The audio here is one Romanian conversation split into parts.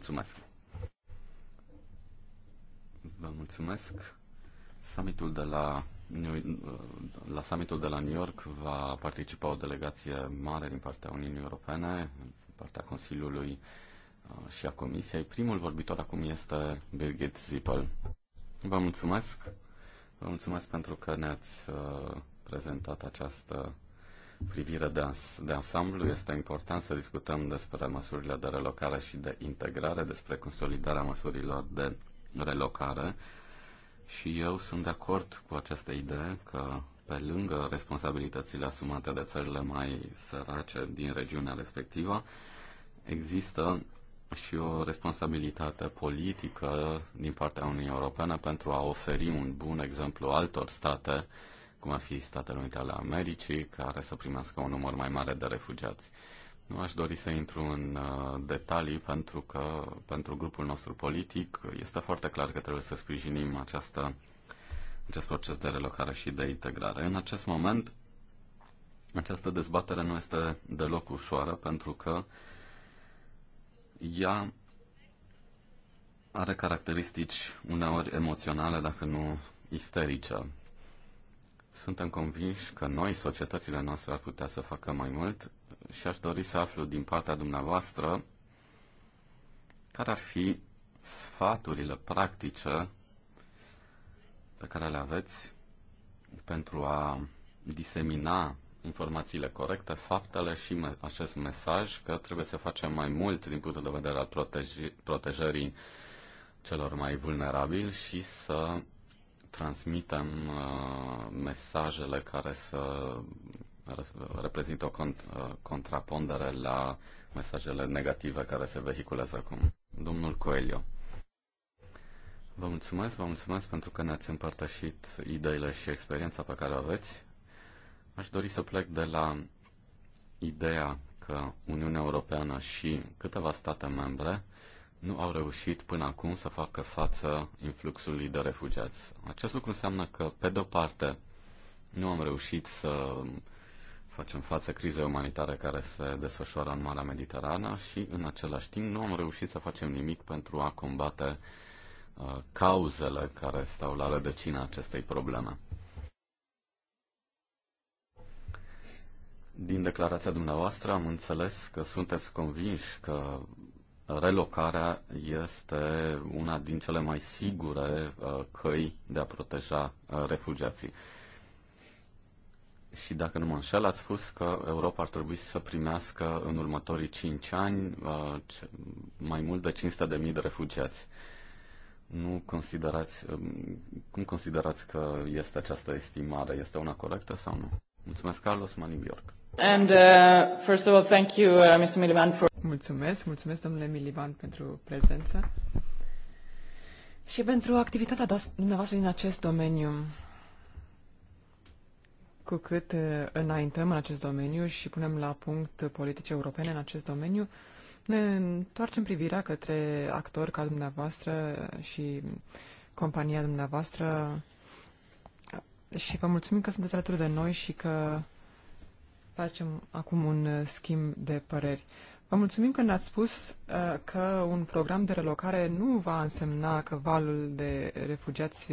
Mulțumesc! Vă mulțumesc! Summitul de la la summitul de la New York va participa o delegație mare din partea Uniunii Europene, din partea Consiliului uh, și a Comisiei. Primul vorbitor acum este Birgit Zippel. Vă mulțumesc! Vă mulțumesc pentru că ne-ați uh, prezentat această privire de, ans- de ansamblu, este important să discutăm despre măsurile de relocare și de integrare, despre consolidarea măsurilor de relocare. Și eu sunt de acord cu această idee că pe lângă responsabilitățile asumate de țările mai sărace din regiunea respectivă, există și o responsabilitate politică din partea Uniunii Europene pentru a oferi un bun exemplu altor state uh, cum ar fi Statele Unite ale Americii, care să primească un număr mai mare de refugiați. Nu aș dori să intru în uh, detalii pentru că pentru grupul nostru politic este foarte clar că trebuie să sprijinim această, acest proces de relocare și de integrare. În acest moment, această dezbatere nu este deloc ușoară pentru că ea are caracteristici uneori emoționale, dacă nu isterice. Suntem convinși că noi, societățile noastre, ar putea să facă mai mult și aș dori să aflu din partea dumneavoastră care ar fi sfaturile practice pe care le aveți pentru a disemina informațiile corecte, faptele și me- acest mesaj că trebuie să facem mai mult din punctul de vedere al protej- protejării celor mai vulnerabili și să transmitem uh, mesajele care să reprezintă o uh, contrapondere la mesajele negative care se vehiculează acum. Domnul Coelho. Vă mulțumesc, vă mulțumesc pentru că ne-ați împărtășit ideile și experiența pe care o aveți. Aș dori să plec de la ideea că Uniunea Europeană și câteva state membre nu au reușit până acum să facă față influxului de refugiați. Acest lucru înseamnă că, pe de-o parte, nu am reușit să facem față crizei umanitare care se desfășoară în Marea Mediterană și, în același timp, nu am reușit să facem nimic pentru a combate uh, cauzele care stau la rădăcina acestei probleme. Din declarația dumneavoastră am înțeles că sunteți convinși că relocarea este una din cele mai sigure uh, căi de a proteja uh, refugiații. Și dacă nu mă înșel, ați spus că Europa ar trebui să primească în următorii 5 ani uh, mai mult de 500.000 de refugiați. Nu considerați, um, cum considerați că este această estimare? Este una corectă sau nu? Mulțumesc, Carlos Manin Bjork. And uh, first of all, thank you, uh, Mr. for... Mulțumesc, mulțumesc, domnule Milivan, pentru prezență și pentru activitatea dumneavoastră din acest domeniu. Cu cât uh, înaintăm în acest domeniu și punem la punct politice europene în acest domeniu, ne întoarcem privirea către actori ca dumneavoastră și compania dumneavoastră și vă mulțumim că sunteți alături de noi și că Facem acum un uh, schimb de păreri. Vă mulțumim că ne-ați spus uh, că un program de relocare nu va însemna că valul de refugiați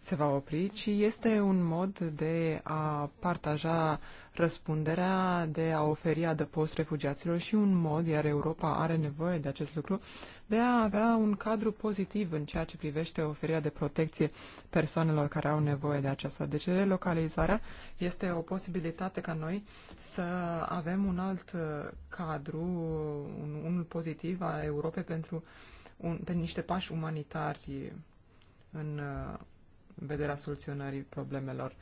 se va opri, ci este un mod de a partaja uh, răspunderea de a oferi adăpost refugiaților și un mod, iar Europa are nevoie de acest lucru, de a avea un cadru pozitiv în ceea ce privește oferirea de protecție persoanelor care au nevoie de aceasta. Deci relocalizarea este o posibilitate ca noi să avem un alt uh, cadru, un, unul pozitiv a Europei pentru, un, pentru niște pași umanitari în uh, vederea soluționării problemelor.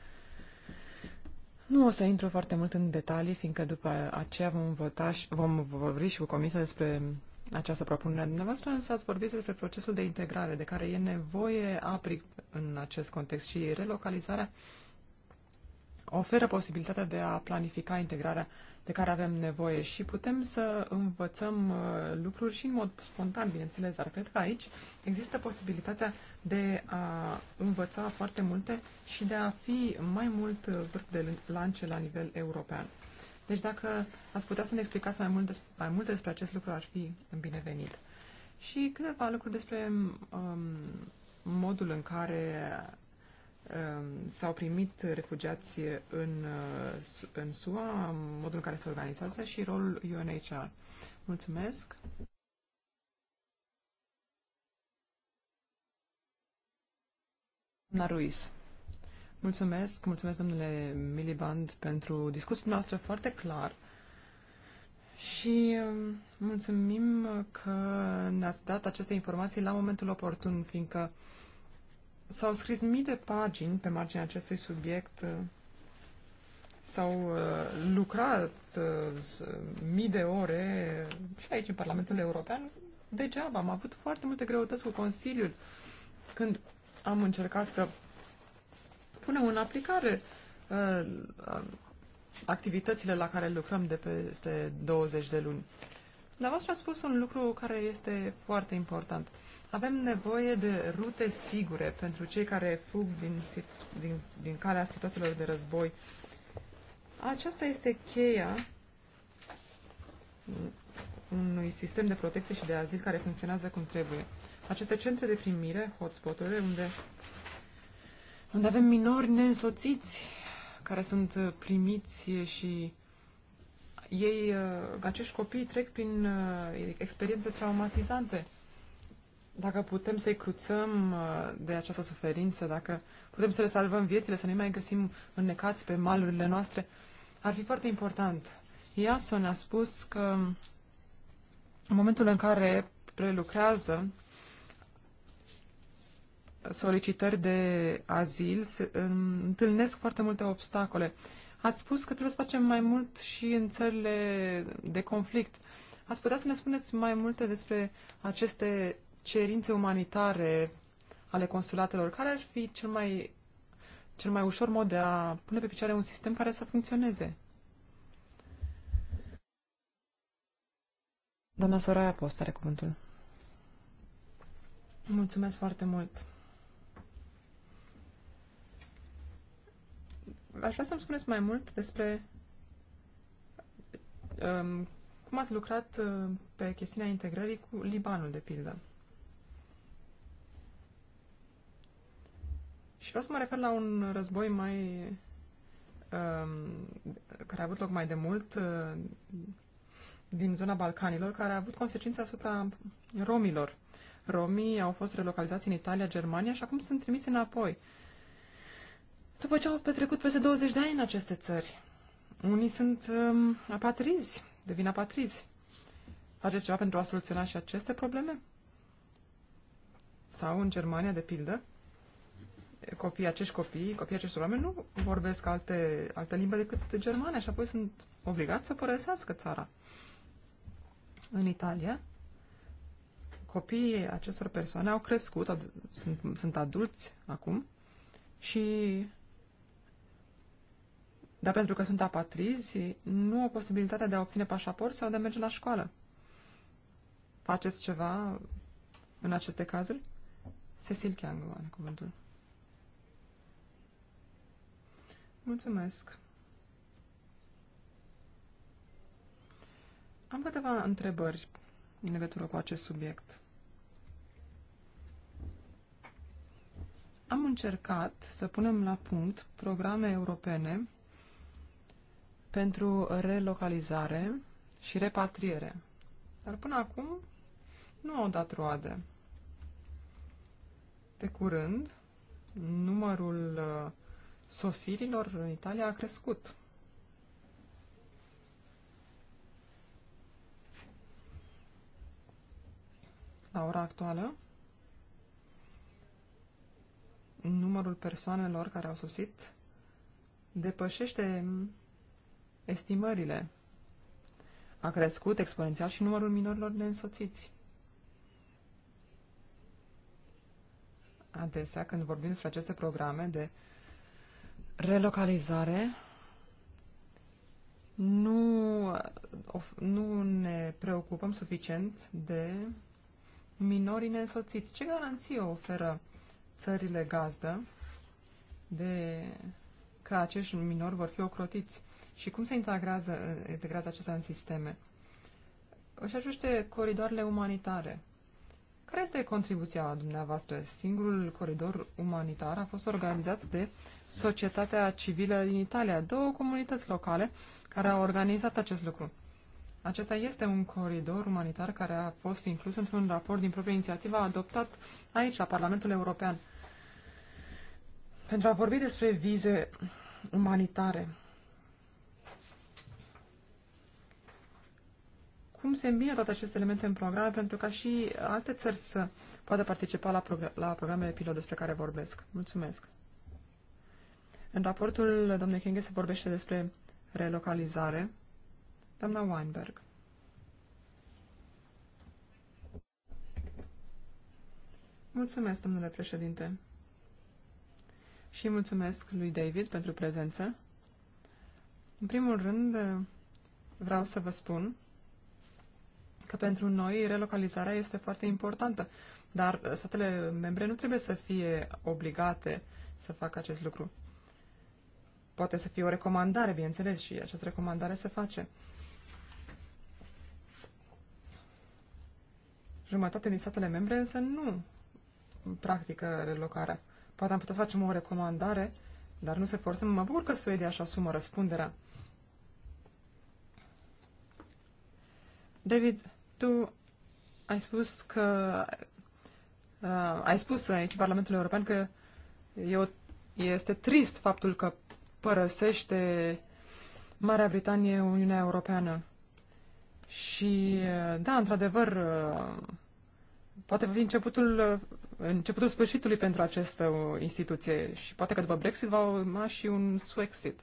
Nu o să intru foarte mult în detalii, fiindcă după aceea vom vota și vom vorbi și cu comisia despre această propunere. Dumneavoastră însă ați vorbit despre procesul de integrare de care e nevoie APRIC în acest context și relocalizarea oferă posibilitatea de a planifica integrarea uh, de care avem nevoie și putem să învățăm uh, lucruri și în mod spontan, bineînțeles, dar cred că aici există posibilitatea de a învăța foarte multe și de a fi mai mult uh, vârf de lance la nivel european. Deci dacă ați putea să ne explicați mai mult, despre, mai mult despre acest lucru, ar fi binevenit. Și câteva lucruri despre um, modul în care Um, s-au primit refugiați în, uh, în SUA, modul în care se organizează și rolul UNHCR. Mulțumesc! Doamna Ruiz. Mulțumesc, mulțumesc domnule Miliband pentru discursul noastră foarte clar și um, mulțumim că ne-ați dat aceste informații la momentul oportun, fiindcă S-au scris mii de pagini pe marginea acestui subiect, uh, s-au uh, lucrat uh, mii de ore și aici, în Parlamentul European, degeaba. Am avut foarte multe greutăți cu Consiliul când am încercat să punem în aplicare activitățile la care lucrăm de peste 20 de luni. Dar v-ați spus un lucru care este foarte important. Avem nevoie de rute sigure pentru cei care fug din, din, din calea situațiilor de război. Aceasta este cheia unui sistem de protecție și de azil care funcționează cum trebuie. Aceste centre de primire, hotspoturile, unde, unde avem minori neînsoțiți care sunt uh, primiți și ei, uh, acești copii trec prin uh, experiențe traumatizante dacă putem să-i cruțăm uh, de această suferință, dacă putem să le salvăm viețile, să nu mai găsim înnecați pe malurile noastre, ar fi foarte important. Iason a spus că în momentul în care prelucrează solicitări de azil, se întâlnesc foarte multe obstacole. Ați spus că trebuie să facem mai mult și în țările de conflict. Ați putea să ne spuneți mai multe despre aceste cerințe umanitare ale consulatelor, care ar fi cel mai, cel mai ușor mod de a pune pe picioare un sistem care să funcționeze? Doamna Soraya Post are cuvântul. Mulțumesc foarte mult. Aș vrea să-mi spuneți mai mult despre um, cum ați lucrat uh, pe chestiunea integrării cu Libanul, de pildă. Și vreau să mă refer la un război mai um, care a avut loc mai de mult uh, din zona Balcanilor, care a avut consecințe asupra romilor. Romii au fost relocalizați în Italia, Germania și acum sunt trimiți înapoi. După ce au petrecut peste 20 de ani în aceste țări, unii sunt um, apatrizi, devin apatrizi. Faceți ceva pentru a soluționa și aceste probleme? Sau în Germania, de pildă, copii acești copii, copii acestor oameni nu vorbesc alte, alte limbe decât germane și apoi sunt obligați să părăsească țara. În Italia, copiii acestor persoane au crescut, ad- sunt, sunt adulți acum și dar pentru că sunt apatrizi, nu au posibilitatea de a obține pașaport sau de a merge la școală. Faceți ceva în aceste cazuri? Cecil Chiang are cuvântul. Mulțumesc. Am câteva întrebări în legătură cu acest subiect. Am încercat să punem la punct programe europene pentru relocalizare și repatriere, dar până acum nu au dat roade. De curând, numărul uh, sosirilor în Italia a crescut. La ora actuală, numărul persoanelor care au sosit depășește estimările. A crescut exponențial și numărul minorilor neînsoțiți. Adesea, când vorbim despre aceste programe de relocalizare nu, nu ne preocupăm suficient de minorii neînsoțiți. Ce garanție oferă țările gazdă de că acești minori vor fi ocrotiți și cum se integrează, integrează acestea în sisteme? Își ajuște coridoarele umanitare. Care este contribuția dumneavoastră? Singurul coridor umanitar a fost organizat de societatea civilă din Italia, două comunități locale care au organizat acest lucru. Acesta este un coridor umanitar care a fost inclus într-un raport din proprie inițiativă adoptat aici, la Parlamentul European. Pentru a vorbi despre vize umanitare, cum se îmbină toate aceste elemente în program pentru ca și alte țări să poată participa la, progr- la programele pilot despre care vorbesc. Mulțumesc. În raportul domnului Kenge se vorbește despre relocalizare. Doamna Weinberg. Mulțumesc, domnule președinte. Și mulțumesc lui David pentru prezență. În primul rând, vreau să vă spun că pentru noi relocalizarea este foarte importantă, dar statele membre nu trebuie să fie obligate să facă acest lucru. Poate să fie o recomandare, bineînțeles, și această recomandare se face. Jumătate din statele membre însă nu practică relocarea. Poate am putea să facem o recomandare, dar nu se forțăm. Mă bucur că Suedia așa, asumă răspunderea. David tu ai spus că uh, ai spus aici Parlamentul European că e o, este trist faptul că părăsește Marea Britanie Uniunea Europeană. Și uh, da, într-adevăr, uh, poate fi începutul, uh, începutul sfârșitului pentru această instituție și poate că după Brexit va urma și un Swexit.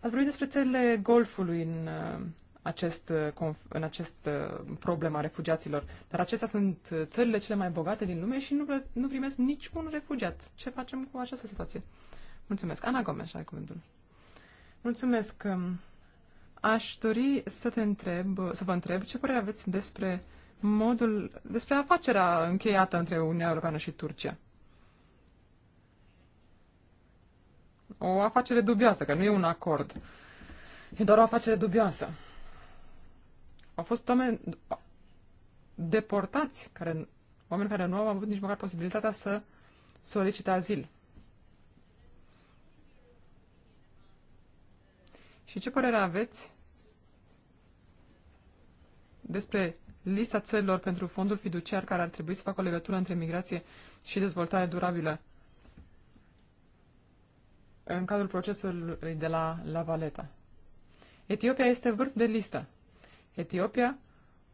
Ați vorbit despre țările Golfului în uh, acest, uh, în acest uh, problem a refugiaților. Dar acestea sunt uh, țările cele mai bogate din lume și nu, nu primesc niciun refugiat. Ce facem cu această situație? Mulțumesc. Ana Gomes, ai cuvântul. Mulțumesc. Um, aș dori să te întreb, să vă întreb ce părere aveți despre modul, despre afacerea încheiată între Uniunea Europeană și Turcia. O afacere dubioasă, că nu e un acord. E doar o afacere dubioasă au fost oameni deportați, care, oameni care nu au avut nici măcar posibilitatea să solicite azil. Și ce părere aveți despre lista țărilor pentru fondul fiduciar care ar trebui să facă o legătură între migrație și dezvoltare durabilă în cadrul procesului de la La Valeta? Etiopia este vârf de listă. Etiopia,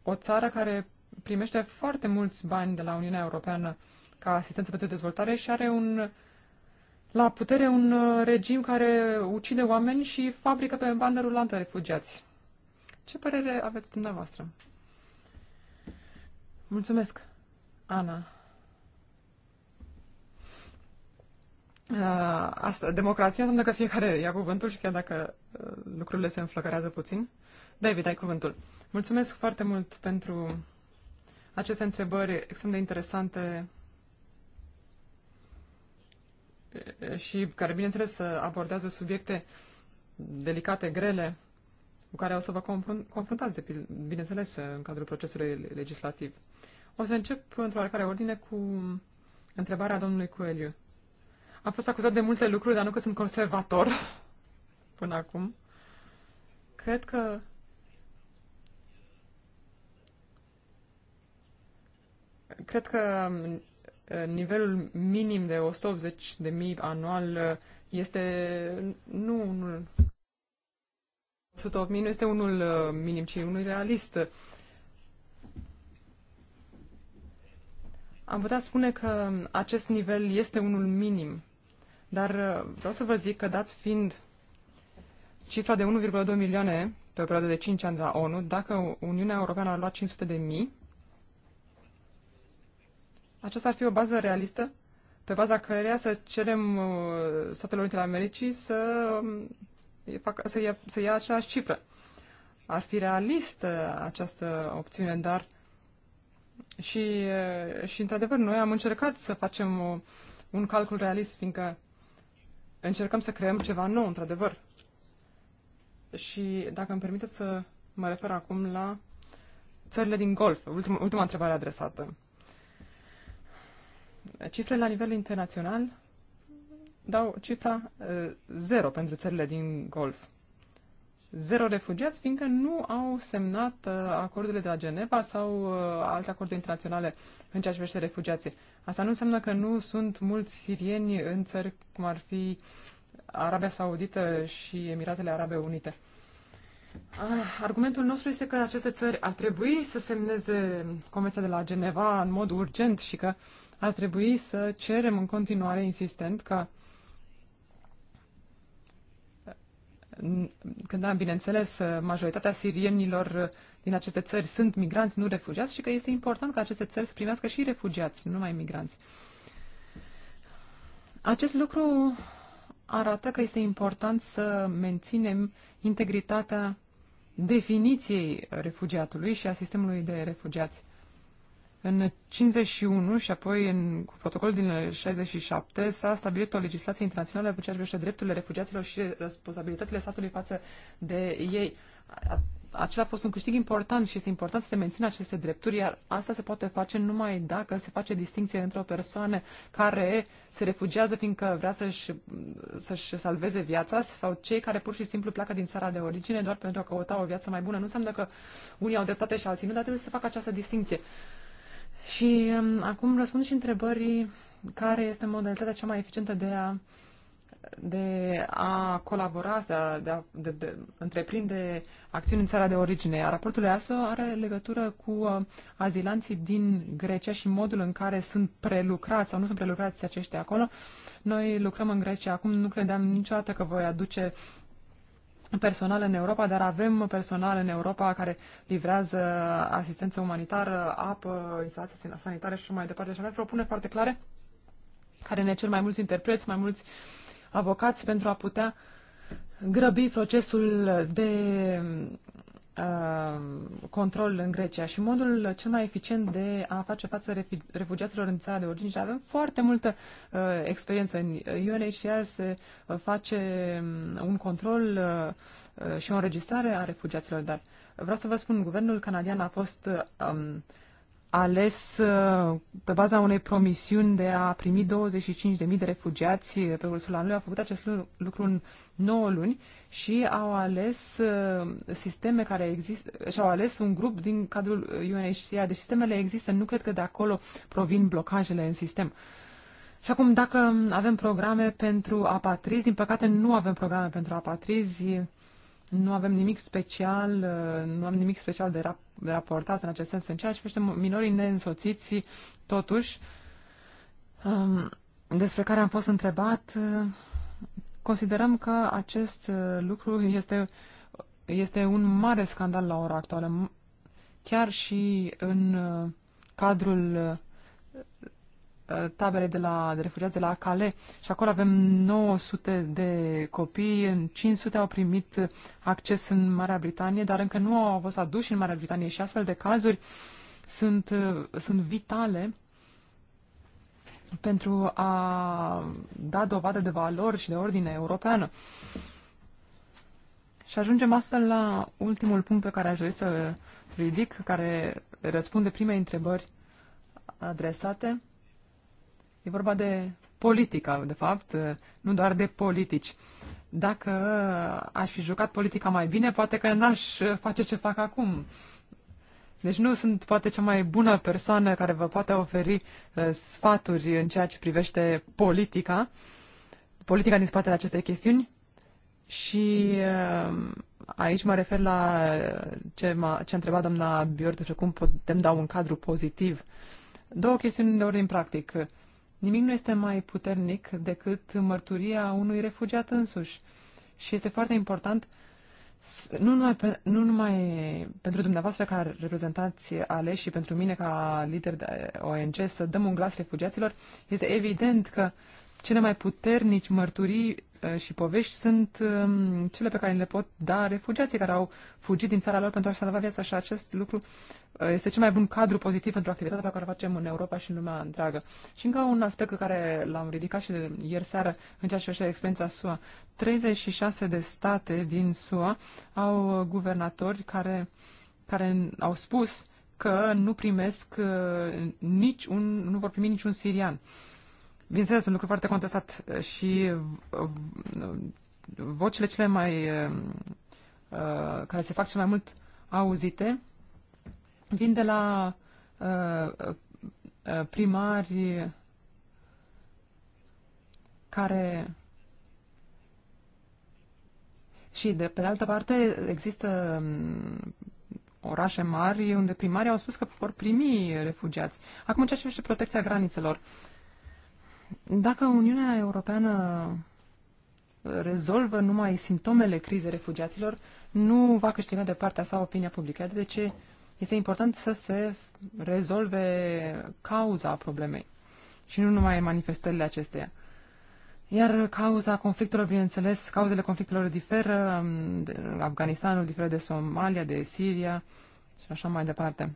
o țară care primește foarte mulți bani de la Uniunea Europeană ca asistență pentru dezvoltare și are un, la putere un uh, regim care ucide oameni și fabrică pe bandă rulantă refugiați. Ce părere aveți dumneavoastră? Mulțumesc, Ana. Uh, asta, democrația înseamnă că fiecare ia cuvântul și chiar dacă lucrurile se înflăcărează puțin. David, ai cuvântul. Mulțumesc foarte mult pentru aceste întrebări extrem de interesante și care, bineînțeles, abordează subiecte delicate, grele, cu care o să vă confruntați, de, bineînțeles, în cadrul procesului legislativ. O să încep într-o oarecare ordine cu întrebarea domnului Coeliu. Am fost acuzat de multe lucruri, dar nu că sunt conservator. până acum. Cred că cred că uh, nivelul minim de 180 de mii anual uh, este nu unul 108 mii nu este unul uh, minim, ci unul realist. Am putea spune că acest nivel este unul minim, dar vreau să vă zic că dat fiind cifra de 1,2 milioane pe o perioadă de 5 ani de la ONU, dacă Uniunea Europeană ar lua 500 de mii, aceasta ar fi o bază realistă pe baza căreia să cerem uh, Statele Unite ale Americii să, um, să, ia, să ia aceeași cifră. Ar fi realistă această opțiune, dar și, uh, și într-adevăr noi am încercat să facem o, uh, un calcul realist, fiindcă încercăm să creăm ceva nou, într-adevăr. Și dacă îmi permiteți să mă refer acum la țările din Golf, ultima, ultima întrebare adresată. Cifrele la nivel internațional dau cifra uh, zero pentru țările din Golf. Zero refugiați, fiindcă nu au semnat uh, acordurile de la Geneva sau uh, alte acorduri internaționale în ceea ce privește refugiații. Asta nu înseamnă că nu sunt mulți sirieni în țări cum ar fi uh, Arabia Saudită și Emiratele Arabe Unite. Ah, argumentul nostru este că aceste țări ar trebui să semneze Convenția de la Geneva în mod urgent și că ar trebui să cerem în continuare insistent ca când, am bineînțeles, majoritatea sirienilor din aceste țări sunt migranți, nu refugiați și că este important ca aceste țări să primească și refugiați, nu numai migranți. Acest lucru arată că este important să menținem integritatea definiției refugiatului și a sistemului de refugiați. În 51 și apoi în, cu protocolul din 67 s-a stabilit o legislație internațională pe ceea ce privește drepturile refugiaților și responsabilitățile statului față de ei acela a fost un câștig important și este important să se mențină aceste drepturi, iar asta se poate face numai dacă se face distinție între o persoană care se refugiază fiindcă vrea să-și, să-și salveze viața sau cei care pur și simplu pleacă din țara de origine doar pentru a căuta o viață mai bună. Nu înseamnă că unii au dreptate și alții nu, dar trebuie să se facă această distinție. Și um, acum răspund și întrebării care este modalitatea cea mai eficientă de a de a colabora, de a, de de, de, întreprinde acțiuni în țara de origine. Raportul EASO are legătură cu uh, azilanții din Grecia și modul în care sunt prelucrați sau nu sunt prelucrați aceștia acolo. Noi lucrăm în Grecia acum, nu credeam niciodată că voi aduce personal în Europa, dar avem personal în Europa care livrează asistență umanitară, apă, instalații sanitare și mai departe. Și avem propuneri foarte clare care ne cer mai mulți interpreți, mai mulți uh, avocați pentru a putea grăbi procesul de uh, control în Grecia și modul cel mai eficient de a face față refugiaților în țara de origine. Și avem foarte multă uh, experiență. În UNHCR se uh, face um, un control uh, uh, și o înregistrare a refugiaților, dar vreau să vă spun, guvernul canadian a fost um, ales uh, pe baza unei promisiuni de a primi 25.000 de refugiați pe cursul anului. a făcut acest lucru în 9 luni și au ales uh, sisteme care există și au ales un grup din cadrul UNHCR. Deci sistemele există, nu cred că de acolo provin blocajele în sistem. Și acum, dacă avem programe pentru apatrizi, din păcate nu avem programe pentru apatrizi, nu avem nimic special, uh, nu am nimic special de, rap de raportat în acest sens. În ceea ce privește minorii neînsoțiți, totuși, um, despre care am fost întrebat, uh, considerăm că acest uh, lucru este, este un mare scandal la ora actuală. Chiar și în cadrul tabere de la de refugiați de la Calais și acolo avem 900 de copii, 500 au primit acces în Marea Britanie, dar încă nu au fost aduși în Marea Britanie și astfel de cazuri sunt, sunt vitale pentru a da dovadă de valori și de ordine europeană. Și ajungem astfel la ultimul punct pe care aș dori să ridic, care răspunde primei întrebări adresate E vorba de politică, de fapt, nu doar de politici. Dacă aș fi jucat politica mai bine, poate că n-aș face ce fac acum. Deci nu sunt poate cea mai bună persoană care vă poate oferi uh, sfaturi în ceea ce privește politica, politica din spatele acestei chestiuni. Și uh, aici mă refer la ce, m-a, ce a întrebat doamna Bior cum putem da un cadru pozitiv. Două chestiuni de ordin practic. Nimic nu este mai puternic decât mărturia unui refugiat însuși. Și este foarte important nu numai, pe, nu numai pentru dumneavoastră ca reprezentanți aleși și pentru mine ca lider de ONG să dăm un glas refugiaților, este evident că cele mai puternici mărturii uh, și povești sunt um, cele pe care le pot da refugiații care au fugit din țara lor pentru a-și salva viața și acest lucru uh, este cel mai bun cadru pozitiv pentru activitatea pe care o facem în Europa și în lumea întreagă. Și încă un aspect pe care l-am ridicat și ieri seară în ceea ce așa experiența SUA. 36 de state din SUA au guvernatori care, care au spus că nu primesc uh, niciun, nu vor primi niciun sirian. Uh, Bineînțeles, un lucru foarte contestat și uh, vocile cele mai uh, uh, care se fac cel mai mult auzite vin de la primari care și de pe de altă parte există um, orașe mari unde primarii au spus că vor primi refugiați. Acum ceea ce privește protecția granițelor. Uh, dacă Uniunea Europeană rezolvă numai simptomele crizei refugiaților, nu va câștiga de partea sa opinia publică. De ce este important să se rezolve cauza problemei și nu numai manifestările acesteia. Iar cauza conflictelor, bineînțeles, cauzele conflictelor diferă, um, de Afganistanul diferă de Somalia, de Siria și așa mai departe.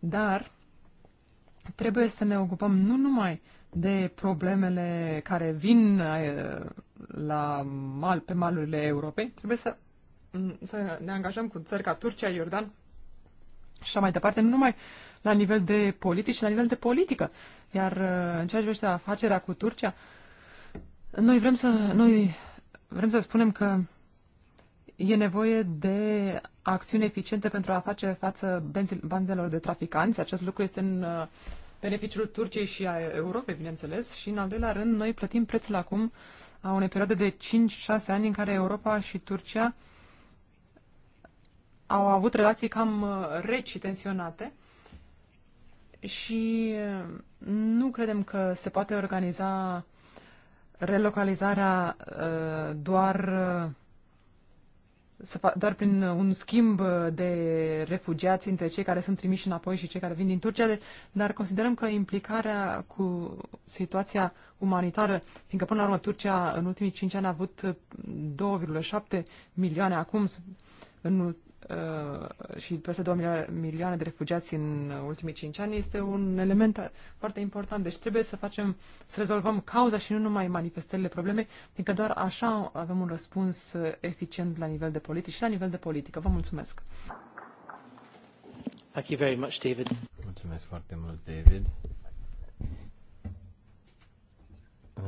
Dar trebuie să ne ocupăm nu numai de problemele care vin eh, la mal, pe malurile Europei, trebuie să, mm, să ne angajăm cu țări ca Turcia, Iordan și așa mai departe, nu numai la nivel de politici, ci la nivel de politică. Iar eh, în ceea ce privește afacerea cu Turcia, noi vrem să, noi vrem să spunem că e nevoie de acțiuni eficiente pentru a face față bandelor de traficanți. Acest lucru este în eh, beneficiul Turciei și a Europei, bineînțeles, și în al doilea rând noi plătim prețul acum a unei perioade de 5-6 ani în care Europa și Turcia au avut relații cam uh, reci tensionate și uh, nu credem că se poate organiza relocalizarea uh, doar să doar prin un schimb de refugiați între cei care sunt trimiși înapoi și cei care vin din Turcia, dar considerăm că implicarea cu situația umanitară, fiindcă până la urmă Turcia în ultimii 5 ani a avut 2,7 milioane, acum în Uh, și peste 2 milioane de refugiați în ultimii 5 ani este un element foarte important. Deci trebuie să facem, să rezolvăm cauza și nu numai manifestările problemei, fiindcă doar așa avem un răspuns eficient la nivel de politică. și la nivel de politică. Vă mulțumesc! Thank you very much, David. Mulțumesc foarte mult, David.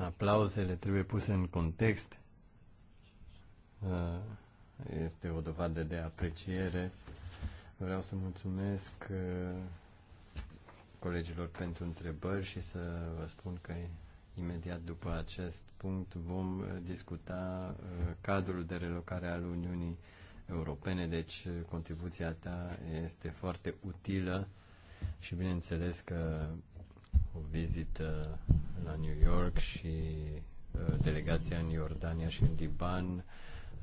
Aplauzele trebuie puse în context. Uh este o dovadă de apreciere. Vreau să mulțumesc uh, colegilor pentru întrebări și să vă spun că imediat după acest punct vom uh, discuta uh, cadrul de relocare al Uniunii Europene, deci contribuția ta este foarte utilă și bineînțeles că o vizită la New York și delegația în Iordania și în Liban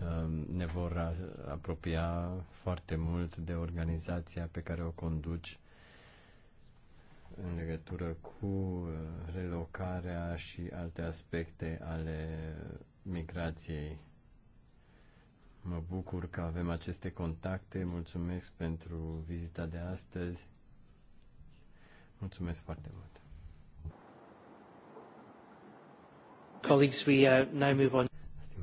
Um, ne vor apropia foarte mult de organizația pe care o conduci în legătură cu uh, relocarea și alte aspecte ale migrației. Mă bucur că avem aceste contacte. Mulțumesc pentru vizita de astăzi. Mulțumesc foarte mult. Colleagues, we uh, now move on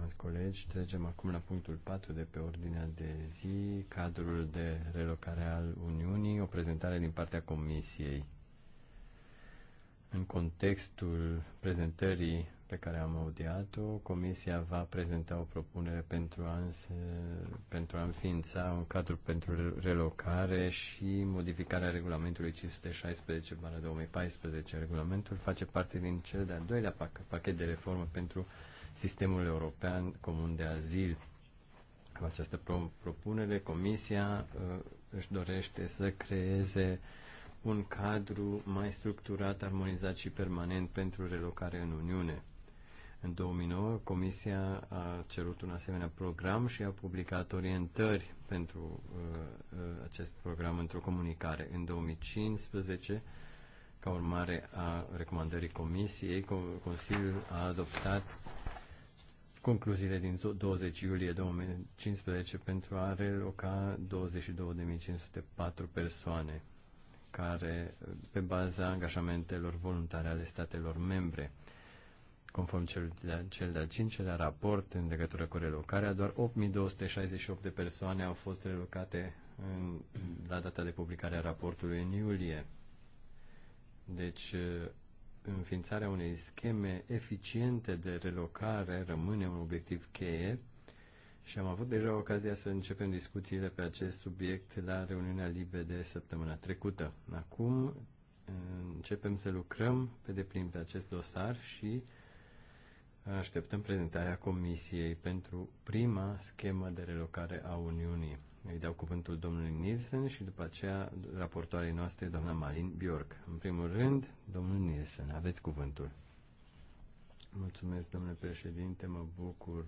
stimați colegi, trecem acum la punctul 4 de pe ordinea de zi, cadrul de relocare al Uniunii, o prezentare din partea Comisiei. În contextul prezentării pe care am audiat-o, Comisia va prezenta o propunere pentru a, înse, pentru a înființa un cadru pentru relocare și modificarea regulamentului 516-2014. Regulamentul face parte din cel de-al doilea pachet de reformă pentru sistemul european comun de azil. Cu această propunere, Comisia uh, își dorește să creeze un cadru mai structurat, armonizat și permanent pentru relocare în Uniune. În 2009, Comisia a cerut un asemenea program și a publicat orientări pentru uh, uh acest program într-o comunicare. În 2015, ca urmare a recomandării Comisiei, Consiliul a adoptat concluziile din 20 iulie 2015 pentru a reloca 22.504 persoane care, pe baza angajamentelor voluntare ale statelor membre. Conform cel de-al cel de cincelea raport în legătură cu relocarea, doar 8.268 de persoane au fost relocate în, la data de publicare a raportului în iulie. Deci, înființarea unei scheme eficiente de relocare rămâne un obiectiv cheie și am avut deja ocazia să începem discuțiile pe acest subiect la reuniunea LIBE de săptămâna trecută. Acum uh, începem să lucrăm pe deplin pe acest dosar și așteptăm prezentarea Comisiei pentru prima schemă de relocare a Uniunii. Îi dau cuvântul domnului Nielsen și după aceea raportoarei noastre, doamna Malin Bjork. În primul rând, domnul Nielsen, aveți cuvântul. Mulțumesc, domnule președinte, mă bucur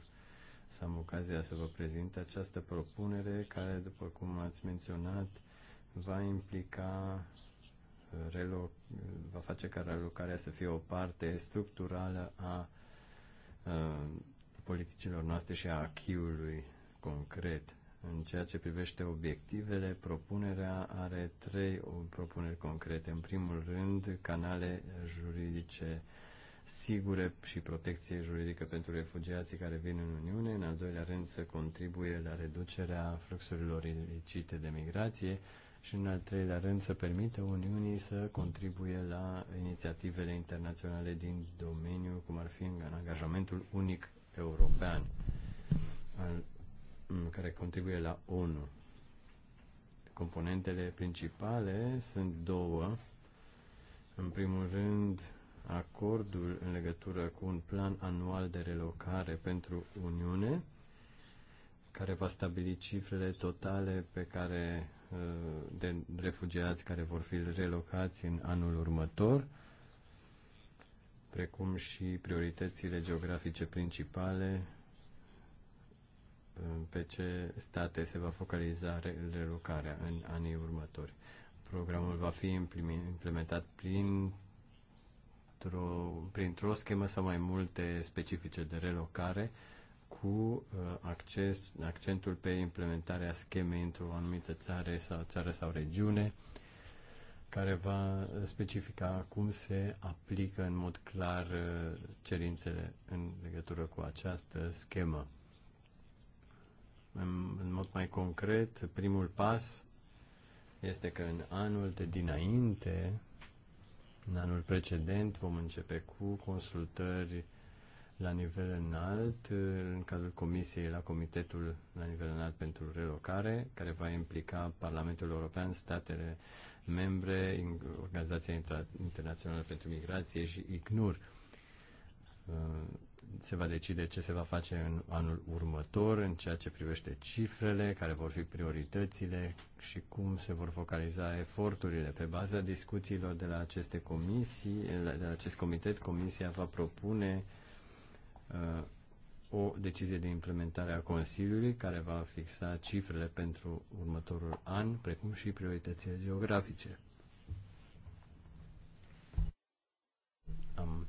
să am ocazia să vă prezint această propunere care, după cum ați menționat, va implica reloc, va face ca relocarea să fie o parte structurală a, a politicilor noastre și a achiului concret. În ceea ce privește obiectivele, propunerea are trei propuneri concrete. În primul rând, canale juridice sigure și protecție juridică pentru refugiații care vin în Uniune, în al doilea rând să contribuie la reducerea fluxurilor ilicite de migrație și în al treilea rând să permită Uniunii să contribuie la inițiativele internaționale din domeniu, cum ar fi în angajamentul unic european. Mm, care contribuie la ONU. Componentele principale sunt două. În primul rând, acordul în legătură cu un plan anual de relocare pentru Uniune, care va stabili cifrele totale pe care uh, de refugiați care vor fi relocați în anul următor, precum și prioritățile geografice principale pe ce state se va focaliza relocarea în anii următori. Programul va fi implementat prin printr-o, printr-o schemă sau mai multe specifice de relocare cu uh, acces, accentul pe implementarea schemei într-o anumită țară sau, țară sau regiune care va specifica cum se aplică în mod clar uh, cerințele în legătură cu această schemă în, în mod mai concret, primul pas este că în anul de dinainte, în anul precedent, vom începe cu consultări la nivel înalt, în cadrul Comisiei la Comitetul la nivel înalt pentru relocare, care va implica Parlamentul European, statele membre, Organizația Internațională pentru Migrație și ICNUR se va decide ce se va face în anul următor în ceea ce privește cifrele, care vor fi prioritățile și cum se vor focaliza eforturile. Pe baza discuțiilor de la aceste comisii, de la acest comitet, comisia va propune uh, o decizie de implementare a Consiliului care va fixa cifrele pentru următorul an, precum și prioritățile geografice. Am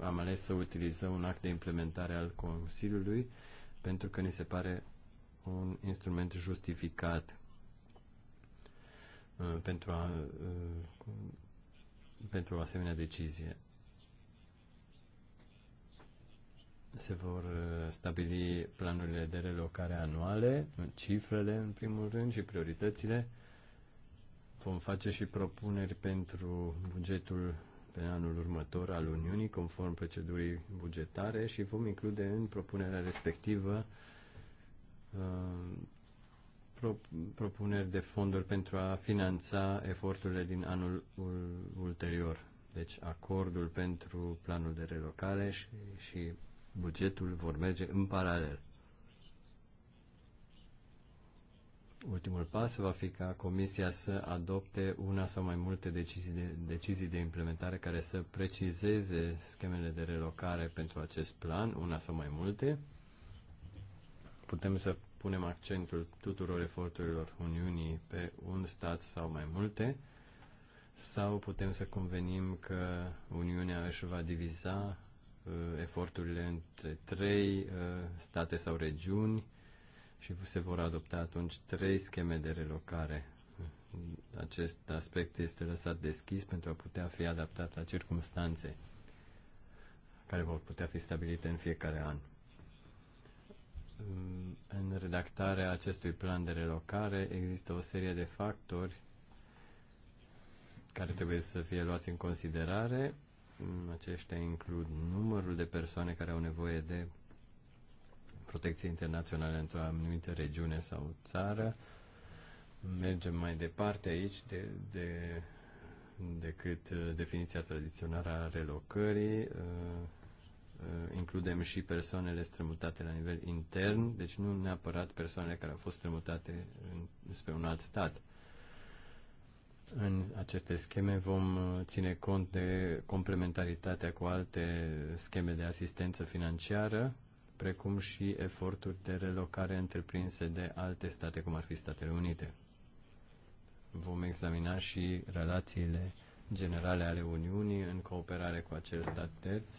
am ales să utilizăm un act de implementare al Consiliului pentru că ni se pare un instrument justificat uh, pentru, a, uh, pentru o asemenea decizie. Se vor uh, stabili planurile de relocare anuale, cifrele în primul rând și prioritățile. Vom face și propuneri pentru bugetul pe anul următor al Uniunii, conform procedurii bugetare și vom include în propunerea respectivă uh, propuneri de fonduri pentru a finanța eforturile din anul ulterior. Deci acordul pentru planul de relocare și, și bugetul vor merge în paralel. Ultimul pas va fi ca Comisia să adopte una sau mai multe decizii de, decizii de implementare care să precizeze schemele de relocare pentru acest plan, una sau mai multe. Putem să punem accentul tuturor eforturilor Uniunii pe un stat sau mai multe, sau putem să convenim că Uniunea își va diviza uh, eforturile între trei uh, state sau regiuni, și se vor adopta atunci trei scheme de relocare. Acest aspect este lăsat deschis pentru a putea fi adaptat la circumstanțe care vor putea fi stabilite în fiecare an. În redactarea acestui plan de relocare există o serie de factori care trebuie să fie luați în considerare. Aceștia includ numărul de persoane care au nevoie de protecție internațională într-o anumită regiune sau țară. Mergem mai departe aici de, de, decât uh, definiția tradițională a relocării. Uh, uh, includem și persoanele strămutate la nivel intern, deci nu neapărat persoanele care au fost strămutate spre un alt stat. În aceste scheme vom ține cont de complementaritatea cu alte scheme de asistență financiară precum și eforturi de relocare întreprinse de alte state, cum ar fi Statele Unite. Vom examina și relațiile generale ale Uniunii în cooperare cu acel stat terț,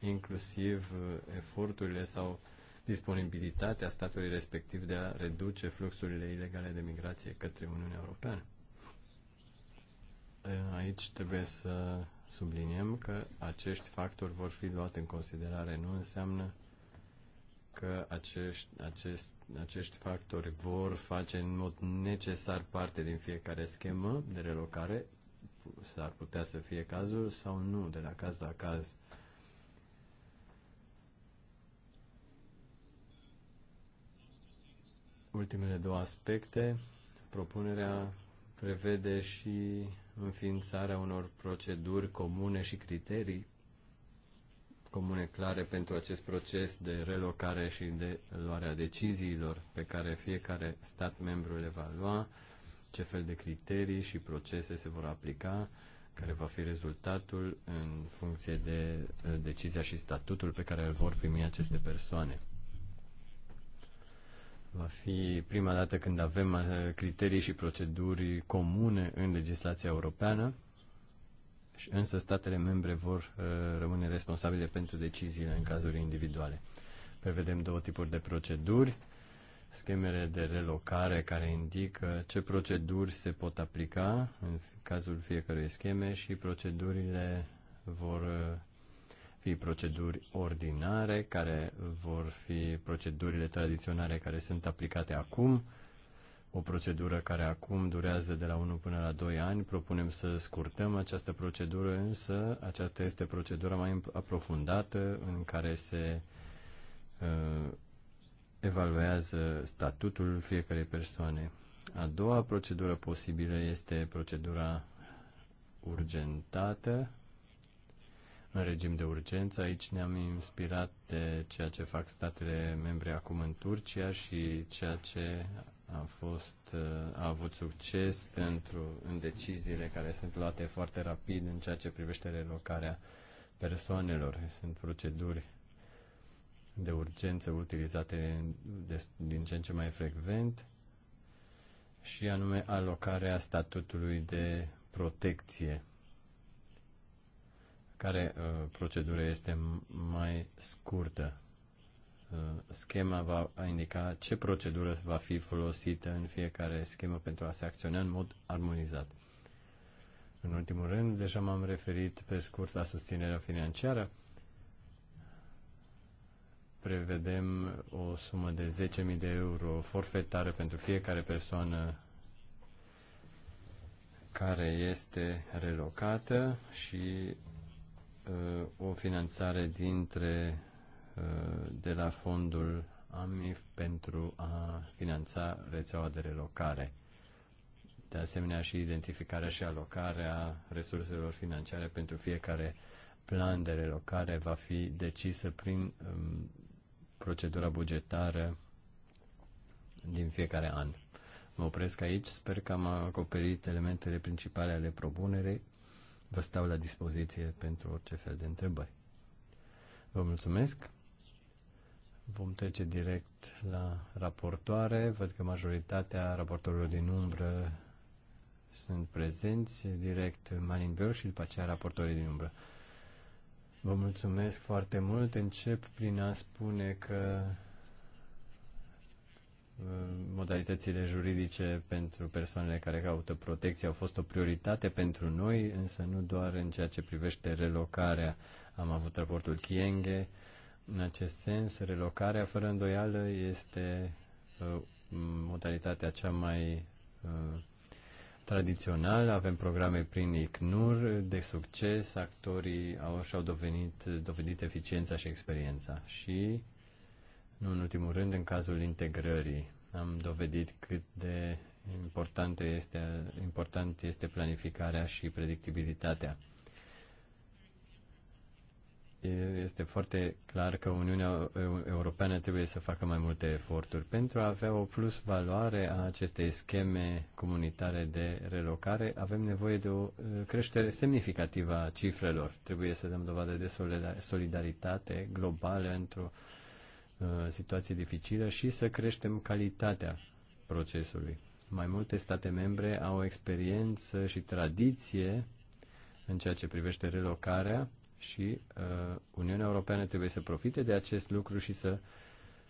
inclusiv uh, eforturile sau disponibilitatea statului respectiv de a reduce fluxurile ilegale de migrație către Uniunea Europeană. Uh, aici trebuie să subliniem că acești factori vor fi luați în considerare. Nu înseamnă că acești, acest, acești factori vor face în mod necesar parte din fiecare schemă de relocare, s-ar putea să fie cazul sau nu, de la caz la caz. Ultimele două aspecte, propunerea prevede și înființarea unor proceduri comune și criterii comune clare pentru acest proces de relocare și de luarea deciziilor pe care fiecare stat membru le va lua, ce fel de criterii și procese se vor aplica, care va fi rezultatul în funcție de decizia și statutul pe care îl vor primi aceste persoane. Va fi prima dată când avem uh, criterii și proceduri comune în legislația europeană însă statele membre vor uh, rămâne responsabile pentru deciziile în cazuri individuale. Prevedem două tipuri de proceduri, schemele de relocare care indică ce proceduri se pot aplica în cazul fiecărei scheme și procedurile vor uh, fi proceduri ordinare, care vor fi procedurile tradiționale care sunt aplicate acum, o procedură care acum durează de la 1 până la 2 ani. Propunem să scurtăm această procedură, însă aceasta este procedura mai aprofundată în care se uh, evaluează statutul fiecarei persoane. A doua procedură posibilă este procedura urgentată, în regim de urgență. Aici ne-am inspirat de ceea ce fac statele membre acum în Turcia și ceea ce a, fost, a avut succes pentru, în deciziile care sunt luate foarte rapid în ceea ce privește relocarea persoanelor. Sunt proceduri de urgență utilizate de, din ce în ce mai frecvent și anume alocarea statutului de protecție. Care uh, procedură este mai scurtă? Uh, schema va indica ce procedură va fi folosită în fiecare schemă pentru a se acționa în mod armonizat. În ultimul rând, deja m-am referit pe scurt la susținerea financiară. Prevedem o sumă de 10.000 de euro forfetară pentru fiecare persoană care este relocată și uh, o finanțare dintre Uh, de la fondul AMIF pentru a finanța rețeaua de relocare. De asemenea și identificarea și alocarea resurselor financiare pentru fiecare plan de relocare va fi decisă prin um, procedura bugetară din fiecare an. Mă opresc aici, sper că am acoperit elementele principale ale propunerei. Vă stau la dispoziție pentru orice fel de întrebări. Vă mulțumesc! Vom trece direct la raportoare. Văd că majoritatea raportorilor din umbră sunt prezenți, direct Malin Beur și după aceea raportorii din umbră. Vă mulțumesc foarte mult. Încep prin a spune că uh, modalitățile juridice pentru persoanele care caută protecție au fost o prioritate pentru noi, însă nu doar în ceea ce privește relocarea. Am avut raportul Chienghe, în acest sens, relocarea fără îndoială este uh, modalitatea cea mai uh, tradițională. avem programe prin ICNUR de succes, actorii au și-au dovedit, dovedit eficiența și experiența și, nu în ultimul rând, în cazul integrării am dovedit cât de important este, important este planificarea și predictibilitatea este foarte clar că Uniunea Europeană trebuie să facă mai multe eforturi pentru a avea o plus valoare a acestei scheme comunitare de relocare. Avem nevoie de o creștere semnificativă a cifrelor. Trebuie să dăm dovadă de solidaritate globală într-o situație dificilă și să creștem calitatea procesului. Mai multe state membre au experiență și tradiție în ceea ce privește relocarea și uh, Uniunea Europeană trebuie să profite de acest lucru și să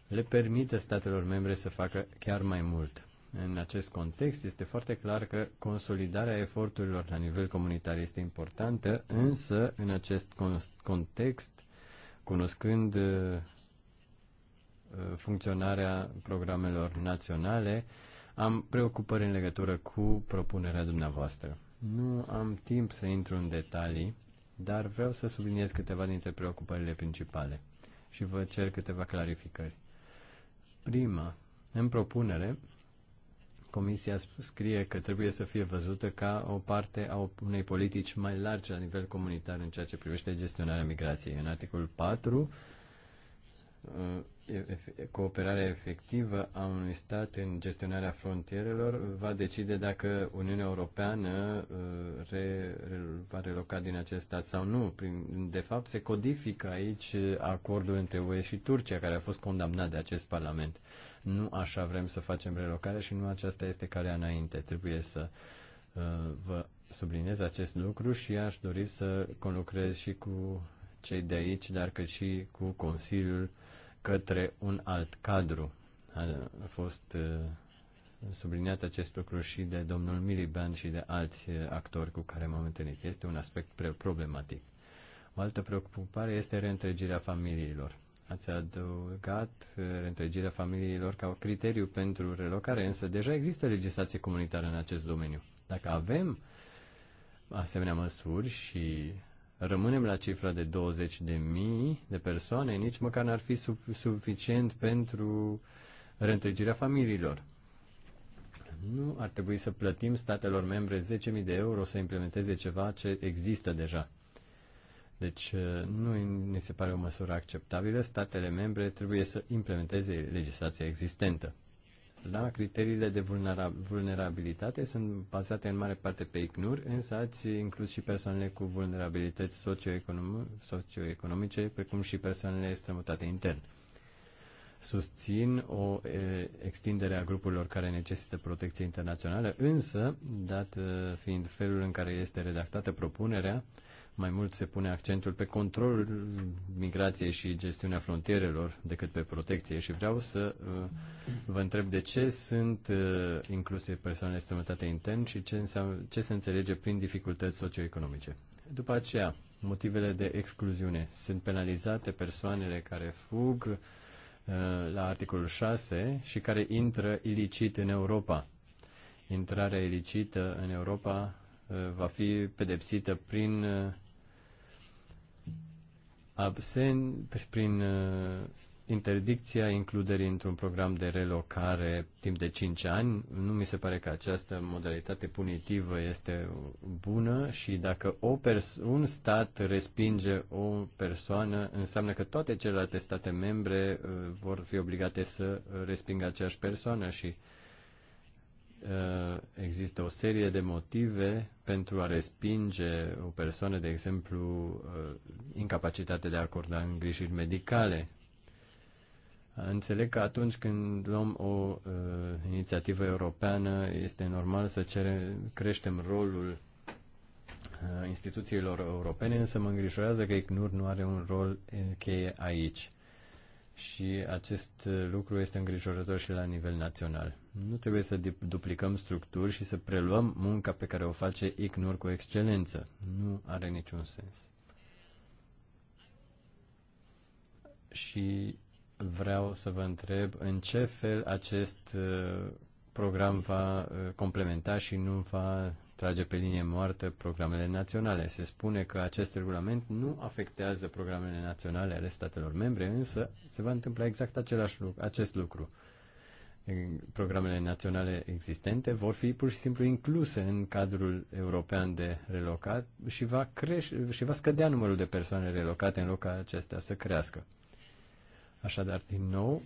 le permită statelor membre să facă chiar mai mult. În acest context este foarte clar că consolidarea eforturilor la nivel comunitar este importantă, însă în acest context, cunoscând uh, funcționarea programelor naționale, am preocupări în legătură cu propunerea dumneavoastră. Nu am timp să intru în detalii dar vreau să subliniez câteva dintre preocupările principale și vă cer câteva clarificări. Prima, în propunere, Comisia scrie că trebuie să fie văzută ca o parte a unei politici mai largi la nivel comunitar în ceea ce privește gestionarea migrației. În articolul 4 Uh, cooperarea efectivă a unui stat în gestionarea frontierelor va decide dacă Uniunea Europeană uh, re, re, va reloca din acest stat sau nu. Prin, de fapt, se codifică aici acordul între UE și Turcia, care a fost condamnat de acest Parlament. Nu așa vrem să facem relocare și nu aceasta este calea înainte. Trebuie să uh, vă subliniez acest lucru și aș dori să conlucrez și cu cei de aici, dar cât și cu Consiliul către un alt cadru. A fost subliniat acest lucru și de domnul Miliband și de alți actori cu care m-am întâlnit. Este un aspect problematic. O altă preocupare este reîntregirea familiilor. Ați adăugat reîntregirea familiilor ca criteriu pentru relocare, însă deja există legislație comunitară în acest domeniu. Dacă avem asemenea măsuri și rămânem la cifra de 20 de mii de persoane, nici măcar n-ar fi suficient pentru reîntregirea familiilor. Nu ar trebui să plătim statelor membre 10.000 de euro să implementeze ceva ce există deja. Deci uh, nu ne se pare o măsură acceptabilă. Statele membre trebuie să implementeze legislația existentă la criteriile de vulnerabilitate sunt bazate în mare parte pe ICNUR, însă ați inclus și persoanele cu vulnerabilități socioeconomice, precum și persoanele strămutate intern. Susțin o e, extindere a grupurilor care necesită protecție internațională, însă, dat fiind felul în care este redactată propunerea, mai mult se pune accentul pe controlul migrației și gestiunea frontierelor decât pe protecție și vreau să uh, vă întreb de ce sunt uh, incluse persoanele strămutate intern și ce, înseamnă, ce se înțelege prin dificultăți socioeconomice. După aceea, motivele de excluziune. Sunt penalizate persoanele care fug uh, la articolul 6 și care intră ilicit în Europa. Intrarea ilicită în Europa va fi pedepsită prin absent prin uh, interdicția includerii într-un program de relocare timp de 5 ani. Nu mi se pare că această modalitate punitivă este bună și dacă o un stat respinge o persoană, înseamnă că toate celelalte state membre uh, vor fi obligate să respingă aceeași persoană și uh, Eh, există o serie de motive pentru a respinge o persoană, de exemplu, eh, incapacitatea de a acorda îngrijiri medicale. Înțeleg că atunci când luăm o uh, inițiativă europeană, este normal să cere, creștem rolul uh, instituțiilor europene, însă mă îngrijorează că ICNUR nu are un rol cheie aici și acest lucru este îngrijorător și la nivel național. Nu trebuie să duplicăm structuri și să preluăm munca pe care o face ICNUR cu excelență. Nu are niciun sens. Și vreau să vă întreb în ce fel acest uh, program va uh, complementa și nu va trage pe linie moartă programele naționale. Se spune că acest regulament nu afectează programele naționale ale statelor membre, însă se va întâmpla exact același lucru, acest lucru. Programele naționale existente vor fi pur și simplu incluse în cadrul european de relocat și va, creș- și va scădea numărul de persoane relocate în loc ca acestea să crească. Așadar, din nou,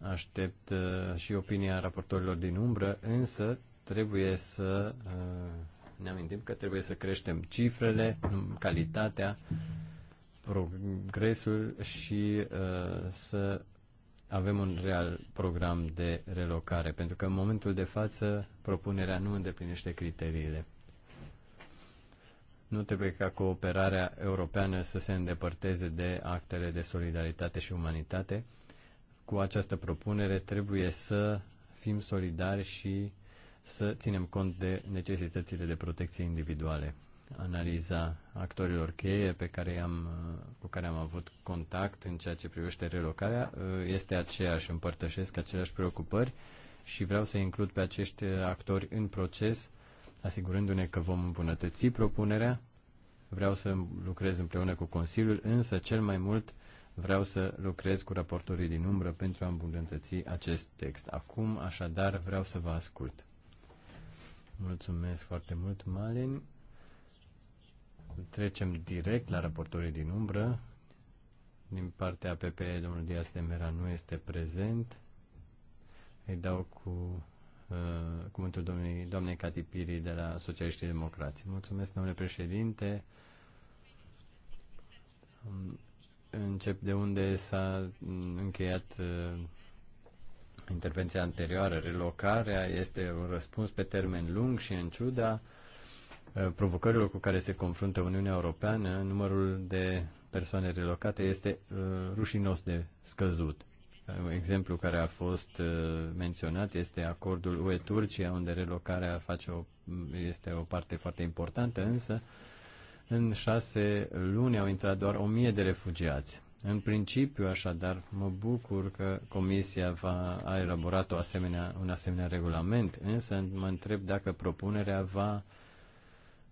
aștept uh, și opinia raportorilor din umbră, însă trebuie să uh, ne amintim că trebuie să creștem cifrele, calitatea, progresul și uh, să avem un real program de relocare, pentru că în momentul de față propunerea nu îndeplinește criteriile. Nu trebuie ca cooperarea europeană să se îndepărteze de actele de solidaritate și umanitate. Cu această propunere trebuie să fim solidari și să ținem cont de necesitățile de protecție individuale. Analiza actorilor cheie pe care am, cu care am avut contact în ceea ce privește relocarea uh, este aceeași, împărtășesc aceleași preocupări și vreau să includ pe acești actori în proces, asigurându-ne că vom îmbunătăți propunerea. Vreau să lucrez împreună cu Consiliul, însă cel mai mult vreau să lucrez cu raportorii din umbră pentru a îmbunătăți acest text. Acum, așadar, vreau să vă ascult. Mulțumesc foarte mult, Malin. Trecem direct la raportorii din umbră. Din partea APP, domnul Dias de Mera nu este prezent. Îi dau cu uh, cuvântul domnului, doamnei Catipiri de la Socialiștii Democrații. Mulțumesc, domnule președinte. Încep de unde s-a încheiat uh, intervenția anterioară. Relocarea este un răspuns pe termen lung și în ciuda uh, provocărilor cu care se confruntă Uniunea Europeană, numărul de persoane relocate este uh, rușinos de scăzut. Un uh, exemplu care a fost menționat este acordul UE-Turcia, unde relocarea face o, este o parte foarte importantă, însă în șase luni au intrat doar o mie de refugiați. În principiu, așadar, mă bucur că Comisia va, a elaborat o asemenea, un asemenea regulament, însă mă întreb dacă propunerea va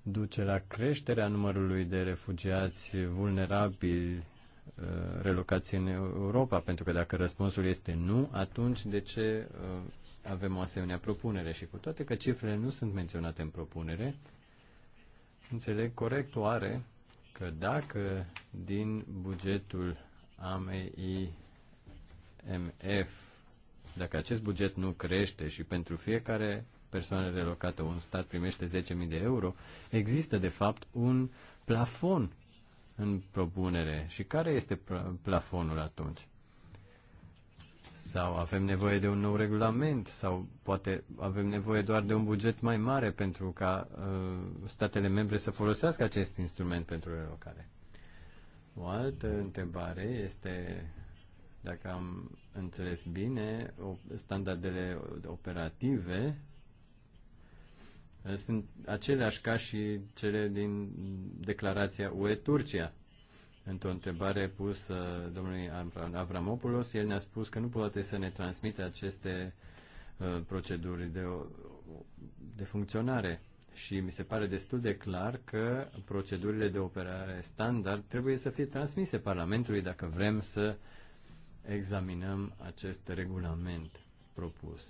duce la creșterea numărului de refugiați vulnerabili uh, relocați în Europa, pentru că dacă răspunsul este nu, atunci de ce uh, avem o asemenea propunere? Și cu toate că cifrele nu sunt menționate în propunere, înțeleg corect oare că dacă din bugetul AMEIMF, dacă acest buget nu crește și pentru fiecare persoană relocată un stat primește 10.000 de euro, există de fapt un plafon în propunere. Și care este plafonul atunci? sau avem nevoie de un nou regulament sau poate avem nevoie doar de un buget mai mare pentru ca uh, statele membre să folosească acest instrument pentru relocare. O altă întrebare este dacă am înțeles bine, standardele operative uh, sunt aceleași ca și cele din declarația UE-Turcia într-o întrebare pusă domnului Avramopoulos, el ne-a spus că nu poate să ne transmite aceste uh, proceduri de, de funcționare. Și mi se pare destul de clar că procedurile de operare standard trebuie să fie transmise Parlamentului dacă vrem să examinăm acest regulament propus.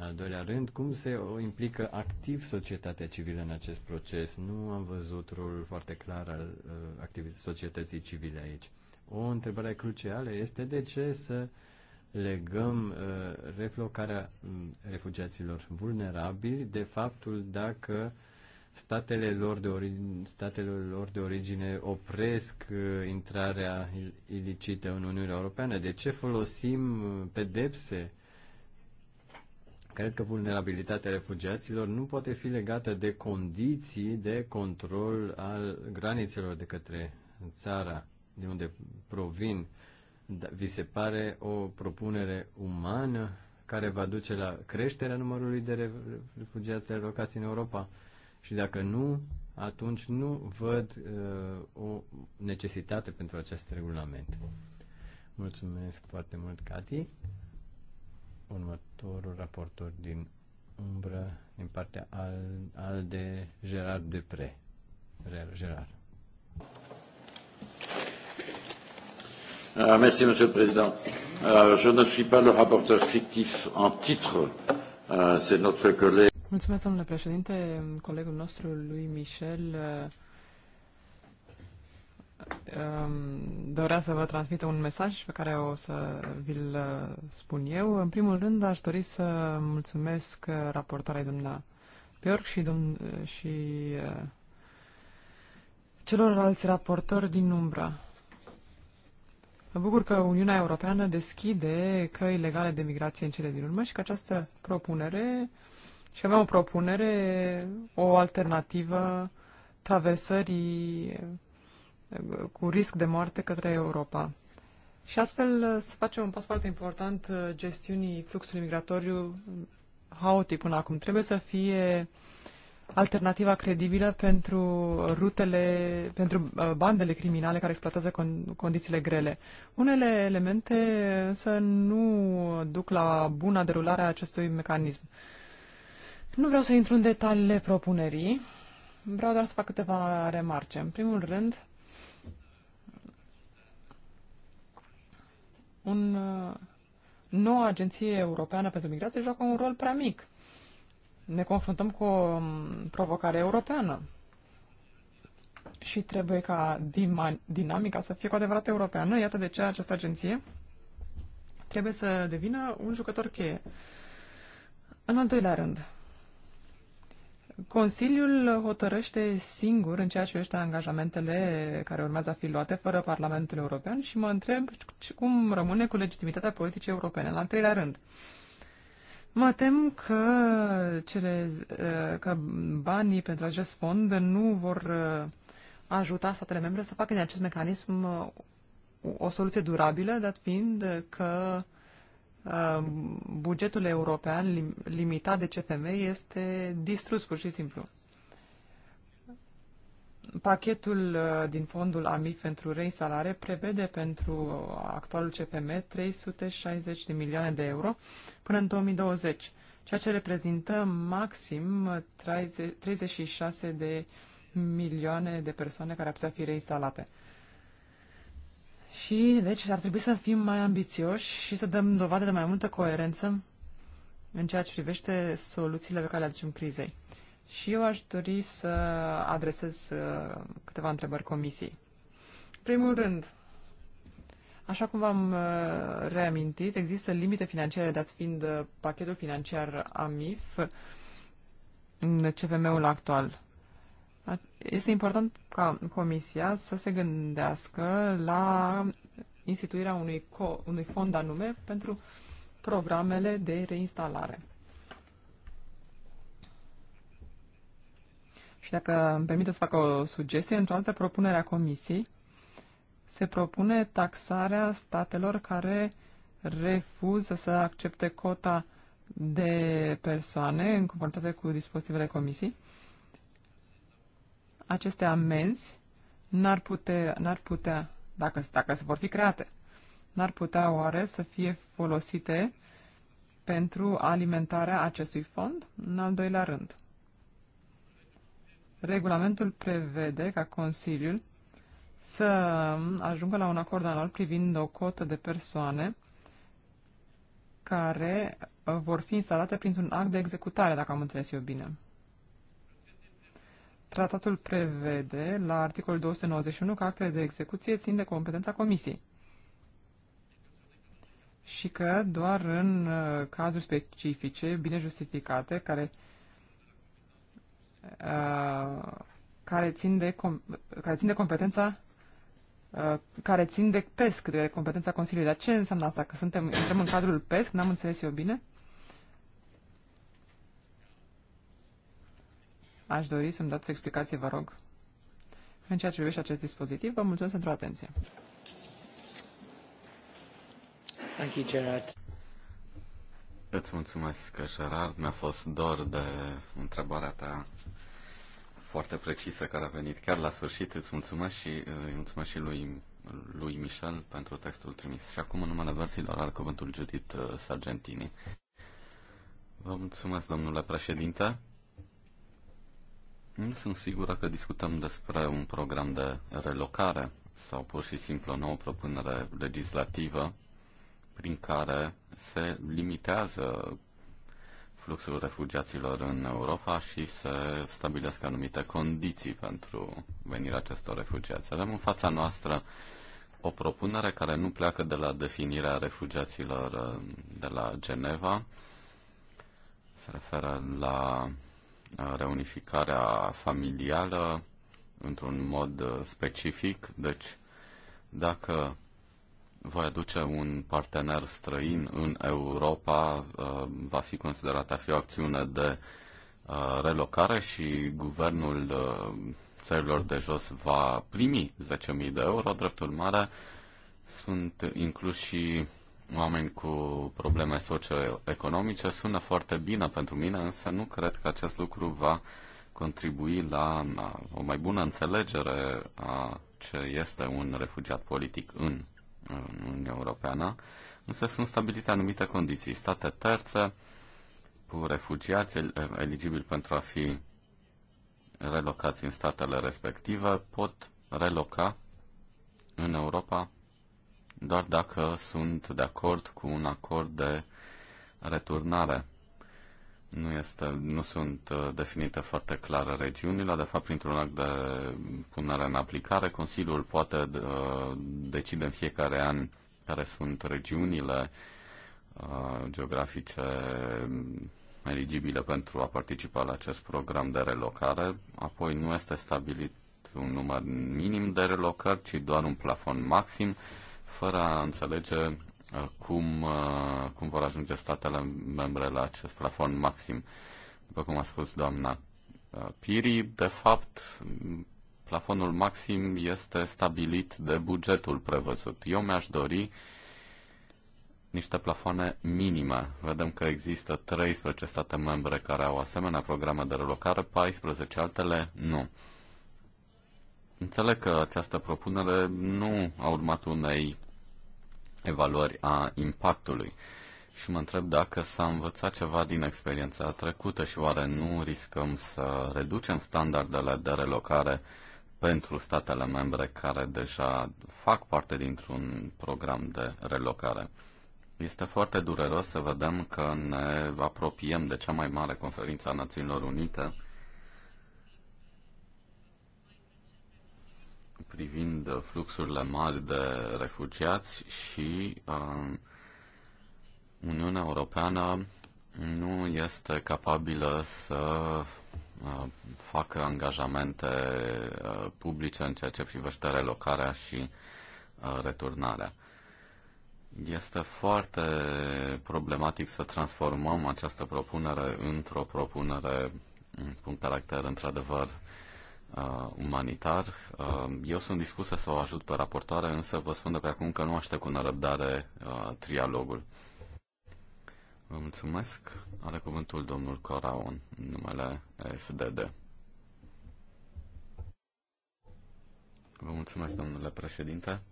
În al doilea rând, cum se implică activ societatea civilă în acest proces? Nu am văzut rolul foarte clar al uh, activității societății civile aici. O întrebare crucială este de ce să legăm uh, reflocarea mm, refugiaților vulnerabili de faptul dacă statele lor de, ori- statele lor de origine opresc uh, intrarea ilicită în Uniunea Europeană. De ce folosim uh, pedepse Cred că vulnerabilitatea refugiaților nu poate fi legată de condiții de control al granițelor de către țara de unde provin. Da, vi se pare o propunere umană care va duce la creșterea numărului de refugiați relocați în Europa? Și dacă nu, atunci nu văd uh, o necesitate pentru acest regulament. Mulțumesc foarte mult, Cati următorul raportor din umbră, din partea al, al de Gerard Depre. Gerard. Uh, merci, Monsieur le Président. Uh, je ne suis pas le rapporteur fictif en titre. Uh, C'est notre collègue. Mulțumesc, domnule președinte. Colegul nostru, lui Michel, uh, Ehm, dorea să vă transmită un mesaj pe care o să vi-l uh, spun eu. În primul rând, aș dori să mulțumesc uh, raportoarei domna Bjork și, dom- uh, și celorlalți raportori din umbra. Mă bucur că Uniunea Europeană deschide căi legale de migrație în cele din urmă și că această propunere, și avem o propunere, o alternativă traversării cu risc de moarte către Europa. Și astfel uh, se face un pas foarte important uh, gestiunii fluxului migratoriu mm, haotic până acum. Trebuie să fie alternativa credibilă pentru rutele, pentru uh, bandele criminale care exploatează con- condițiile grele. Unele elemente însă nu duc la buna derulare a acestui mecanism. Nu vreau să intru în detaliile propunerii, vreau doar să fac câteva remarce. În primul rând, un uh, noua agenție europeană pentru migrație joacă un rol prea mic. Ne confruntăm cu o um, provocare europeană și trebuie ca dinamica să fie cu adevărat europeană. Iată de ce această agenție trebuie să devină un jucător cheie. În al doilea rând, Consiliul hotărăște singur în ceea ce privește angajamentele care urmează a fi luate fără Parlamentul European și mă întreb cum rămâne cu legitimitatea politicii europene. La treilea rând, Mă tem că, cele, eh, că banii pentru acest fond nu vor eh, ajuta statele membre să facă din acest mecanism eh, o soluție durabilă, dat fiind că bugetul european limitat de CFM este distrus pur și simplu. Pachetul uh, din fondul AMIF pentru reinstalare prevede pentru actualul CFM 360 de milioane de euro până în 2020, ceea ce reprezintă maxim 36 de milioane de persoane care ar putea fi reinstalate. Și, deci, ar trebui să fim mai ambițioși și să dăm dovadă de mai multă coerență în ceea ce privește soluțiile pe care le aducem crizei. Și eu aș dori să adresez uh, câteva întrebări comisiei. Primul rând, așa cum v-am uh, reamintit, există limite financiare, dat fiind uh, pachetul financiar AMIF în CFM-ul actual. Este important ca Comisia să se gândească la instituirea unui, co, unui fond anume pentru programele de reinstalare. Și dacă îmi permite să fac o sugestie, într-o altă propunere a Comisiei, se propune taxarea statelor care refuză să accepte cota de persoane în conformitate cu dispozitivele Comisiei aceste amenzi n-ar putea, n-ar putea dacă, dacă se vor fi create, n-ar putea oare să fie folosite pentru alimentarea acestui fond? În al doilea rând, regulamentul prevede ca Consiliul să ajungă la un acord anual privind o cotă de persoane care uh, vor fi instalate printr-un act de executare, dacă am înțeles eu bine. Tratatul prevede, la articolul 291, că actele de execuție țin de competența Comisiei și că doar în uh, cazuri specifice, bine justificate, care, uh, care, țin, de com- care țin de competența uh, care țin de PESC, de competența Consiliului. Dar ce înseamnă asta? Că suntem, intrăm în cadrul PESC? N-am înțeles eu bine? Aș dori să-mi dați o explicație, vă rog, în ceea ce privește acest dispozitiv. Vă mulțumesc pentru atenție. Thank you, Gerard. Îți mulțumesc, Gerard. Mi-a fost dor de întrebarea ta foarte precisă care a venit chiar la sfârșit. Îți mulțumesc și îi mulțumesc și lui, lui Michel pentru textul trimis. Și acum, în numele versilor, are cuvântul Judith uh, Sargentini. Vă mulțumesc, domnule președinte. Nu sunt sigură că discutăm despre un program de relocare sau pur și simplu o nouă propunere legislativă prin care se limitează fluxul refugiaților în Europa și se stabilesc anumite condiții pentru venirea acestor refugiați. Avem în fața noastră o propunere care nu pleacă de la definirea refugiaților uh, de la Geneva, se referă la reunificarea familială într-un mod uh, specific. Deci, dacă voi aduce un partener străin în Europa, uh, va fi considerată a fi o acțiune de uh, relocare și guvernul țărilor de jos va primi 10.000 de euro. Dreptul mare sunt inclus și oameni cu probleme socioeconomice sună foarte bine pentru mine, însă nu cred că acest lucru va contribui la o mai bună înțelegere a ce este un refugiat politic în Uniunea Europeană, însă sunt stabilite anumite condiții. State terțe cu refugiați eligibili pentru a fi relocați în statele respective pot reloca în Europa doar dacă sunt de acord cu un acord de returnare. Nu, este, nu sunt uh, definite foarte clare regiunile, de fapt, printr-un act de punere în aplicare, Consiliul poate uh, decide în fiecare an care sunt regiunile uh, geografice eligibile pentru a participa la acest program de relocare, apoi nu este stabilit un număr minim de relocări, ci doar un plafon maxim fără a înțelege uh, cum, uh, cum vor ajunge statele membre la acest plafon maxim. După cum a spus doamna uh, Piri, de fapt, plafonul maxim este stabilit de bugetul prevăzut. Eu mi-aș dori niște plafoane minime. Vedem că există 13 state membre care au asemenea programe de relocare, 14 altele nu. Înțeleg că această propunere nu a urmat unei evaluări a impactului și mă întreb dacă s-a învățat ceva din experiența trecută și oare nu riscăm să reducem standardele de relocare pentru statele membre care deja fac parte dintr-un program de relocare. Este foarte dureros să vedem că ne apropiem de cea mai mare conferință a Națiunilor Unite privind fluxurile mari de refugiați și uh, Uniunea Europeană nu este capabilă să uh, facă angajamente uh, publice în ceea ce privește relocarea și uh, returnarea. Este foarte problematic să transformăm această propunere într-o propunere cu un caracter într-adevăr uh, umanitar. Uh, eu sunt dispusă să o ajut pe raportoare, însă vă spun de pe acum că nu aștept cu nerăbdare uh, trialogul. Vă mulțumesc. Are cuvântul domnul Coraon, numele FDD. Vă mulțumesc, domnule președinte.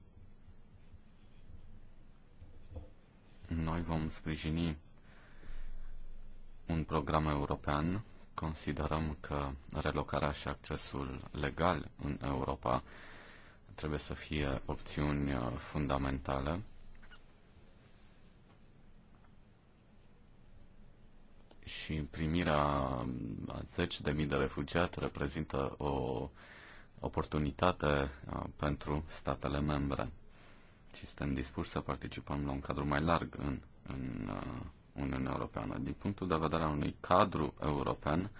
Noi vom sprijini un program european considerăm că relocarea și accesul legal în Europa trebuie să fie opțiuni uh, fundamentale. Și primirea a zeci de mii de refugiați reprezintă o oportunitate uh, pentru statele membre. Și suntem dispuși să participăm la un cadru mai larg în, în uh, Uniunea Europeană. Din punctul de vedere al unui cadru european,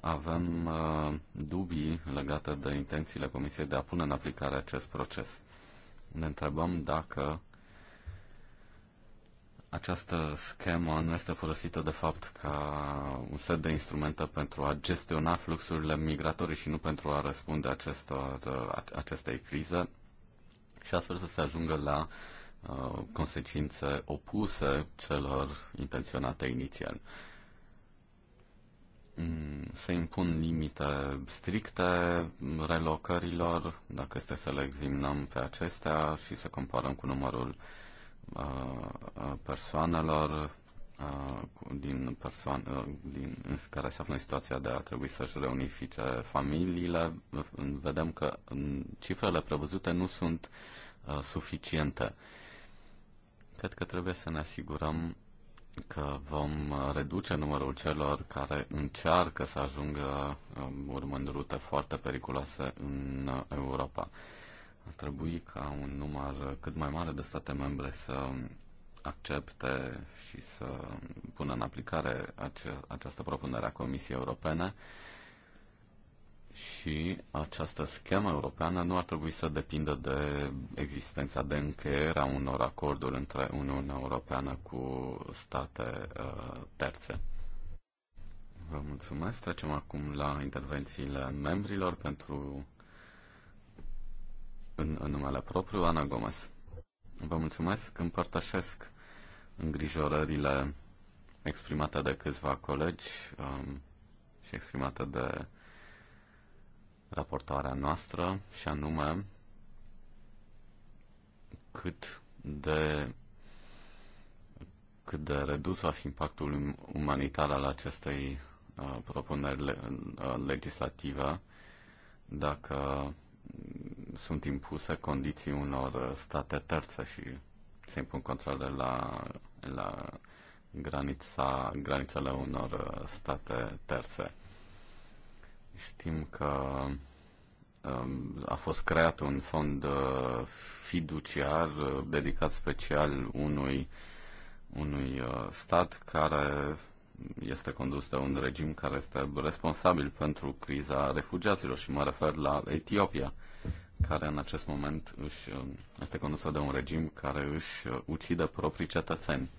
avem uh, dubii legate de intențiile Comisiei de a pune în aplicare acest proces. Ne întrebăm dacă această schemă nu este folosită de fapt ca un set de instrumente pentru a gestiona fluxurile migratorii și nu pentru a răspunde acestor, uh, acestei crize și astfel să se ajungă la uh, Uh, consecințe opuse celor intenționate inițial. Mm, se impun limite stricte relocărilor, dacă este să le examinăm pe acestea și să comparăm cu numărul uh, persoanelor uh, din, persoane, uh, din în care se află în situația de a trebui să-și reunifice familiile, vedem că mm, cifrele prevăzute nu sunt uh, suficiente. Uh, Cred că trebuie să ne asigurăm că vom reduce numărul celor care încearcă să ajungă um, urmând rute foarte periculoase în Europa. Ar trebui ca un număr cât mai mare de state membre să accepte și să pună în aplicare ace- această propunere a Comisiei Europene și această schemă europeană nu ar trebui să depindă de existența de încheiere a unor acorduri între Uniunea Europeană cu state uh, terțe. Vă mulțumesc. Trecem acum la intervențiile membrilor pentru în, în numele propriu, Ana Gomez. Vă mulțumesc, împărtășesc îngrijorările exprimate de câțiva colegi um, și exprimate de raportarea noastră și anume cât de cât de redus va fi impactul umanitar al acestei uh, propuneri le, uh, legislative dacă sunt impuse condiții unor state terțe și se impun controle la, la granița, granițele unor state terțe. Știm că um, a fost creat un fond uh, fiduciar uh, dedicat special unui, unui uh, stat care este condus de un regim care este responsabil pentru criza refugiaților și mă refer la Etiopia, care în acest moment își, um, este condusă de un regim care își ucide proprii cetățeni.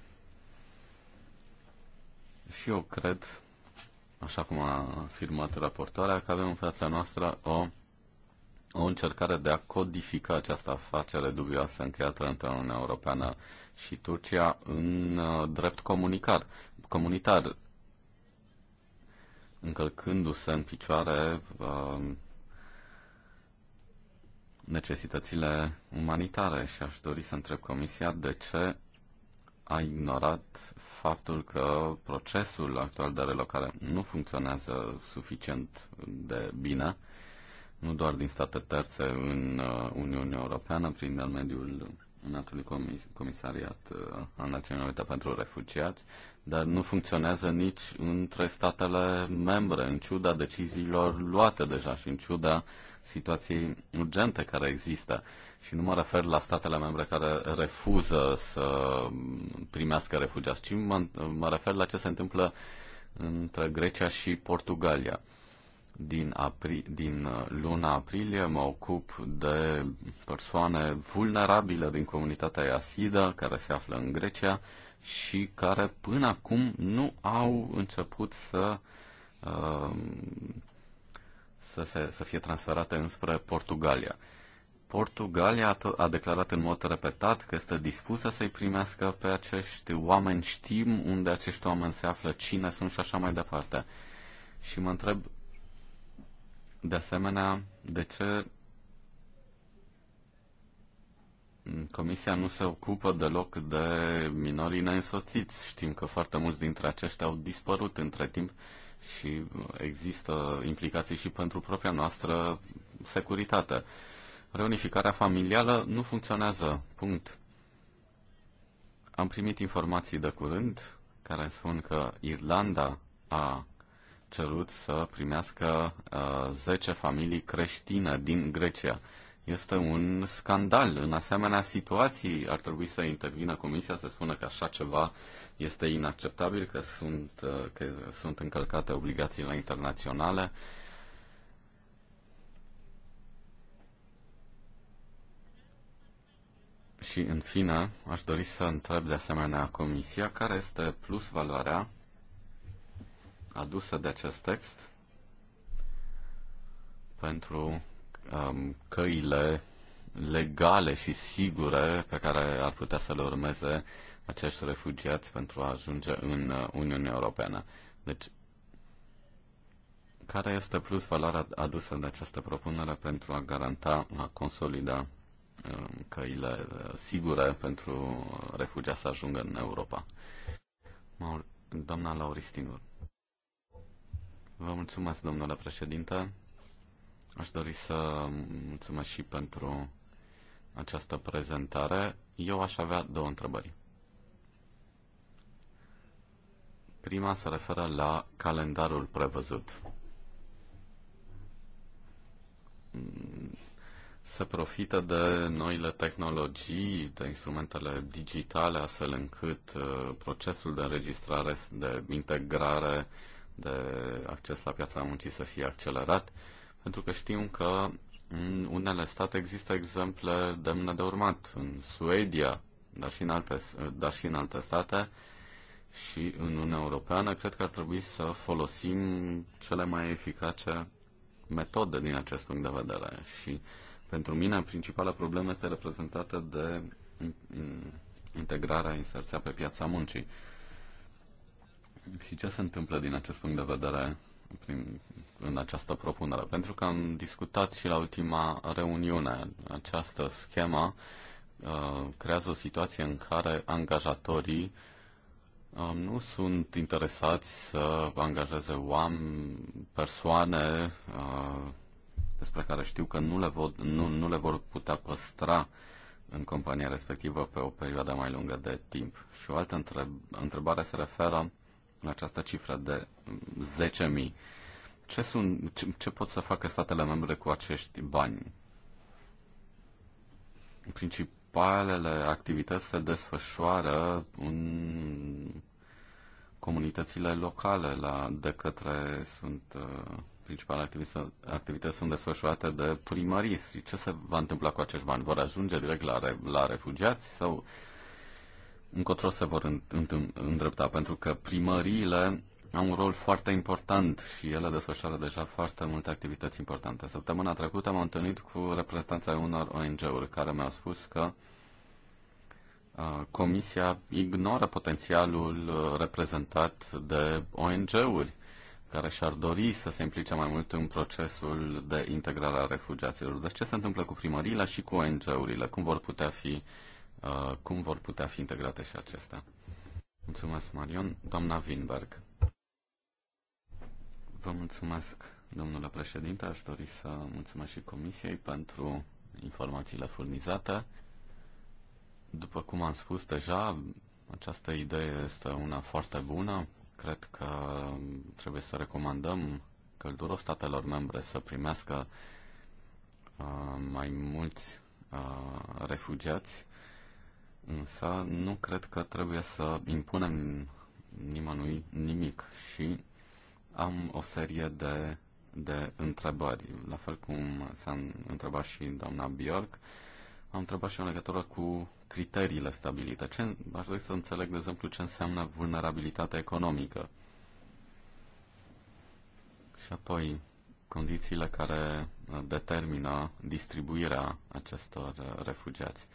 Și eu cred așa cum a afirmat raportoarea, că avem în fața noastră o, o încercare de a codifica această afacere dubioasă încheiată între Uniunea Europeană și Turcia în uh, drept comunicar, comunitar, încălcându-se în picioare uh, necesitățile umanitare și aș dori să întreb Comisia de ce a ignorat faptul că procesul actual de relocare nu funcționează suficient de bine, nu doar din state terțe în uh, Uniunea Europeană, prin intermediul Înaltului Comisariat uh, al Naționalitatea pentru Refugiați, dar nu funcționează nici între statele membre, în ciuda deciziilor luate deja și în ciuda situației urgente care există. Și nu mă refer la statele membre care refuză să primească refugiați, ci mă, mă refer la ce se întâmplă între Grecia și Portugalia. Din, apri, din uh, luna aprilie mă ocup de persoane vulnerabile din comunitatea Iasida care se află în Grecia și care până acum nu au început să uh, să, se, să fie transferate înspre Portugalia. Portugalia a declarat în mod repetat că este dispusă să-i primească pe acești oameni, știm unde acești oameni se află, cine sunt și așa mai departe. Și mă întreb, de asemenea, de ce Comisia nu se ocupă deloc de minorii neînsoțiți. Știm că foarte mulți dintre aceștia au dispărut între timp și există implicații și pentru propria noastră securitate reunificarea familială nu funcționează. Punct. Am primit informații de curând care spun că Irlanda a cerut să primească uh, 10 familii creștine din Grecia. Este un scandal. În asemenea situații ar trebui să intervină Comisia să spună că așa ceva este inacceptabil, că sunt, uh, că sunt încălcate obligațiile internaționale. Uh, Și în fine, aș dori să întreb de asemenea Comisia care este plus valoarea adusă de acest text pentru um, căile legale și sigure pe care ar putea să le urmeze acești refugiați pentru a ajunge în uh, Uniunea Europeană. Deci, care este plus valoarea adusă de această propunere pentru a garanta, a consolida Um, căile uh, sigure pentru refugia să ajungă în Europa. Doamna Lauristinul. Vă mulțumesc, domnule președinte. Aș dori să mulțumesc și pentru această prezentare. Eu aș avea două întrebări. Prima se referă la calendarul prevăzut se profită de noile tehnologii, de instrumentele digitale, astfel încât uh, procesul de înregistrare, de integrare, de acces la piața muncii să fie accelerat, pentru că știm că în unele state există exemple demne de urmat, în Suedia, dar și în alte, uh, dar și în alte state și în Uniunea Europeană, cred că ar trebui să folosim cele mai eficace metode din acest punct de vedere și uh, pentru mine, principala problemă este reprezentată de integrarea, inserția pe piața muncii. Și ce se întâmplă din acest punct de vedere prin, în această propunere? Pentru că am discutat și la ultima reuniune această schemă uh, creează o situație în care angajatorii uh, nu sunt interesați să angajeze oameni, persoane uh, despre care știu că nu le, vor, nu, nu le vor putea păstra în compania respectivă pe o perioadă mai lungă de timp. Și o altă întreb, întrebare se referă la această cifră de 10.000. Ce, sunt, ce, ce pot să facă statele membre cu acești bani? Principalele activități se desfășoară în comunitățile locale la, de către sunt uh, principale activități, sunt desfășurate de primării. Și ce se va întâmpla cu acești bani? Vor ajunge direct la, la refugiați sau încotro se vor îndrepta? Pentru că primăriile au un rol foarte important și ele desfășoară deja foarte multe activități importante. Săptămâna trecută am întâlnit cu reprezentanța unor ONG-uri care mi-au spus că uh, Comisia ignoră potențialul uh, reprezentat de ONG-uri care și-ar dori să se implice mai mult în procesul de integrare a refugiaților. Deci ce se întâmplă cu primările și cu ONG-urile? Cum vor putea fi, uh, cum vor putea fi integrate și acestea? Mulțumesc, Marion. Doamna Winberg. Vă mulțumesc, domnule președinte. Aș dori să mulțumesc și Comisiei pentru informațiile furnizate. După cum am spus deja, această idee este una foarte bună Cred că trebuie să recomandăm călduros statelor membre să primească uh, mai mulți uh, refugiați, însă nu cred că trebuie să impunem nimănui nimic și am o serie de, de întrebări, la fel cum s-a întrebat și doamna Bjork. Uh, am întrebat și în legătură cu criteriile stabilite. Ce, aș dori să înțeleg, de exemplu, ce înseamnă vulnerabilitatea economică. Și apoi, condițiile care uh, determină distribuirea acestor uh, refugiați.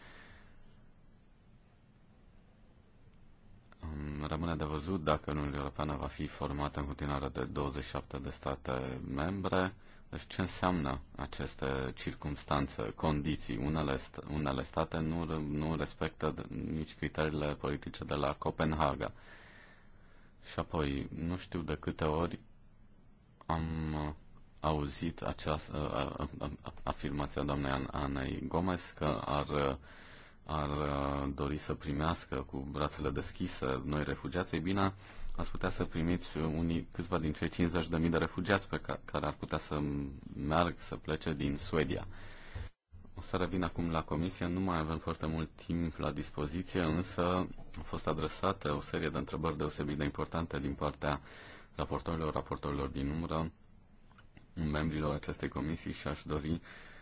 Rămâne de văzut dacă Uniunea Europeană va fi formată în continuare de 27 de state membre deci ce înseamnă aceste circunstanțe, condiții? Unele, st- unele state nu, nu respectă nici criteriile politice de la Copenhaga. Și apoi, nu știu de câte ori am uh, auzit această uh, uh, afirmația doamnei Anei Gomez că ar, ar dori să primească cu brațele deschise noi refugiații. Bine, ați putea să primiți unii, câțiva dintre 50.000 de refugiați pe care, care ar putea să meargă, să plece din Suedia. O să revin acum la comisie. Nu mai avem foarte mult timp la dispoziție, însă au fost adresate o serie de întrebări deosebit de importante din partea raportorilor, raportorilor din umbră, membrilor acestei comisii și aș dori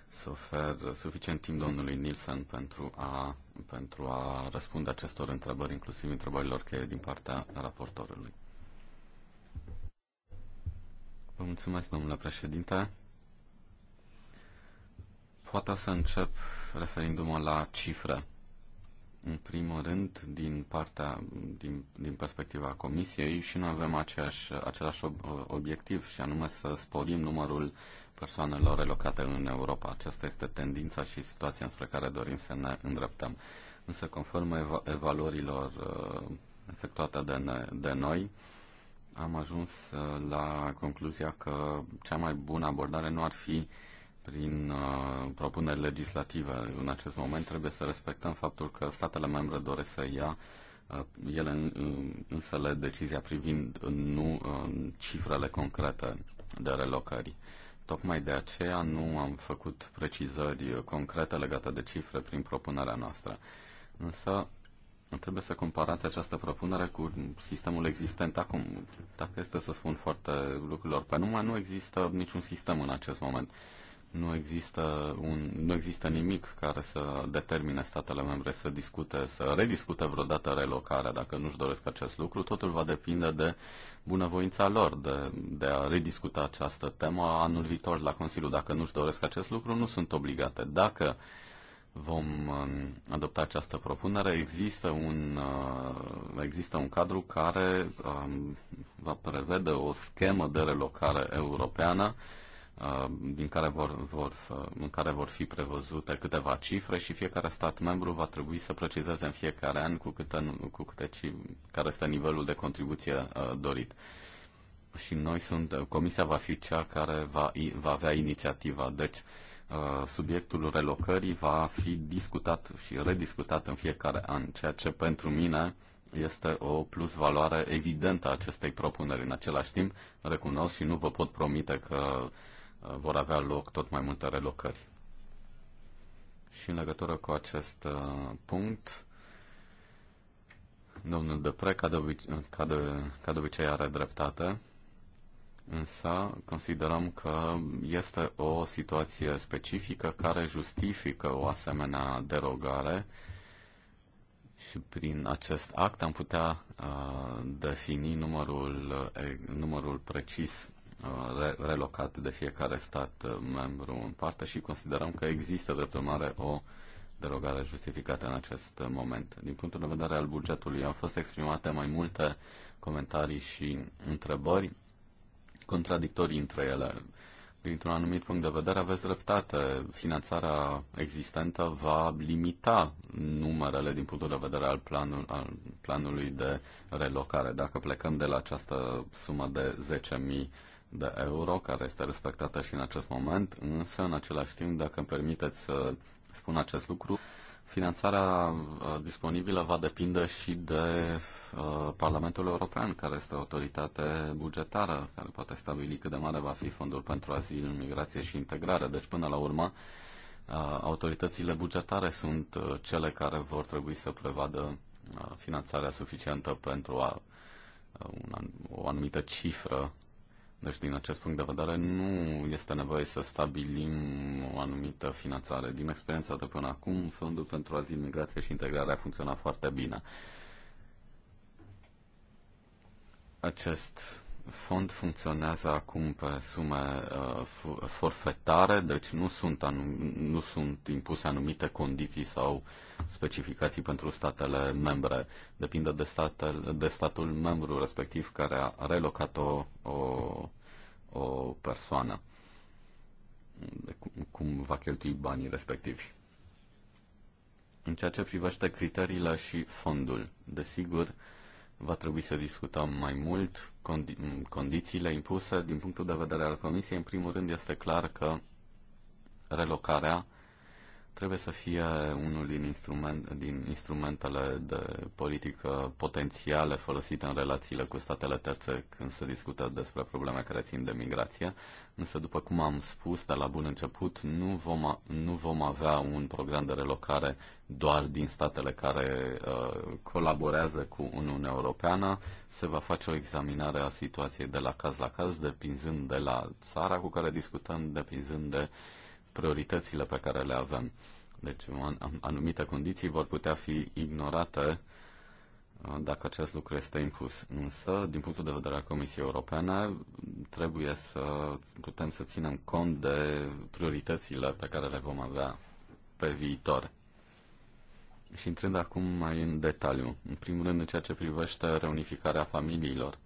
să ofer suficient timp domnului Nielsen pentru a pentru a răspunde acestor întrebări, inclusiv întrebărilor cheie din partea raportorului. Vă mulțumesc, domnule președinte. Poate să încep referindu-mă la cifre. În primul rând, din partea, din, din perspectiva Comisiei, și noi avem aceeași, același obiectiv, și anume să sporim numărul persoanelor relocate în Europa. Aceasta este tendința și situația înspre care dorim să ne îndreptăm. Însă, conform evaluărilor uh, efectuate de, ne- de noi, am ajuns uh, la concluzia că cea mai bună abordare nu ar fi prin uh, propuneri legislative. În acest moment trebuie să respectăm faptul că statele membre doresc să ia uh, ele le decizia privind nu cifrele concrete de relocări. Tocmai de aceea nu am făcut precizări concrete legate de cifre prin propunerea noastră. Însă trebuie să comparați această propunere cu sistemul existent acum. Dacă este să spun foarte lucrurilor pe numai, nu există niciun sistem în acest moment. Nu există, un, nu există nimic care să determine statele membre să discute, să rediscute vreodată relocarea dacă nu-și doresc acest lucru. Totul va depinde de bunăvoința lor de, de a rediscuta această temă anul viitor la Consiliu. Dacă nu-și doresc acest lucru, nu sunt obligate. Dacă vom um, adopta această propunere, există un, uh, există un cadru care um, va prevede o schemă de relocare europeană Uh, din care vor, vor, uh, în care vor fi prevăzute câteva cifre și fiecare stat membru va trebui să precizeze în fiecare an cu câte, cu câte care este nivelul de contribuție uh, dorit. Și noi sunt, comisia va fi cea care va, va avea inițiativa. Deci, subiectul relocării va fi discutat și rediscutat în fiecare an, ceea ce pentru mine este o plus valoare evidentă a acestei propuneri. În același timp, recunosc și nu vă pot promite că uh, Uh, vor avea loc tot mai multe relocări. Și în legătură cu acest uh, punct, domnul Depre, ca de, obice- ca, de, ca de obicei, are dreptate, însă considerăm că este o situație specifică care justifică o asemenea derogare și prin acest act am putea uh, defini numărul, uh, numărul precis relocat de fiecare stat uh, membru în parte și considerăm că există, drept urmare, o derogare justificată în acest uh, moment. Din punctul de vedere al bugetului au fost exprimate mai multe comentarii și întrebări contradictorii între ele. Dintr-un anumit punct de vedere aveți dreptate. Finanțarea existentă va limita numerele din punctul de vedere al, planul, al planului de relocare. Dacă plecăm de la această sumă de 10.000 de euro, care este respectată și în acest moment, însă, în același timp, dacă îmi permiteți să spun acest lucru, finanțarea uh, disponibilă va depinde și de uh, Parlamentul European, care este o autoritate bugetară, care poate stabili cât de mare va fi fondul pentru azil, migrație și integrare. Deci, până la urmă, uh, autoritățile bugetare sunt cele care vor trebui să prevadă finanțarea suficientă pentru a, una, o anumită cifră deci, din acest punct de vedere, nu este nevoie să stabilim o anumită finanțare. Din experiența de până acum, Fondul pentru Azil, Migrație și Integrare a funcționat foarte bine. Acest fond funcționează acum pe sume uh, forfetare, deci nu sunt, nu sunt impuse anumite condiții sau specificații pentru statele membre. Depinde de, statele, de statul membru respectiv care a relocat o, o o persoană, de cum va cheltui banii respectivi. În ceea ce privește criteriile și fondul, desigur, va trebui să discutăm mai mult condi- condițiile impuse din punctul de vedere al Comisiei. În primul rând, este clar că relocarea trebuie să fie unul din, instrument, din instrumentele de politică potențiale folosite în relațiile cu statele terțe când se discută despre probleme care țin de migrație. Însă, după cum am spus de la bun început, nu vom, nu vom avea un program de relocare doar din statele care uh, colaborează cu Uniunea Europeană. Se va face o examinare a situației de la caz la caz, depinzând de la țara cu care discutăm, depinzând de uh, prioritățile pe care le avem. Deci anumite condiții vor putea fi ignorate uh, dacă acest lucru este impus. Însă, din punctul de vedere al Comisiei Europene, trebuie să putem să ținem cont de prioritățile pe care le vom avea pe viitor. Și intrând acum mai în detaliu, în primul rând în ceea ce privește reunificarea familiilor,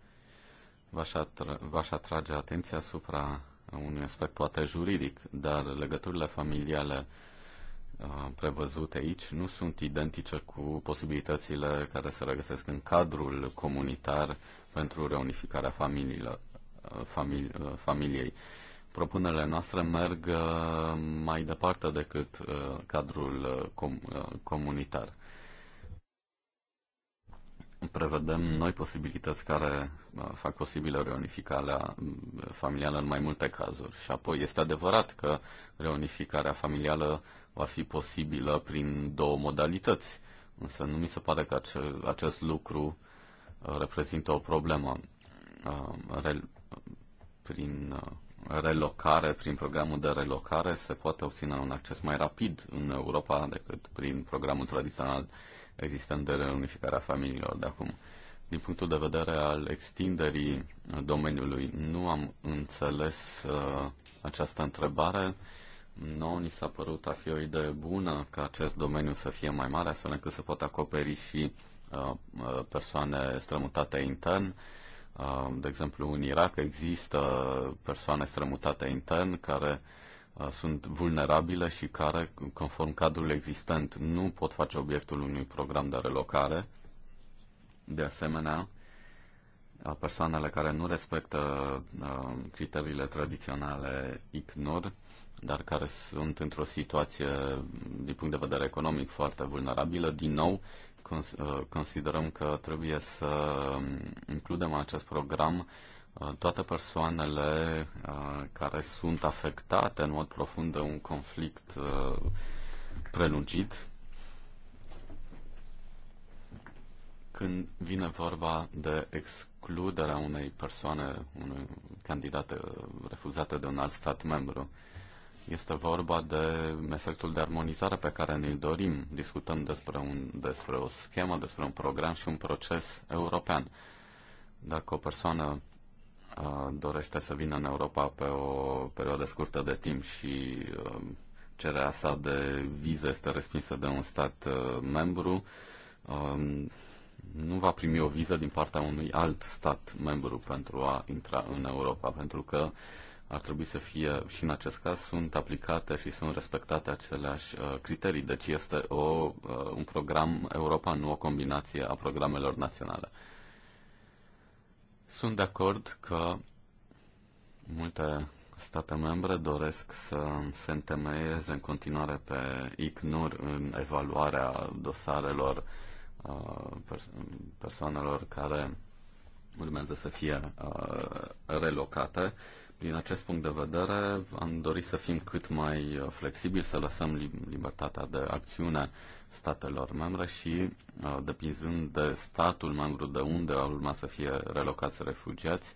v-aș, atra- atrage atenția asupra unui aspect poate juridic, dar legăturile familiale uh, prevăzute aici nu sunt identice cu posibilitățile care se regăsesc în cadrul comunitar pentru reunificarea familiilor, uh, famili, uh, familiei. Propunerile noastre merg mai departe decât cadrul comunitar prevedem noi posibilități care uh, fac posibilă reunificarea mm, familială în mai multe cazuri. Și apoi este adevărat că reunificarea familială va fi posibilă prin două modalități, însă nu mi se pare că acest lucru uh, reprezintă o problemă. Uh, prin relocare, prin programul de relocare, se poate obține un acces mai rapid în Europa decât prin programul tradițional existent de reunificare a familiilor de acum. Din punctul de vedere al extinderii domeniului, nu am înțeles uh, această întrebare. Nu ni s-a părut a fi o idee bună ca acest domeniu să fie mai mare, astfel încât să poată acoperi și uh, uh persoane strămutate intern. Uh, de exemplu, în Irak există persoane strămutate intern care sunt vulnerabile și care, conform cadrului existent, nu pot face obiectul unui program de relocare. De asemenea, persoanele care nu respectă criteriile tradiționale ignor, dar care sunt într-o situație, din punct de vedere economic, foarte vulnerabilă, din nou, Uh, considerăm că trebuie să um, includem în acest program uh, toate persoanele uh, care sunt afectate în mod profund de un conflict prelungit când vine vorba de excluderea unei persoane, unui candidat refuzate de un alt stat membru. Este vorba de efectul de armonizare pe care ne-l dorim. Discutăm despre, un, despre o schemă, despre un program și un proces european. Dacă o persoană dorește să vină în Europa pe o perioadă scurtă de timp și cererea sa de viză este respinsă de un stat membru, nu va primi o viză din partea unui alt stat membru pentru a intra în Europa, pentru că uh, ar trebui să fie și în acest caz sunt aplicate și sunt respectate aceleași uh, criterii. Deci este o, uh, un program european, nu o combinație a programelor naționale. Sunt de acord că multe state membre doresc să se întemeieze în continuare pe ICNUR în evaluarea dosarelor uh, persoanelor care urmează să fie relocate din acest punct de vedere, am dorit să fim cât mai uh, flexibili, să lăsăm libertatea de acțiune statelor membre și, uh, depinzând de statul membru de unde ar urma să fie relocați refugiați,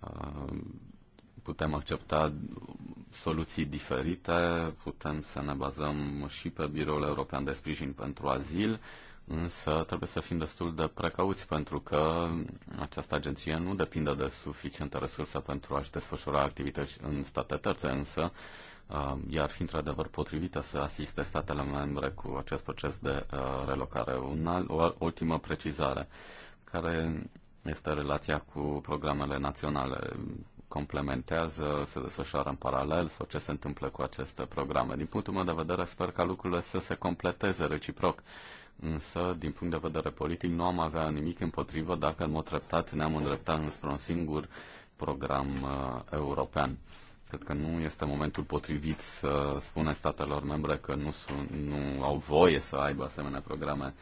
uh, putem accepta soluții diferite, putem să ne bazăm și pe Biroul European de Sprijin pentru Azil, însă trebuie să fim destul de precauți pentru că această agenție nu depinde de suficientă resursă pentru a-și desfășura activități în state terțe, însă uh, iar fi într-adevăr potrivită să asiste statele membre cu acest proces de uh, relocare. alt, o ultimă precizare, care este relația cu programele naționale complementează, se desfășoară în paralel sau ce se întâmplă cu aceste programe. Din punctul meu de vedere, sper ca lucrurile să se completeze reciproc însă, din punct de vedere politic, nu am avea nimic împotrivă dacă, în mod treptat, ne-am îndreptat înspre un singur program uh, european. Cred că nu este momentul potrivit să spune statelor membre că nu, sunt, nu au voie să aibă asemenea programe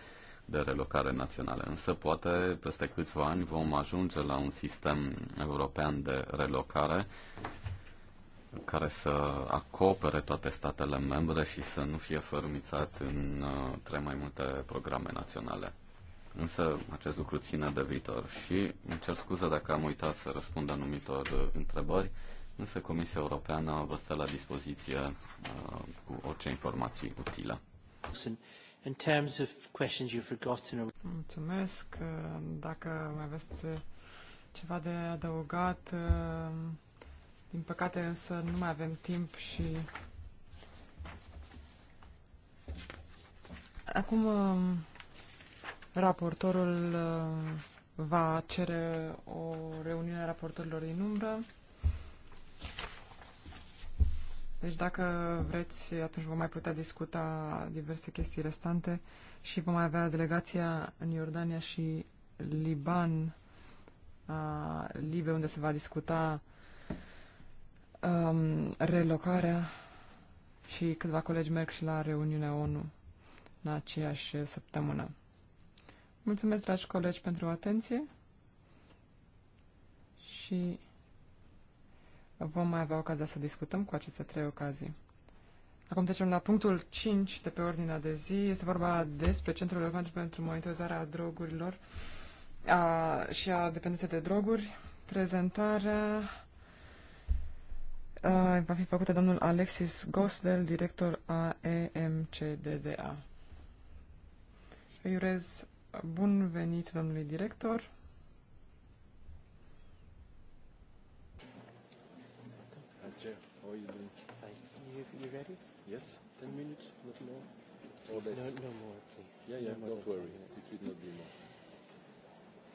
de relocare naționale. Însă, poate, peste câțiva ani vom ajunge la un sistem european de relocare care să acopere toate statele membre și să nu fie fărâmițat în uh, trei mai multe programe naționale. Însă acest lucru ține de viitor și îmi cer scuze dacă am uitat să răspund anumitor uh, întrebări, însă Comisia Europeană vă stă la dispoziție uh, cu orice informații utile. In terms of questions you've forgotten... Mulțumesc. Dacă mai aveți ceva de adăugat, uh din păcate însă nu mai avem timp și... Acum um, raportorul um, va cere o reuniune a raportorilor din umbră. Deci dacă vreți, atunci vom mai putea discuta diverse chestii restante și vom mai avea delegația în Iordania și Liban, a Libe, unde se va discuta um, relocarea și câțiva colegi merg și la reuniunea ONU în aceeași săptămână. Mulțumesc, dragi colegi, pentru atenție și vom mai avea ocazia să discutăm cu aceste trei ocazii. Acum trecem la punctul 5 de pe ordinea de zi. Este vorba despre Centrul European pentru Monitorizarea Drogurilor a, și a dependenței de droguri. Prezentarea Uh, va fi făcută domnul Alexis Gosdel, director a EMCDDA. Îi urez bun venit domnului director.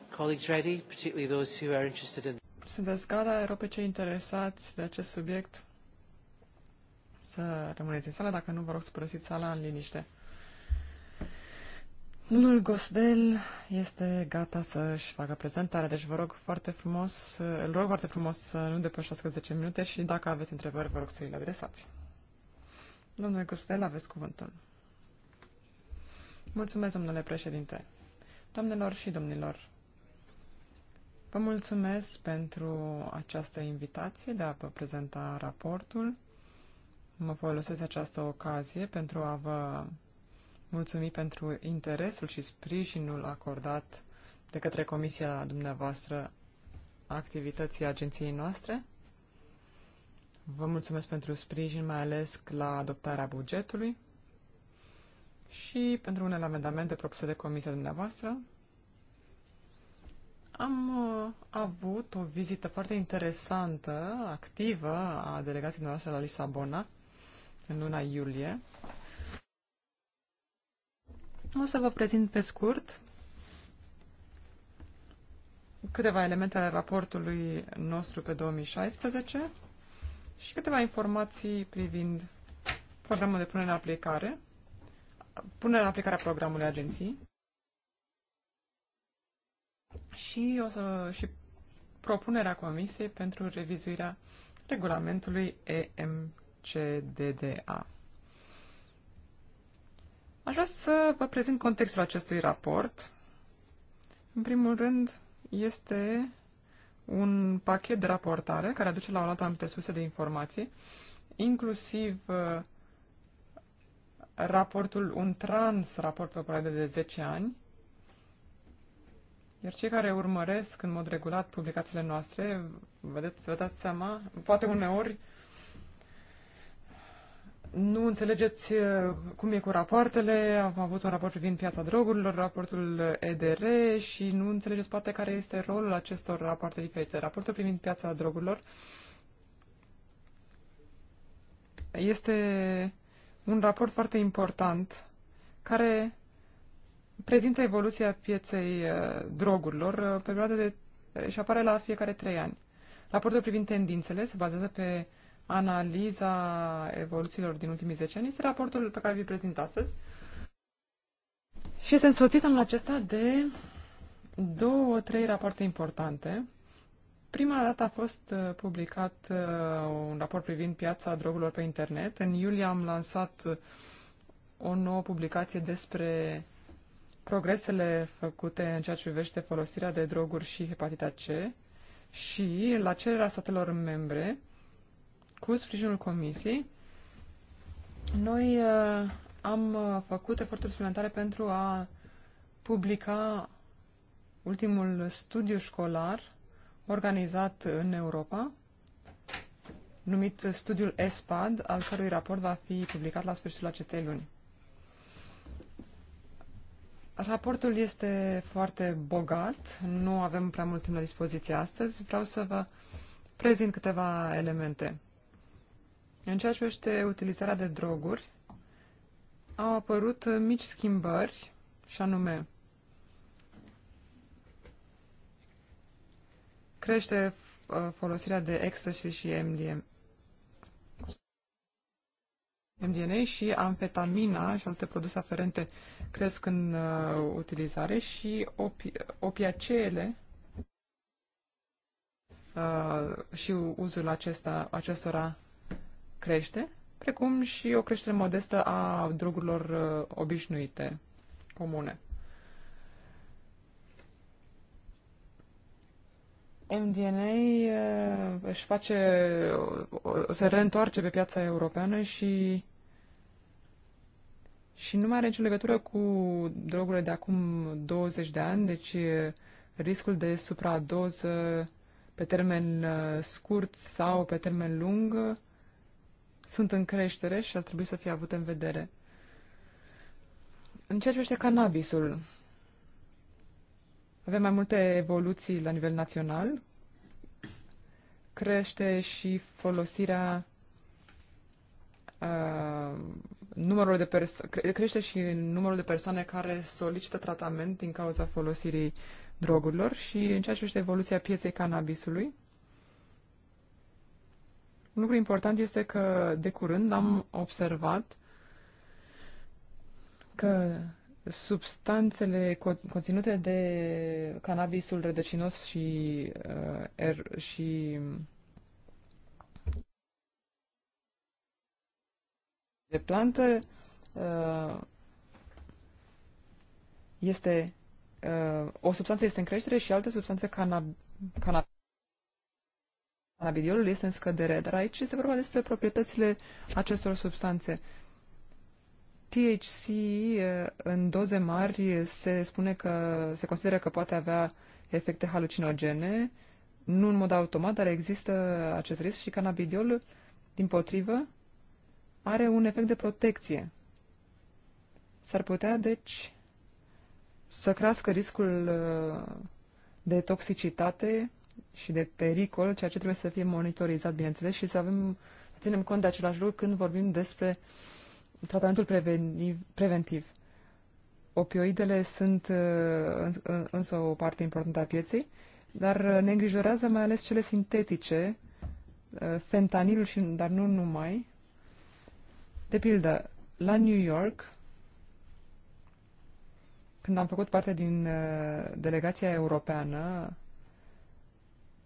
Colleagues ready, particularly those who are interested in sunteți gata, rog pe cei interesați de acest subiect să rămâneți în sală. Dacă nu, vă rog să părăsiți sala în liniște. Domnul Gosdel este gata să-și facă prezentarea, deci vă rog foarte frumos, îl rog foarte frumos să nu depășească 10 minute și dacă aveți întrebări, vă rog să i le adresați. Domnule Gosdel, aveți cuvântul. Mulțumesc, domnule președinte. Doamnelor și domnilor, Vă mulțumesc pentru această invitație de a vă prezenta raportul. Mă folosesc această ocazie pentru a vă mulțumi pentru interesul și sprijinul acordat de către comisia dumneavoastră activității agenției noastre. Vă mulțumesc pentru sprijin, mai ales la adoptarea bugetului și pentru unele amendamente propuse de comisia dumneavoastră. Am uh, avut o vizită foarte interesantă, activă, a delegației noastre la Lisabona în luna iulie. O să vă prezint pe scurt câteva elemente ale raportului nostru pe 2016 și câteva informații privind programul de punere în aplicare, punerea în aplicare a programului agenției și, o să, și propunerea Comisiei pentru revizuirea regulamentului EMCDDA. Aș vrea să vă prezint contextul acestui raport. În primul rând, este un pachet de raportare care aduce la oaltă anumite surse de informații, inclusiv uh, raportul, un trans raport pe o perioadă de 10 ani, iar cei care urmăresc în mod regulat publicațiile noastre, vedeți, vă dați seama, poate uneori nu înțelegeți uh, cum e cu rapoartele, am avut un raport privind piața drogurilor, raportul EDR și nu înțelegeți poate care este rolul acestor rapoarte diferite. Raportul privind piața drogurilor este un raport foarte important care prezintă evoluția pieței uh, drogurilor uh, pe perioada de, uh, și apare la fiecare trei ani. Raportul privind tendințele se bazează pe analiza evoluțiilor din ultimii 10 ani. Este raportul pe care vi prezint astăzi. Și este însoțit anul acesta de două, trei rapoarte importante. Prima dată a fost publicat un raport privind piața drogurilor pe internet. În iulie am lansat o nouă publicație despre progresele făcute în ceea ce privește folosirea de droguri și hepatita C și la cererea statelor membre, cu sprijinul Comisiei, noi uh, am uh, făcut eforturi suplimentare pentru a publica ultimul studiu școlar organizat în Europa, numit studiul ESPAD, al cărui raport va fi publicat la sfârșitul acestei luni. Raportul este foarte bogat, nu avem prea mult timp la dispoziție astăzi. Vreau să vă prezint câteva elemente. În ceea ce privește utilizarea de droguri, au apărut mici schimbări, și anume crește uh, folosirea de ecstasy și MDNA și amfetamina și alte produse aferente cresc în uh, utilizare și opi- opiaceele uh, și uzul acesta, acestora crește, precum și o creștere modestă a drogurilor uh, obișnuite, comune. MDNA uh, își face, uh, se reîntoarce pe piața europeană și și nu mai are nicio legătură cu drogurile de acum 20 de ani, deci uh, riscul de supradoză pe termen scurt sau pe termen lung sunt în creștere și ar trebui să fie avut în vedere. În ceea ce privește cannabisul, avem mai multe evoluții la nivel național. Crește și folosirea uh, numărul de perso- crește și numărul de persoane care solicită tratament din cauza folosirii drogurilor și în ceea ce este evoluția pieței cannabisului. Un lucru important este că de curând am observat că substanțele conținute de cannabisul rădăcinos și, uh, er, și de plantă uh, este uh, o substanță este în creștere și alte substanțe cannab cannabidiolul este în scădere, dar aici este vorba despre proprietățile acestor substanțe. Uh, THC eh, în doze mari se spune că se consideră că poate avea efecte halucinogene, nu în mod automat, dar există acest risc și cannabidiol, din potrivă, are un efect de protecție. S-ar putea, deci, să crească riscul eh, de toxicitate și de pericol, ceea ce trebuie să fie monitorizat, bineînțeles, și să avem, să ținem cont de același lucru când vorbim despre uh, tratamentul preveniv, preventiv. Opioidele sunt uh, însă o parte importantă a pieței, dar uh, ne îngrijorează mai ales cele sintetice, uh, fentanilul, și, dar nu numai. De pildă, la New York, când am făcut parte din delegația europeană,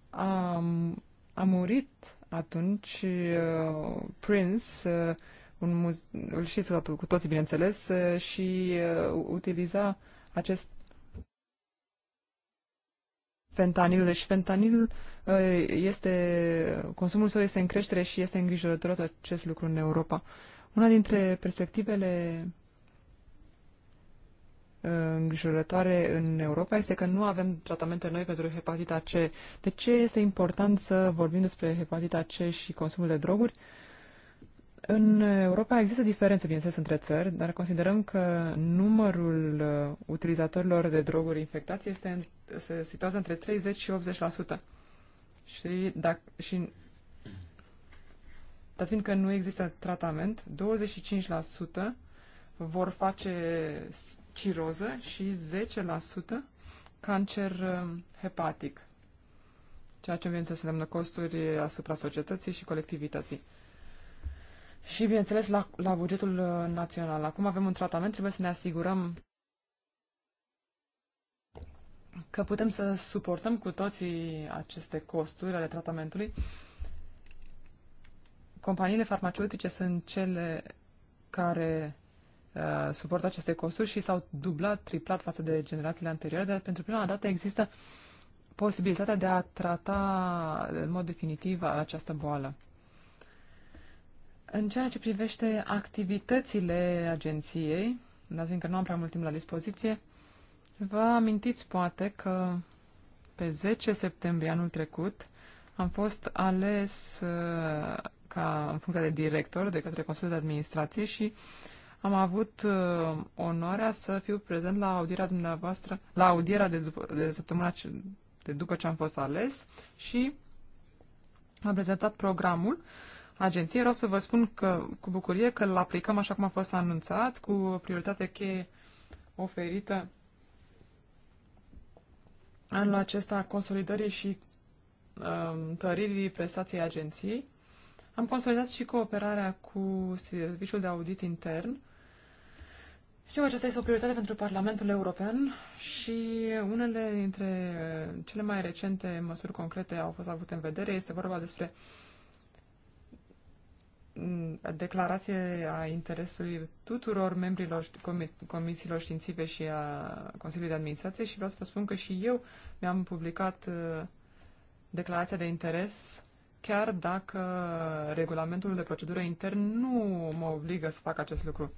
am, a murit atunci uh, Prince, uh, un muze- îl știți cu toții, bineînțeles, și uh, utiliza acest fentanil. Deci fentanil uh, este, consumul său este în creștere și este îngrijorător acest lucru în Europa. Una dintre perspectivele îngrijorătoare în Europa este că nu avem tratamente noi pentru hepatita C. De ce este important să vorbim despre hepatita C și consumul de droguri? Uh, în Europa există diferențe, bineînțeles, între țări, dar considerăm că numărul uh, utilizatorilor de droguri infectați este, se situează între 30 și 80%. Și, dacă, și dar fiindcă nu există tratament, 25% vor face ciroză și 10% cancer uh, hepatic, ceea ce, bineînțeles, înseamnă costuri asupra societății și colectivității și, bineînțeles, la, la bugetul uh, național. Acum avem un tratament, trebuie să ne asigurăm că putem să suportăm cu toții aceste costuri ale tratamentului. Companiile farmaceutice sunt cele care uh, suportă aceste costuri și s-au dublat, triplat față de generațiile anterioare, dar pentru prima dată există posibilitatea de a trata în mod definitiv această boală. În ceea ce privește activitățile agenției, dar fiindcă nu am prea mult timp la dispoziție, vă amintiți poate că pe 10 septembrie anul trecut am fost ales uh, ca în funcție de director de către Consiliul de Administrație și am avut uh, onoarea să fiu prezent la audierea dumneavoastră, la audierea de, după, de săptămâna ce, de după ce am fost ales și am prezentat programul agenție. Vreau să vă spun că, cu bucurie că îl aplicăm așa cum a fost anunțat, cu prioritate cheie oferită anul acesta consolidării și um, întăririi prestației agenției. Am consolidat și cooperarea cu Serviciul de Audit Intern. Știu că aceasta este o prioritate pentru Parlamentul European și unele dintre cele mai recente măsuri concrete au fost avute în vedere. Este vorba despre uh, Mm, declarație a interesului tuturor membrilor comisiilor științive și a Consiliului de Administrație și vreau să vă spun că și eu mi-am publicat uh, declarația de interes chiar dacă regulamentul de procedură intern nu mă obligă să fac acest lucru.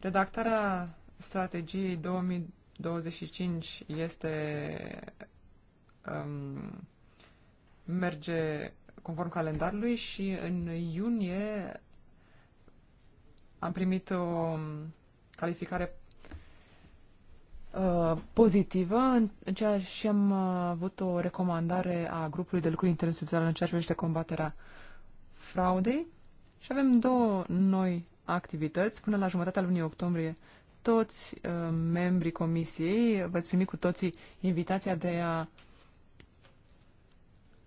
Redactarea strategiei 2025 este um, merge conform calendarului și în iunie am primit o calificare uh, pozitivă, în, ceea și am uh, avut o recomandare a grupului de lucru internațional în ceea ce privește combaterea fraudei și avem două noi activități până la jumătatea lunii octombrie toți uh, membrii comisiei veți primi cu toții invitația de a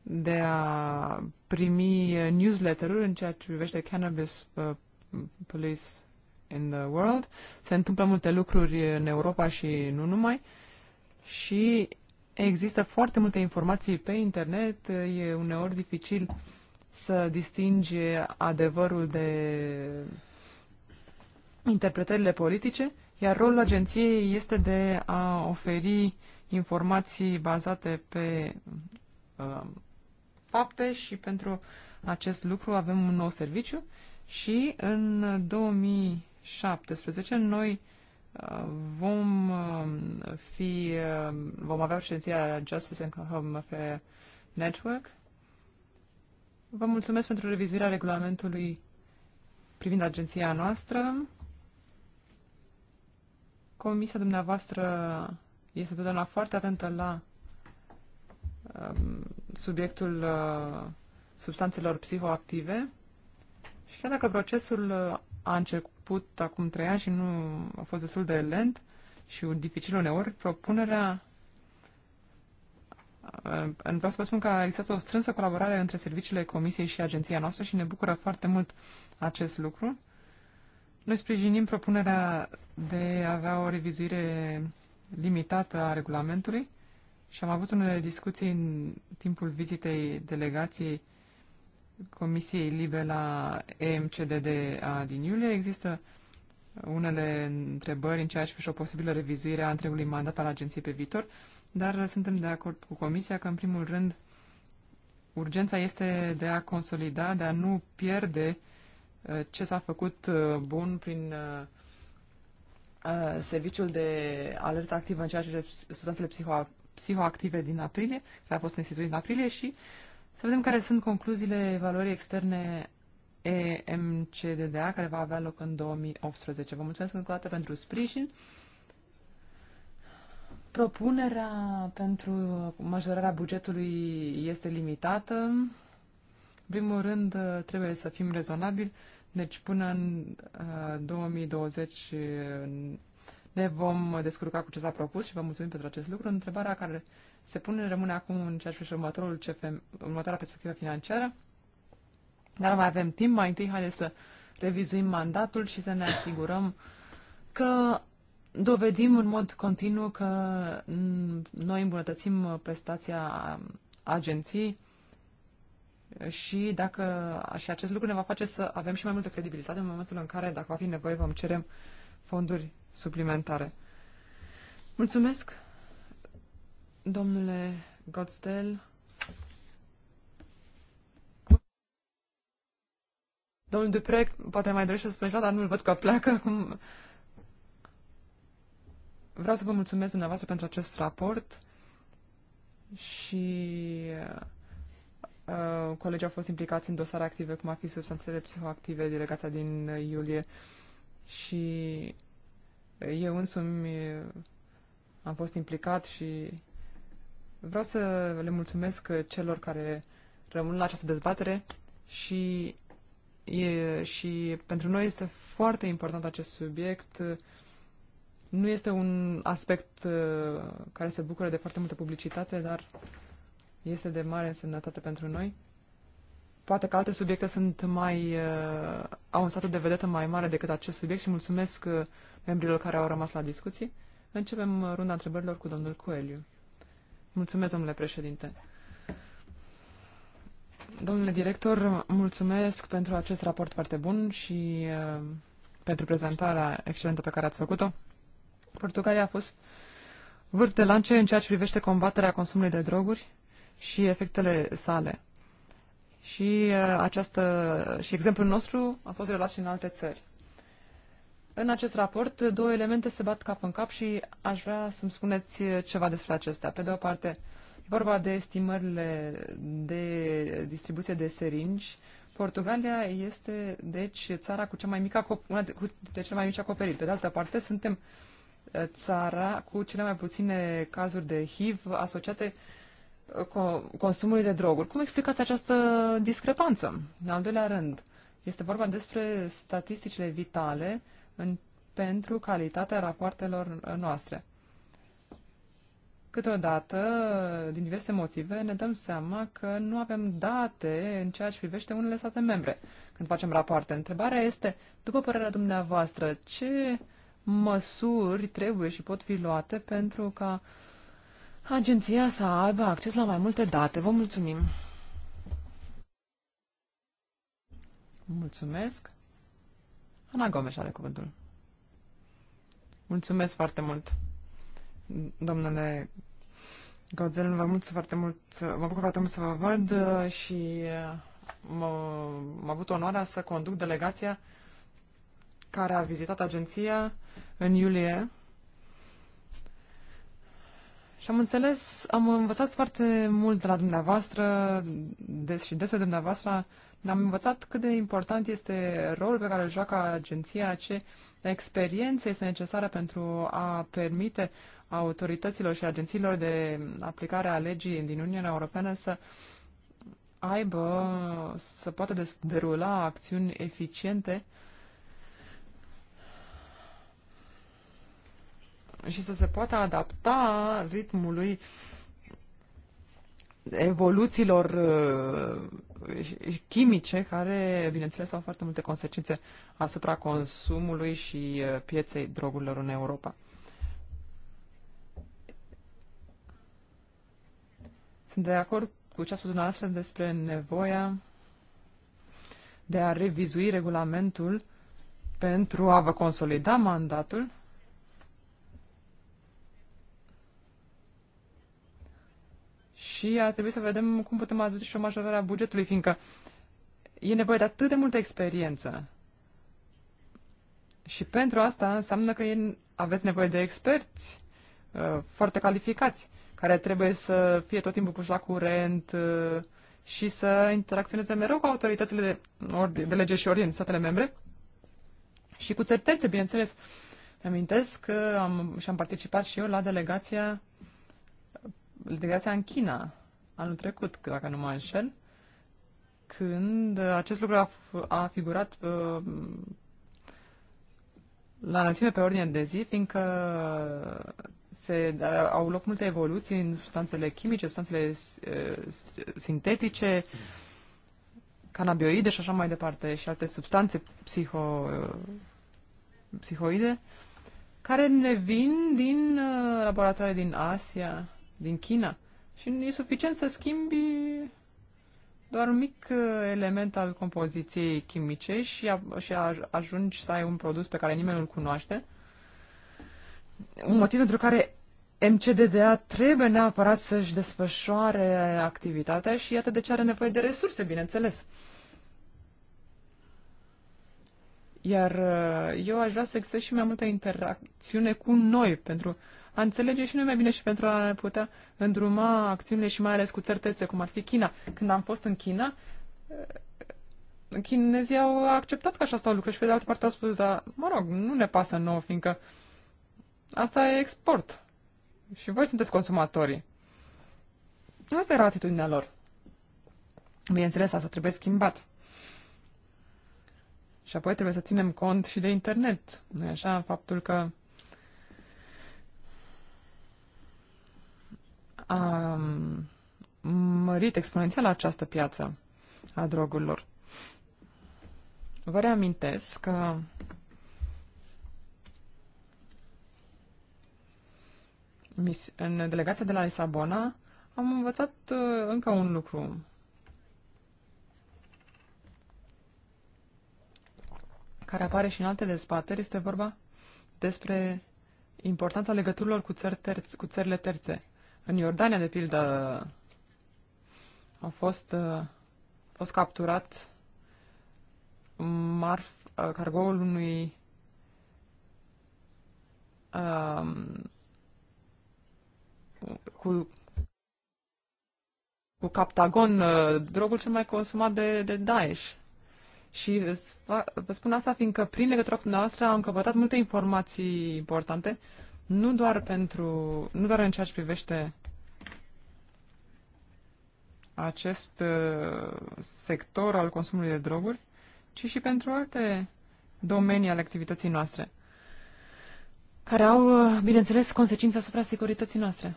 de a primi uh, newsletter-uri în ceea ce privește cannabis uh, police in the world. Se întâmplă multe lucruri în Europa și nu numai. Și există foarte multe informații pe internet. E uneori dificil să distingi adevărul de interpretările politice, iar rolul agenției este de a oferi informații bazate pe uh, fapte și pentru acest lucru avem un nou serviciu și în 2017 noi uh, vom uh, fi, uh, vom avea președinția Justice and Home Affairs Network. Vă mulțumesc pentru revizuirea regulamentului privind agenția noastră. Comisia dumneavoastră este totdeauna foarte atentă la Um, subiectul uh, substanțelor psihoactive. Și chiar dacă procesul uh, a început acum trei ani și nu a fost destul de lent și dificil uneori, propunerea uh, Vreau să vă spun că a existat o strânsă colaborare între serviciile Comisiei și agenția noastră și ne bucură foarte mult acest lucru. Noi sprijinim propunerea de a avea o revizuire limitată a regulamentului și am avut unele discuții în timpul vizitei delegației Comisiei Libe la EMCDD din iulie. Există unele întrebări în ceea ce privește o posibilă revizuire a întregului mandat al agenției pe viitor, dar suntem de acord cu Comisia că, în primul rând, urgența este de a consolida, de a nu pierde uh, ce s-a făcut uh, bun prin uh, serviciul de alertă activă în ceea ce substanțele psiho psihoactive din aprilie, care a fost instituit în aprilie și să vedem care sunt concluziile evaluării externe EMCDDA, care va avea loc în 2018. Vă mulțumesc încă o dată pentru sprijin. Propunerea pentru majorarea bugetului este limitată. În primul rând, trebuie să fim rezonabili, deci până în 2020 uh, ne vom descurca cu ce s-a propus și vă mulțumim pentru acest lucru. Întrebarea care se pune rămâne acum în ceea ce privește următorul CFM, următoarea perspectivă financiară. Dar mai avem timp, mai întâi haideți să revizuim mandatul și să ne asigurăm că dovedim în mod continuu că noi îmbunătățim prestația agenției și dacă și acest lucru ne va face să avem și mai multă credibilitate în momentul în care, dacă va fi nevoie, vom cerem fonduri suplimentare. Mulțumesc, domnule Godstel. Domnul Duprec, poate mai dorește să spuneți, dar nu-l văd că pleacă acum. Vreau să vă mulțumesc dumneavoastră pentru acest raport și uh, uh colegii au fost implicați în dosare active, cum ar fi substanțele psihoactive, delegația din uh, iulie și eu însumi eh, am fost implicat și vreau să le mulțumesc eh, celor care rămân la această dezbatere și, e, și pentru noi este foarte important acest subiect. Nu este un aspect eh, care se bucură de foarte multă publicitate, dar este de mare însemnătate pentru noi. Poate că alte subiecte sunt mai, uh, au un statut de vedetă mai mare decât acest subiect și mulțumesc uh, membrilor care au rămas la discuții. Începem uh, runda întrebărilor cu domnul Coeliu. Mulțumesc, domnule președinte. Domnule director, mulțumesc pentru acest raport foarte bun și uh, pentru prezentarea excelentă pe care ați făcut-o. Portugalia a fost vârf de lance în ceea ce privește combaterea consumului de droguri și efectele sale și, uh, această, și exemplul nostru a fost relat și în alte țări. În acest raport, două elemente se bat cap în cap și aș vrea să-mi spuneți ceva despre acestea. Pe de o parte, vorba de estimările de distribuție de seringi. Portugalia este, deci, țara cu cea mai mică, una de, cu de cele mai mici acoperiri. Pe de altă parte, suntem uh, țara cu cele mai puține cazuri de HIV asociate uh, consumului de droguri. Cum explicați această discrepanță? În al doilea rând, este vorba despre statisticile vitale în, pentru calitatea rapoartelor noastre. Câteodată, din diverse motive, ne dăm seama că nu avem date în ceea ce privește unele state membre când facem rapoarte. Întrebarea este, după părerea dumneavoastră, ce măsuri trebuie și pot fi luate pentru ca uh, agenția să aibă acces la mai multe date. Vă mulțumim! Mulțumesc! Ana Gomes are cuvântul. Mulțumesc foarte mult, domnule Godzel, vă mulțumesc foarte mult, mă bucur foarte mult să vă văd uh, și uh, m am avut onoarea să conduc delegația care a vizitat agenția în iulie și am înțeles, am învățat foarte mult de la dumneavoastră des și despre dumneavoastră. Ne-am învățat cât de important este rolul pe care îl joacă agenția, ce experiență este necesară pentru a permite autorităților și agențiilor de aplicare a legii din Uniunea Europeană să aibă, să poată derula acțiuni eficiente uh, și să se poată adapta ritmului evoluțiilor uh, chimice care, bineînțeles, au foarte multe consecințe asupra consumului și uh, pieței drogurilor în Europa. Sunt de acord cu ce a spus dumneavoastră despre nevoia de a revizui regulamentul pentru a vă consolida mandatul și a trebuit să vedem cum putem aduce și o majorare a bugetului, fiindcă e nevoie de atât de multă experiență. Și pentru asta înseamnă că aveți nevoie de experți uh, foarte calificați, care trebuie să fie tot timpul puși la curent uh, și să interacționeze mereu cu autoritățile de, orde, de lege și ori în statele membre și cu certețe, bineînțeles. Amintesc că am, și-am participat și eu la delegația litigația în China anul trecut, dacă nu mă înșel, când acest lucru a, a figurat uh, la înălțime pe ordine de zi, fiindcă se, uh, au loc multe evoluții în substanțele chimice, substanțele uh, sintetice, canabioide și așa mai departe, și alte substanțe psiho, uh, psihoide, care ne vin din uh, laboratoare din Asia, din China. Și e suficient să schimbi doar un mic uh, element al compoziției chimice și, a, și a, ajungi să ai un produs pe care nimeni nu-l cunoaște. Un motiv pentru care MCDDA trebuie neapărat să-și desfășoare activitatea și iată de ce are nevoie de resurse, bineînțeles. Iar uh, eu aș vrea să existe și mai multă interacțiune cu noi, pentru a înțelege și noi mai bine și pentru a ne putea îndruma acțiunile și mai ales cu certețe cum ar fi China. Când am fost în China, eh, chinezii au acceptat că așa stau lucrurile și pe de altă parte au spus, dar mă rog, nu ne pasă nouă, fiindcă asta e export. Și voi sunteți consumatorii. Asta era atitudinea lor. Bineînțeles, asta trebuie schimbat. Și apoi trebuie să ținem cont și de internet. Nu e așa? Faptul că a mărit exponențial această piață a drogurilor. Vă reamintesc că în delegația de la Lisabona am învățat uh, încă un lucru. care apare și în alte dezbateri, este vorba despre importanța legăturilor cu, țări terț, cu țările terțe. În Iordania, de pildă, au fost, uh, a fost capturat marf, uh, cargoul unui um, cu, cu captagon, uh, drogul cel mai consumat de, de Daesh. Și vă spun asta fiindcă prin legătura cu dumneavoastră am căpătat multe informații importante nu doar pentru, nu doar în ceea ce privește acest uh, sector al consumului de droguri, ci și pentru alte domenii ale activității noastre, care au, uh, bineînțeles, consecințe asupra securității noastre.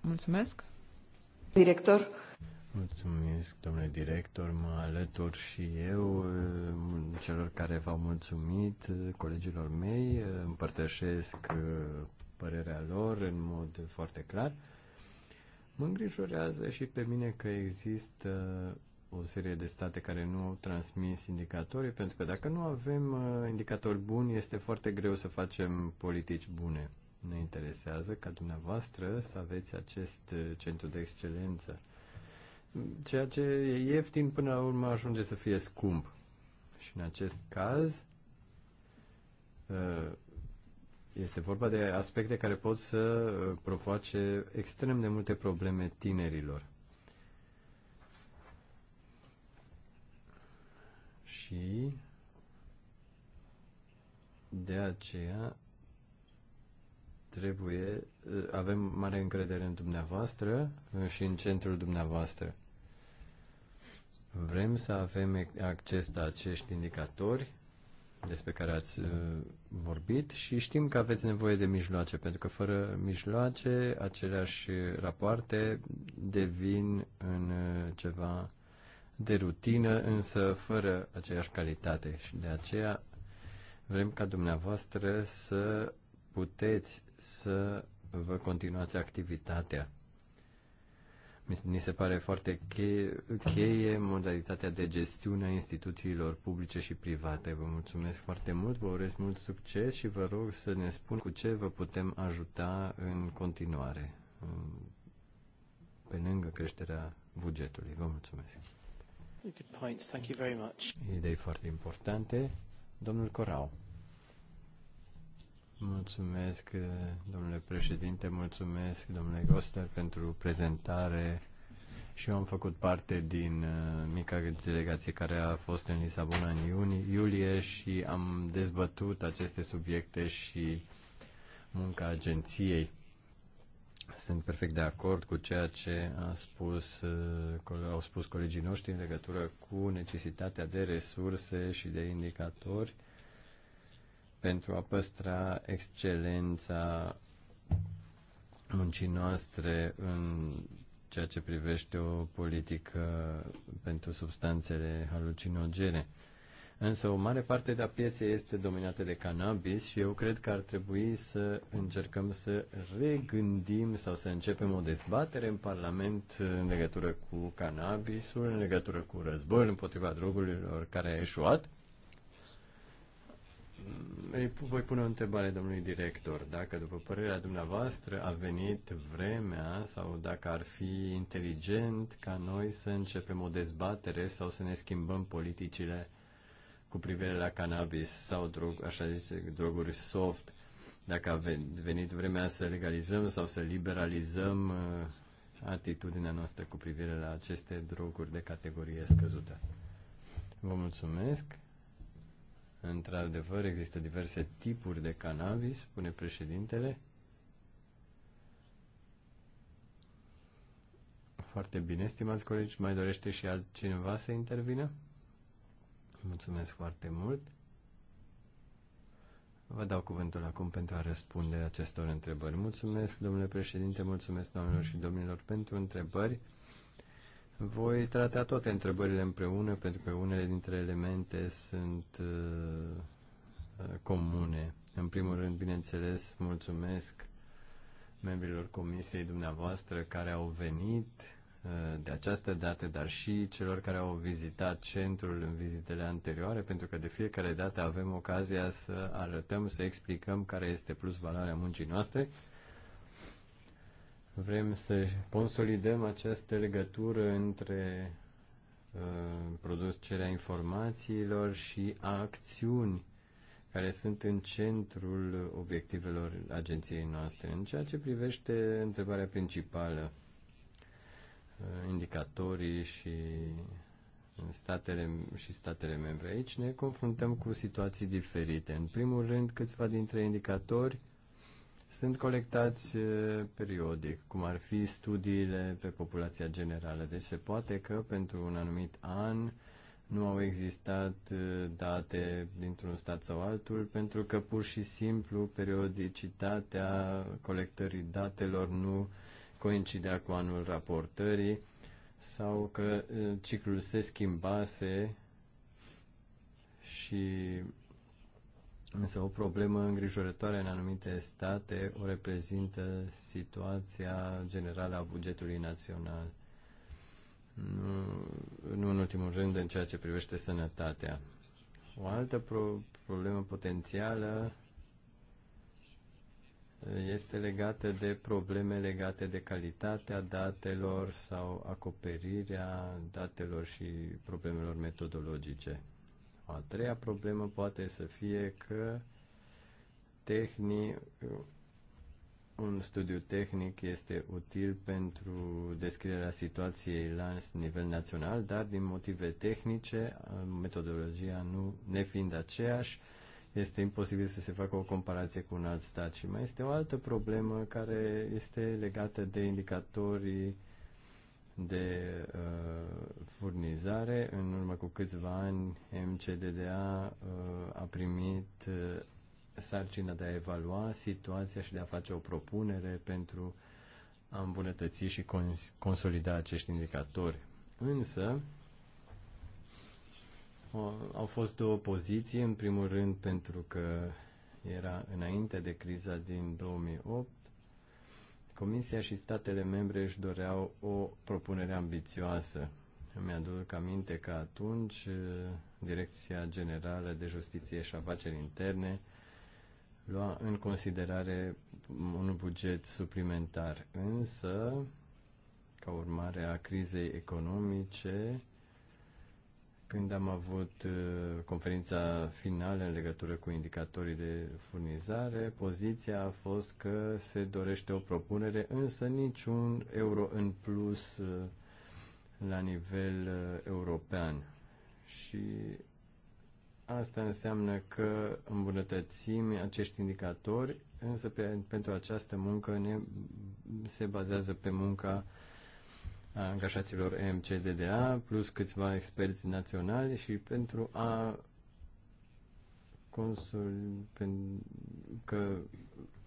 Mulțumesc. Director. Mulțumesc, domnule director, mă alătur și eu eh, celor care v-au mulțumit, eh, colegilor mei, eh, împărtășesc părerea lor în mod foarte clar. Mă îngrijorează și pe mine că există o serie de state care nu au transmis indicatorii, pentru că dacă nu avem indicatori buni, este foarte greu să facem politici bune. Ne interesează ca dumneavoastră să aveți acest centru de excelență ceea ce e ieftin până la urmă ajunge să fie scump. Și în acest caz ă, este vorba de aspecte care pot să ă, provoace extrem de multe probleme tinerilor. Și de aceea trebuie, ă, avem mare încredere în dumneavoastră și în centrul dumneavoastră. Vrem să avem acces la acești indicatori despre care ați uh, vorbit și știm că aveți nevoie de mijloace, pentru că fără mijloace aceleași rapoarte devin în uh, ceva de rutină, însă fără aceeași calitate. Și de aceea vrem ca dumneavoastră să puteți să vă continuați activitatea mi se pare foarte cheie, cheie modalitatea de gestiune a instituțiilor publice și private. Vă mulțumesc foarte mult, vă urez mult succes și vă rog să ne spun cu ce vă putem ajuta în continuare, pe lângă creșterea bugetului. Vă mulțumesc. Good points. Thank you very much. Idei foarte importante. Domnul Corau. Mulțumesc, eh, domnule președinte, mulțumesc, domnule Goster, pentru prezentare. Și eu am făcut parte din eh, mica delegație care a fost în Lisabona în iunie, iulie și am dezbătut aceste subiecte și munca agenției. Sunt perfect de acord cu ceea ce a spus, eh, au spus colegii noștri în legătură cu necesitatea de resurse și de indicatori pentru a păstra excelența muncii noastre în ceea ce privește o politică pentru substanțele halucinogene. Însă o mare parte a pieței este dominată de cannabis și eu cred că ar trebui să încercăm să regândim sau să începem o dezbatere în Parlament în legătură cu cannabisul, în legătură cu războiul împotriva drogurilor care a eșuat ei, voi pune o întrebare domnului director. Dacă, după părerea dumneavoastră, a venit vremea sau dacă ar fi inteligent ca noi să începem o dezbatere sau să ne schimbăm politicile cu privire la cannabis sau drog, așa zice, droguri soft, dacă a venit vremea să legalizăm sau să liberalizăm uh, atitudinea noastră cu privire la aceste droguri de categorie scăzută. Vă mulțumesc. Într-adevăr, există diverse tipuri de cannabis, spune președintele. Foarte bine, stimați colegi. Mai dorește și altcineva să intervină? Mulțumesc foarte mult. Vă dau cuvântul acum pentru a răspunde acestor întrebări. Mulțumesc, domnule președinte, mulțumesc, doamnelor și domnilor, pentru întrebări. Voi trata toate întrebările împreună, pentru că unele dintre elemente sunt uh, uh, comune. În primul rând, bineînțeles, mulțumesc membrilor comisiei dumneavoastră care au venit uh, de această dată, dar și celor care au vizitat centrul în vizitele anterioare, pentru că de fiecare dată avem ocazia să arătăm, să explicăm care este plus valoarea muncii noastre. Uh, Vrem să consolidăm această legătură între uh, producerea informațiilor și a acțiuni care sunt în centrul obiectivelor agenției noastre. În ceea ce privește întrebarea principală, uh, indicatorii și statele și statele membre aici, ne confruntăm cu situații diferite. În primul rând, câțiva dintre indicatori sunt colectați periodic, cum ar fi studiile pe populația generală. Deci se poate că pentru un anumit an nu au existat date dintr-un stat sau altul, pentru că pur și simplu periodicitatea colectării datelor nu coincidea cu anul raportării sau că ciclul se schimbase și Însă o problemă îngrijorătoare în anumite state o reprezintă situația generală a bugetului național. Nu, nu în ultimul rând în ceea ce privește sănătatea. O altă pro- problemă potențială este legată de probleme legate de calitatea datelor sau acoperirea datelor și problemelor metodologice a treia problemă poate să fie că tehnic, un studiu tehnic este util pentru descrierea situației la nivel național, dar din motive tehnice, metodologia nu nefiind aceeași, este imposibil să se facă o comparație cu un alt stat. Și mai este o altă problemă care este legată de indicatorii de uh, furnizare. În urmă cu câțiva ani, MCDDA uh, a primit uh, sarcina de a evalua situația și de a face o propunere pentru a îmbunătăți și cons- consolida acești indicatori. Însă, o, au fost două poziții, în primul rând pentru că era înainte de criza din 2008 Comisia și statele membre își doreau o propunere ambițioasă. Îmi aduc aminte că atunci uh, Direcția Generală de Justiție și Afaceri Interne lua în considerare un buget suplimentar, însă, ca urmare a crizei economice, când am avut uh, conferința finală în legătură cu indicatorii de furnizare, poziția a fost că se dorește o propunere, însă niciun euro în plus uh, la nivel uh, european. Și asta înseamnă că îmbunătățim acești indicatori, însă pe, pentru această muncă ne, se bazează pe munca uh, a angajaților EMCDDA, plus câțiva experți naționali și pentru a consul, că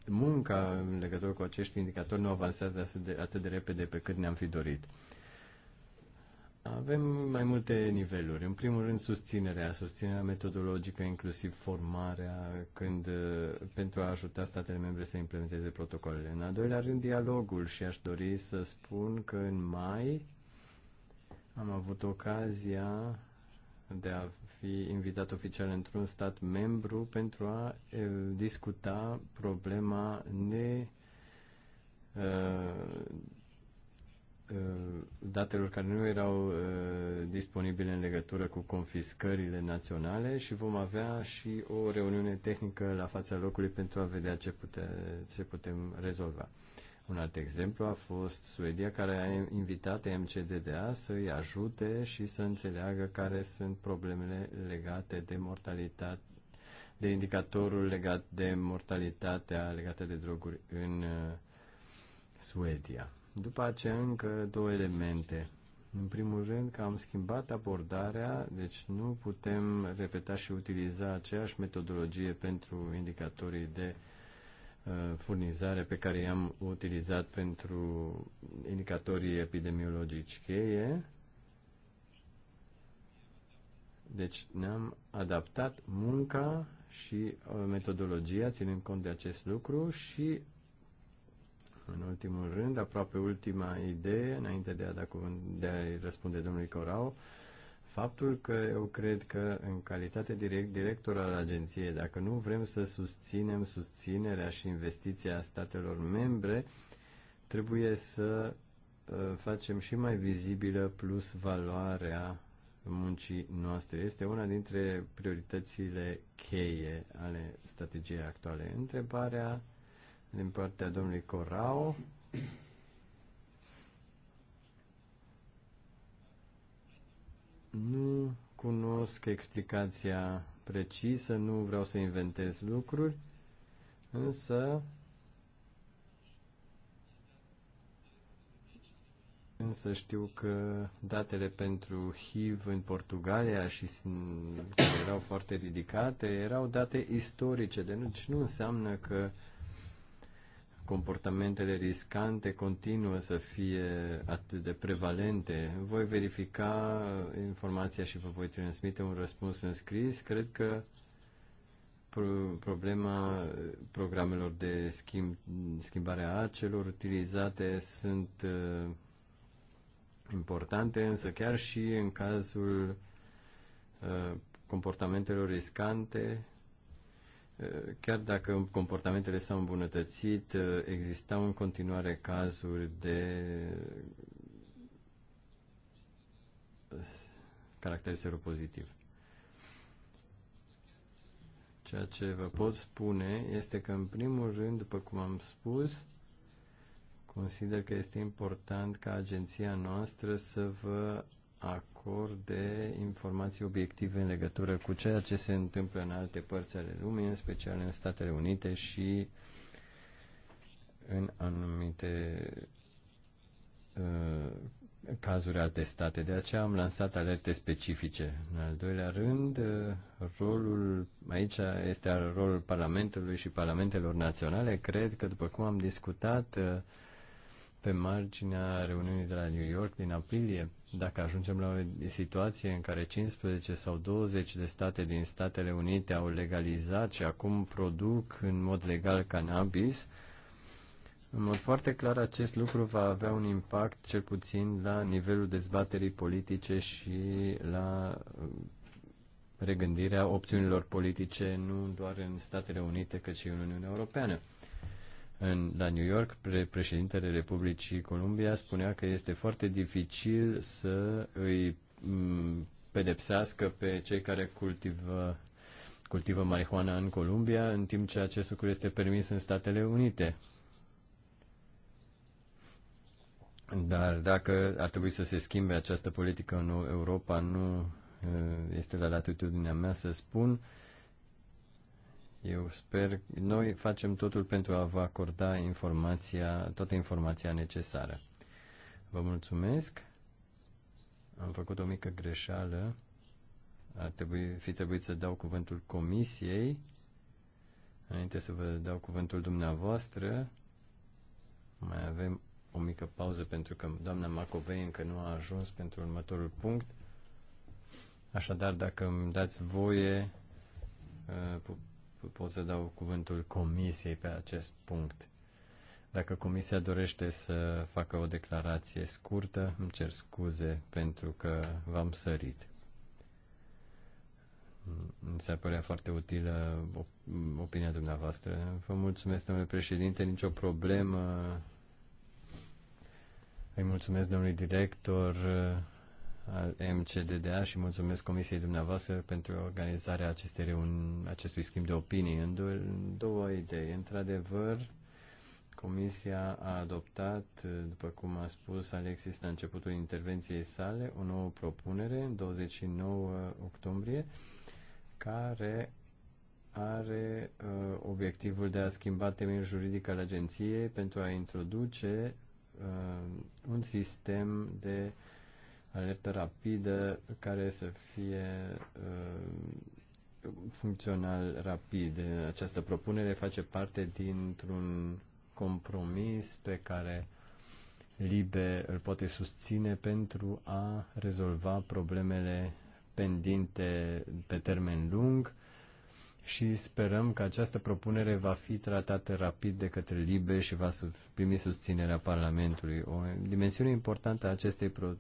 munca în legătură cu acești indicatori nu avansează atât de, atât de repede pe cât ne-am fi dorit. Avem mai multe niveluri. În primul rând, susținerea, susținerea metodologică, inclusiv formarea când, uh, pentru a ajuta statele membre să implementeze protocolele. În al doilea rând, dialogul și aș dori să spun că în mai am avut ocazia de a fi invitat oficial într-un stat membru pentru a discuta problema ne uh, Uh, datelor care nu erau uh, disponibile în legătură cu confiscările naționale și vom avea și o reuniune tehnică la fața locului pentru a vedea ce, pute, ce putem rezolva. Un alt exemplu a fost Suedia, care a invitat MCDDA să îi ajute și să înțeleagă care sunt problemele legate de mortalitate, de indicatorul legat de mortalitatea legată de droguri în uh, Suedia. După aceea încă două elemente. În primul rând că am schimbat abordarea, deci nu putem repeta și utiliza aceeași metodologie pentru indicatorii de uh, furnizare pe care i-am utilizat pentru indicatorii epidemiologici cheie. Deci ne-am adaptat munca și uh, metodologia ținând cont de acest lucru și în ultimul rând, aproape ultima idee, înainte de a da cuvânt, de a răspunde domnului Corau, faptul că eu cred că în calitate direct, director al agenției, dacă nu vrem să susținem susținerea și investiția statelor membre, trebuie să uh, facem și mai vizibilă plus valoarea muncii noastre. Este una dintre prioritățile cheie ale strategiei actuale. Întrebarea din partea domnului Corau. Nu cunosc explicația precisă, nu vreau să inventez lucruri, însă Însă știu că datele pentru HIV în Portugalia și care erau foarte ridicate erau date istorice, deci nu înseamnă că comportamentele riscante continuă să fie atât de prevalente. Voi verifica informația și vă voi transmite un răspuns în scris. Cred că problema programelor de schimb, schimbare a acelor utilizate sunt uh, importante, însă chiar și în cazul uh, comportamentelor riscante, Eh, chiar dacă comportamentele s-au îmbunătățit, eh, existau în continuare cazuri de eh, caracter seropozitiv. Ceea ce vă pot spune este că, în primul rând, după cum am spus, consider că este important ca agenția noastră să vă acorde informații obiective în legătură cu ceea ce se întâmplă în alte părți ale lumii, în special în Statele Unite și în anumite uh, cazuri alte state. De aceea am lansat alerte specifice. În al doilea rând, uh, rolul aici este al rolul Parlamentului și Parlamentelor Naționale. Cred că, după cum am discutat, uh, pe marginea reuniunii de la New York din aprilie, dacă ajungem la o situație în care 15 sau 20 de state din Statele Unite au legalizat și acum produc în mod legal cannabis, în mod foarte clar acest lucru va avea un impact cel puțin la nivelul dezbaterii politice și la uh, regândirea opțiunilor politice nu doar în Statele Unite, cât și în Uniunea Europeană în, la New York, pre- președintele Republicii Columbia spunea că este foarte dificil să îi mm, pedepsească pe cei care cultivă, cultivă marihuana în Columbia, în timp ce acest lucru este permis în Statele Unite. Dar dacă ar trebui să se schimbe această politică în Europa, nu este la latitudinea mea să spun. Uh, eu sper, noi facem totul pentru a vă acorda informația, toată informația necesară. Vă mulțumesc. Am făcut o mică greșeală. Ar trebui, fi trebuit să dau cuvântul comisiei înainte să vă dau cuvântul dumneavoastră. Mai avem o mică pauză pentru că doamna Macovei încă nu a ajuns pentru următorul punct. Așadar, dacă îmi dați voie, uh, pot să dau cuvântul comisiei pe acest punct. Dacă comisia dorește să facă o declarație scurtă, îmi cer scuze pentru că v-am sărit. Mi s-ar părea foarte utilă opinia dumneavoastră. Vă mulțumesc, domnule președinte, nicio problemă. Îi mulțumesc domnului director, al MCDDA și mulțumesc Comisiei dumneavoastră pentru organizarea acestei reuni- acestui schimb de opinii. În două, în două idei. Într-adevăr, Comisia a adoptat, după cum a spus Alexis la începutul intervenției sale, o nouă propunere în 29 octombrie, care are uh, obiectivul de a schimba temeiul juridic al agenției pentru a introduce uh, un sistem de uh, alertă rapidă care să fie uh, funcțional rapid. Această propunere face parte dintr-un compromis pe care Libe îl poate susține pentru a rezolva problemele pendinte pe termen lung și sperăm că această propunere va fi tratată rapid de către LIBE și va primi susținerea Parlamentului. O dimensiune importantă a acestei pro-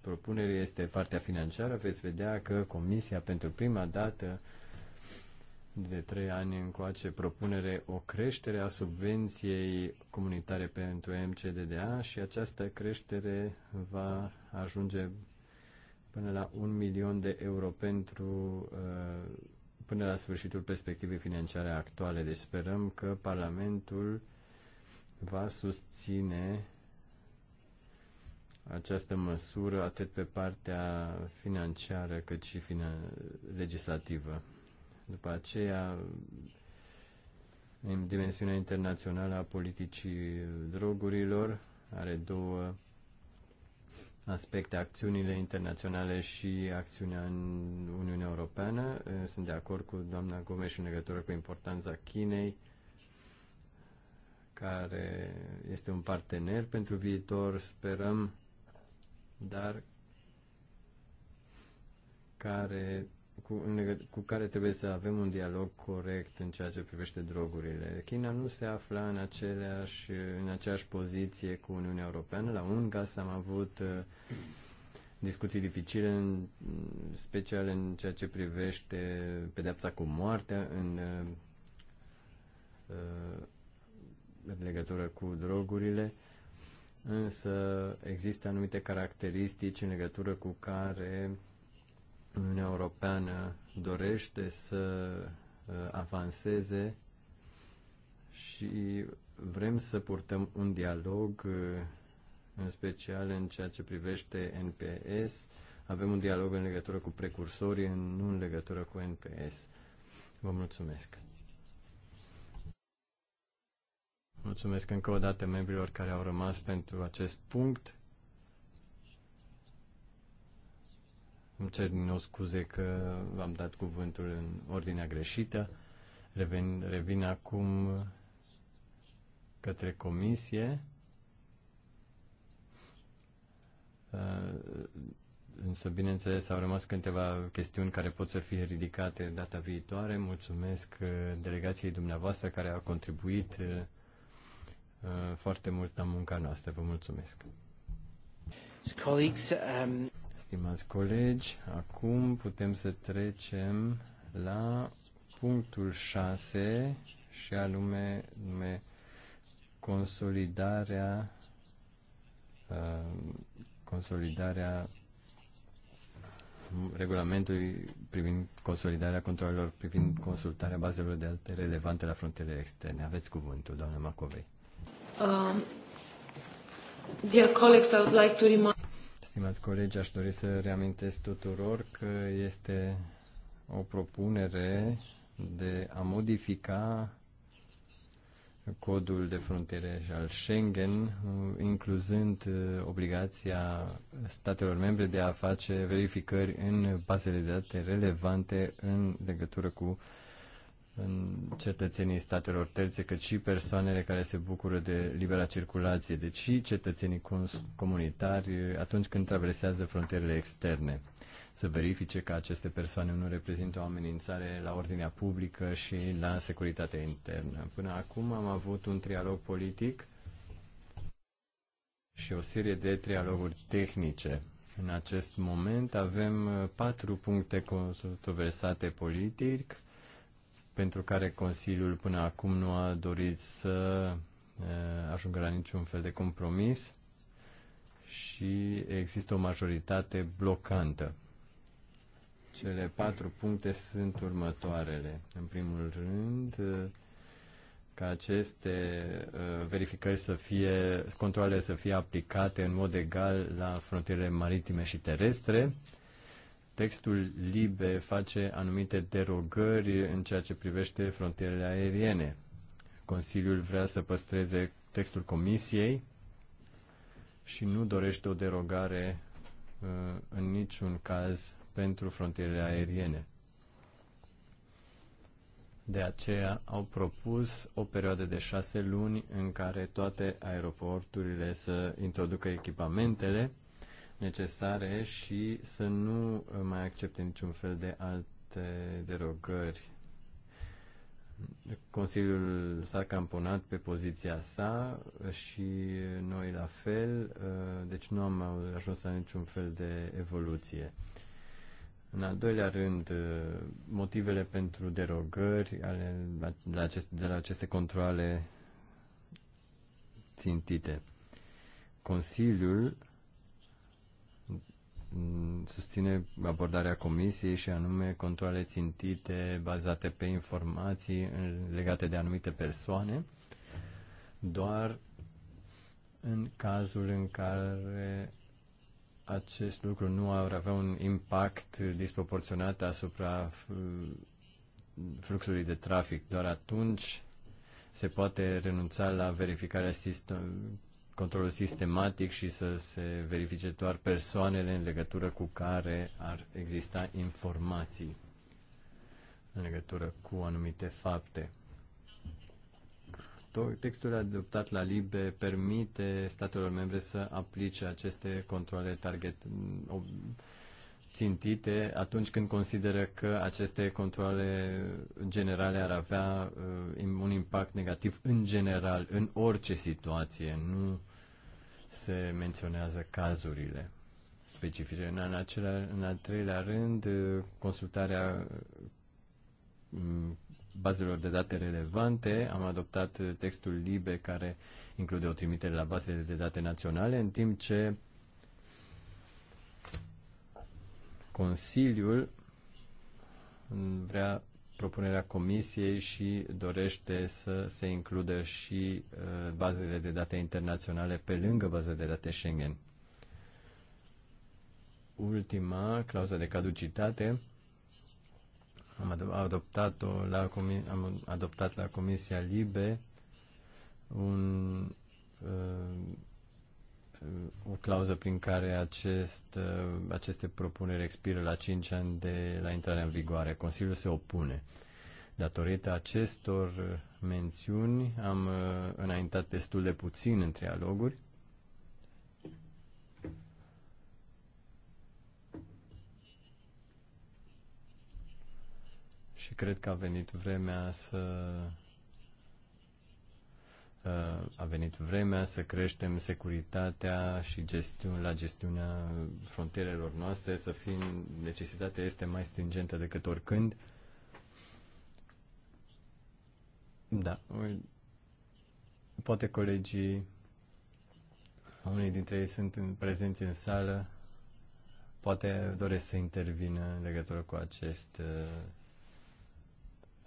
propuneri este partea financiară. Veți vedea că Comisia pentru prima dată de trei ani încoace propunere o creștere a subvenției comunitare pentru MCDDA și această creștere va ajunge până la un milion de euro pentru uh, până la sfârșitul perspectivei financiare actuale. Deci sperăm că Parlamentul va susține această măsură atât pe partea financiară cât și finan- legislativă. După aceea, în dimensiunea internațională a politicii drogurilor, are două aspecte acțiunile internaționale și acțiunea în Uniunea Europeană. Sunt de acord cu doamna Gomes în legătură cu importanța Chinei, care este un partener pentru viitor, sperăm, dar care cu, cu care trebuie să avem un dialog corect în ceea ce privește drogurile. China nu se afla în, aceleași, în aceeași poziție cu Uniunea Europeană. La UNGAS am avut uh, discuții dificile, în special în ceea ce privește pedepsa cu moartea în, uh, uh, în legătură cu drogurile însă există anumite caracteristici în legătură cu care Uniunea Europeană dorește să uh, avanseze și vrem să purtăm un dialog, uh, în special în ceea ce privește NPS. Avem un dialog în legătură cu precursorii, nu în legătură cu NPS. Vă mulțumesc! Mulțumesc încă o dată membrilor care au rămas pentru acest punct. Îmi cer din nou scuze că v-am dat cuvântul în ordinea greșită. Revin, revin acum către comisie. Uh, însă, bineînțeles, au rămas câteva chestiuni care pot să fie ridicate data viitoare. Mulțumesc uh, delegației dumneavoastră care a contribuit uh, foarte mult la munca noastră. Vă mulțumesc stimați colegi, acum putem să trecem la punctul 6 și anume, anume consolidarea uh, consolidarea regulamentului privind consolidarea controlelor, privind consultarea bazelor de date relevante la frontierele externe. Aveți cuvântul, doamna Macovei. Um, dear colleagues, I would like to remind Stimați colegi, aș dori să reamintesc tuturor că este o propunere de a modifica codul de frontiere al Schengen, incluzând uh, obligația statelor membre de a face verificări în bazele de date relevante în legătură cu uh, în cetățenii statelor terțe, cât și persoanele care se bucură de libera circulație, deci și cetățenii comunitari eh, atunci când traversează frontierele externe. Să verifice că aceste persoane nu reprezintă o amenințare la ordinea publică și la securitatea internă. Până acum am avut un trialog politic și o serie de trialoguri tehnice. În acest moment avem eh, patru puncte controversate politic, pentru care Consiliul până acum nu a dorit să ajungă la niciun fel de compromis și există o majoritate blocantă. Cele patru puncte sunt următoarele. În primul rând, ca aceste verificări să fie, controlele să fie aplicate în mod egal la frontierele maritime și terestre. Textul LIBE face anumite derogări în ceea ce privește frontierele aeriene. Consiliul vrea să păstreze textul Comisiei și nu dorește o derogare uh, în niciun caz pentru frontierele aeriene. De aceea au propus o perioadă de șase luni în care toate aeroporturile să introducă echipamentele necesare și să nu mai accepte niciun fel de alte derogări. Consiliul s-a camponat pe poziția sa și noi la fel, ă, deci nu am ajuns la niciun fel de evoluție. În al doilea rând, ă, motivele pentru derogări ale, la aceste, de la aceste controle țintite. Consiliul Mm, susține abordarea comisiei și anume controle țintite bazate pe informații legate de anumite persoane, doar în cazul în care acest lucru nu ar avea un impact disproporționat asupra mm, fluxului de trafic. Doar atunci se poate renunța la verificarea sistem, controlul sistematic și să se verifice doar persoanele în legătură cu care ar exista informații în legătură cu anumite fapte. Textul adoptat la LIBE permite statelor membre să aplice aceste controle target țintite atunci când consideră că aceste controle generale ar avea uh, un impact negativ în general, în orice situație. Nu se menționează cazurile specifice. În, acela, în al treilea rând, uh, consultarea mm, bazelor de date relevante. Am adoptat uh, textul LIBE care include o trimitere la bazele de date naționale, în timp ce Consiliul vrea propunerea Comisiei și dorește să se includă și uh, bazele de date internaționale pe lângă bazele de date Schengen. Ultima, clauza de caducitate, am adoptat la, am adoptat la Comisia Libe un uh, o clauză prin care acest, uh, aceste propuneri expiră la 5 ani de la intrarea în vigoare. Consiliul se opune. Datorită acestor mențiuni am uh, înaintat destul de puțin în trialoguri. Și cred că a venit vremea să a venit vremea să creștem securitatea și gestiun, la gestiunea frontierelor noastre, să fim, necesitatea este mai stringentă decât oricând. Da, poate colegii, unii dintre ei sunt în, prezenți în sală, poate doresc să intervină în legătură cu, acest,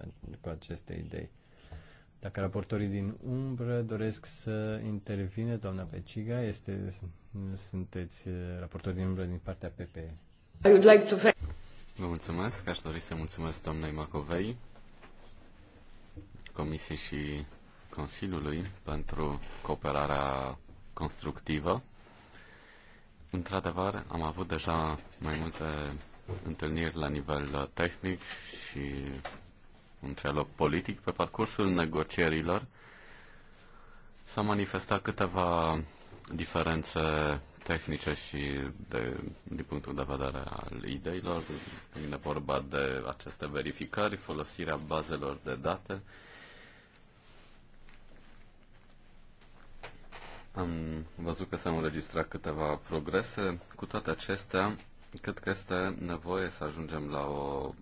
uh, cu aceste idei. Dacă raportorii din umbră doresc să intervine, doamna Peciga, este, sunteți uh, raportori din umbră din partea PPE. I would like to Vă mulțumesc, aș dori să mulțumesc doamnei Macovei, Comisiei și Consiliului pentru cooperarea constructivă. Într-adevăr, am avut deja mai multe întâlniri la nivel tehnic și un trialog politic. Pe parcursul negocierilor s-au manifestat câteva diferențe tehnice și de, din punctul de vedere al ideilor. Vine vorba de aceste verificări, folosirea bazelor de date. Am văzut că s-au înregistrat câteva progrese. Cu toate acestea, cred că este nevoie să ajungem la o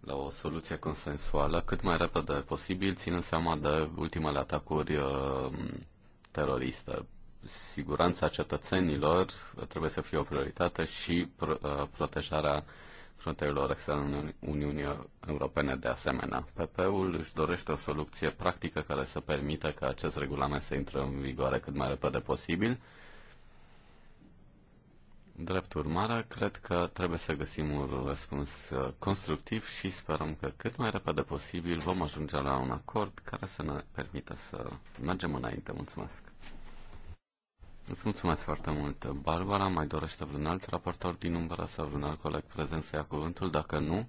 la o soluție consensuală cât mai repede posibil, ținând seama de ultimele atacuri uh, teroriste. Siguranța cetățenilor trebuie să fie o prioritate și pro, uh, protejarea frontierelor externe Uniunii Europene de asemenea. PP-ul își dorește o soluție practică care să permită ca acest regulament să intre în vigoare cât mai repede posibil Drept urmare, cred că trebuie să găsim un răspuns uh, constructiv și sperăm că cât mai repede posibil vom ajunge la un acord care să ne permită să mergem înainte. Mulțumesc! Îți mulțumesc foarte mult. Barbara, mai dorește vreun alt raportor din umbră sau vreun alt coleg prezent să ia cuvântul? Dacă nu,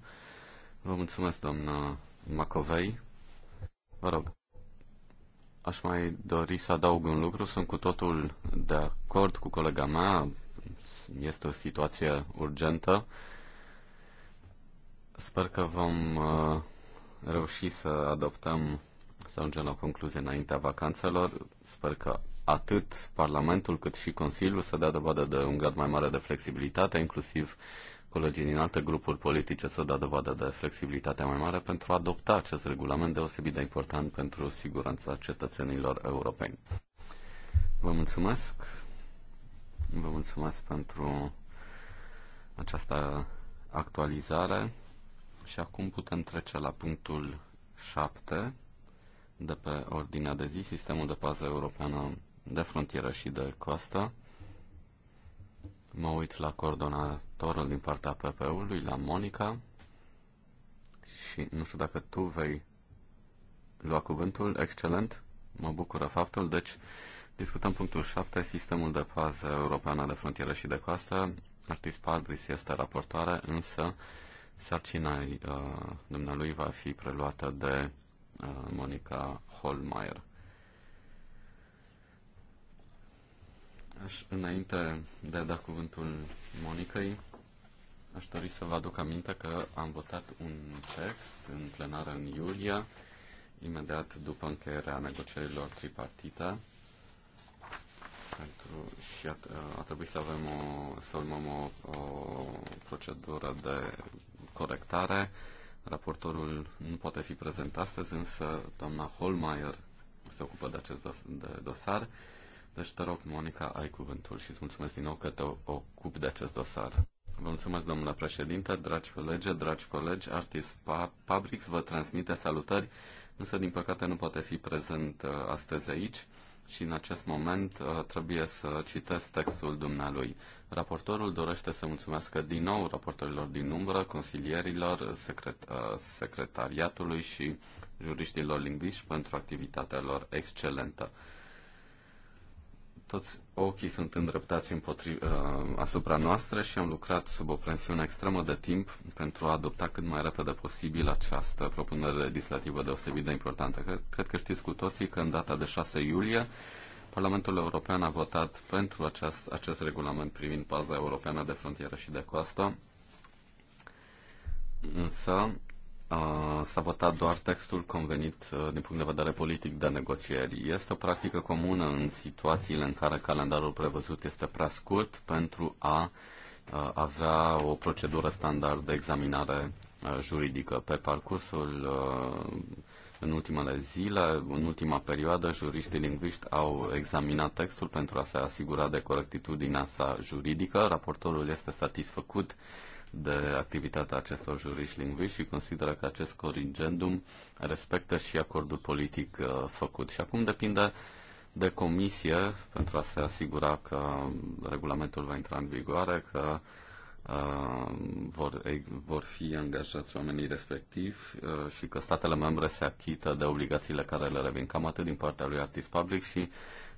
vă mulțumesc, doamna Macovei. Vă rog. Aș mai dori să adaug un lucru. Sunt cu totul de acord cu colega mea, este o situație urgentă. Sper că vom uh, reuși să adoptăm, să ajungem la concluzie înaintea vacanțelor. Sper că atât Parlamentul cât și Consiliul să dea dovadă de un grad mai mare de flexibilitate, inclusiv colegii din alte grupuri politice să dea dovadă de flexibilitate mai mare pentru a adopta acest regulament deosebit de important pentru siguranța cetățenilor europeni. Vă mulțumesc Vă mulțumesc pentru această actualizare și acum putem trece la punctul 7 de pe ordinea de zi, sistemul de pază europeană de frontieră și de costă. Mă uit la coordonatorul din partea PP-ului, la Monica, și nu știu dacă tu vei lua cuvântul, excelent, mă bucură faptul, deci Discutăm punctul 7, sistemul de pază europeană de frontieră și de coastă. Artis Palbris este raportoare, însă sarcina uh, dumnealui va fi preluată de uh, Monica Holmeier. Aș, înainte de a da cuvântul Monicăi, aș dori să vă aduc aminte că am votat un text în plenară în iulie, imediat după încheierea negocierilor tripartite pentru și a, a trebuit să avem o, să urmăm o, o procedură de corectare. Raportorul nu poate fi prezent astăzi, însă doamna Holmeier se ocupă de acest dos, de dosar. Deci te rog, Monica, ai cuvântul și îți mulțumesc din nou că te ocupi de acest dosar. Vă mulțumesc, domnule președinte, dragi colegi, dragi colegi, artist Pabrix vă transmite salutări, însă din păcate nu poate fi prezent uh, astăzi aici și în acest moment uh, trebuie să citesc textul dumnealui. Raportorul dorește să mulțumească din nou raportorilor din umbră, consilierilor, secret, uh, secretariatului și juriștilor lingviști pentru activitatea lor excelentă toți ochii sunt îndreptați împotri, uh, asupra noastră și am lucrat sub o presiune extremă de timp pentru a adopta cât mai repede posibil această propunere legislativă deosebit de importantă. Cred, cred că știți cu toții că în data de 6 iulie Parlamentul European a votat pentru acest, acest regulament privind paza europeană de frontieră și de coastă, însă s-a votat doar textul convenit uh, din punct de vedere politic de negocieri. Este o practică comună în situațiile în care calendarul prevăzut este prea scurt pentru a uh, avea o procedură standard de examinare uh, juridică. Pe parcursul în ultimele zile, în ultima perioadă, juriștii lingviști au examinat textul pentru a se asigura de corectitudinea sa juridică. Raportorul este satisfăcut de activitatea acestor juriști lingviști și consideră că acest corrigendum respectă și acordul politic uh, făcut. Și acum depinde de comisie pentru a se asigura că regulamentul va intra în vigoare, că uh, vor, vor fi angajați oamenii respectivi uh, și că statele membre se achită de obligațiile care le revin. Cam atât din partea lui Artist Public și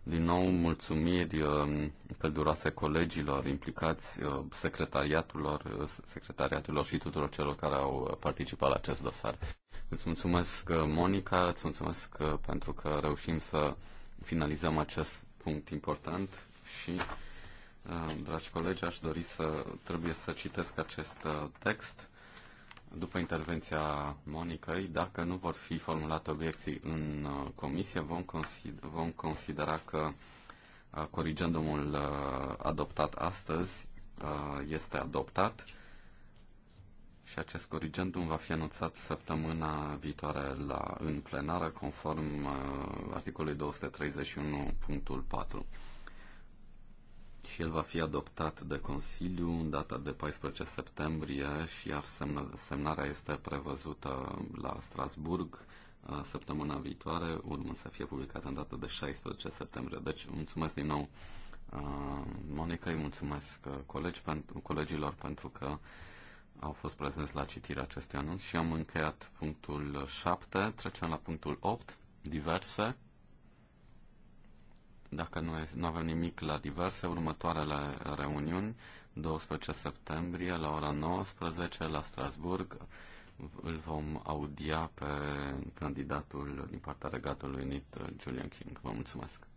din nou, mulțumiri uh, călduroase colegilor implicați, secretariatelor, uh, secretariatelor uh, și tuturor celor care au participat la acest dosar. Îți mulțumesc, Monica, îți mulțumesc pentru că reușim să finalizăm acest punct important și, dragi colegi, aș dori să trebuie să citesc acest text după intervenția Monicăi, dacă nu vor fi formulate obiecții în uh, comisie, vom, consid- vom considera că uh, corigendumul uh, adoptat astăzi este adoptat și acest corigendum va fi anunțat săptămâna viitoare la, în plenară, conform articolului 231.4 și el va fi adoptat de Consiliu în data de 14 septembrie și iar semnarea este prevăzută la Strasburg uh, săptămâna viitoare, urmând să fie publicată în data de 16 septembrie. Deci mulțumesc din nou uh, Monica, îi mulțumesc uh, colegi pentru, colegilor pentru că au fost prezenți la citirea acestui anunț și am încheiat punctul 7, trecem la punctul 8, diverse. Dacă nu, e, nu avem nimic la diverse, următoarele reuniuni, 12 septembrie la ora 19 la Strasburg, îl vom audia pe candidatul din partea Regatului Unit, Julian King. Vă mulțumesc!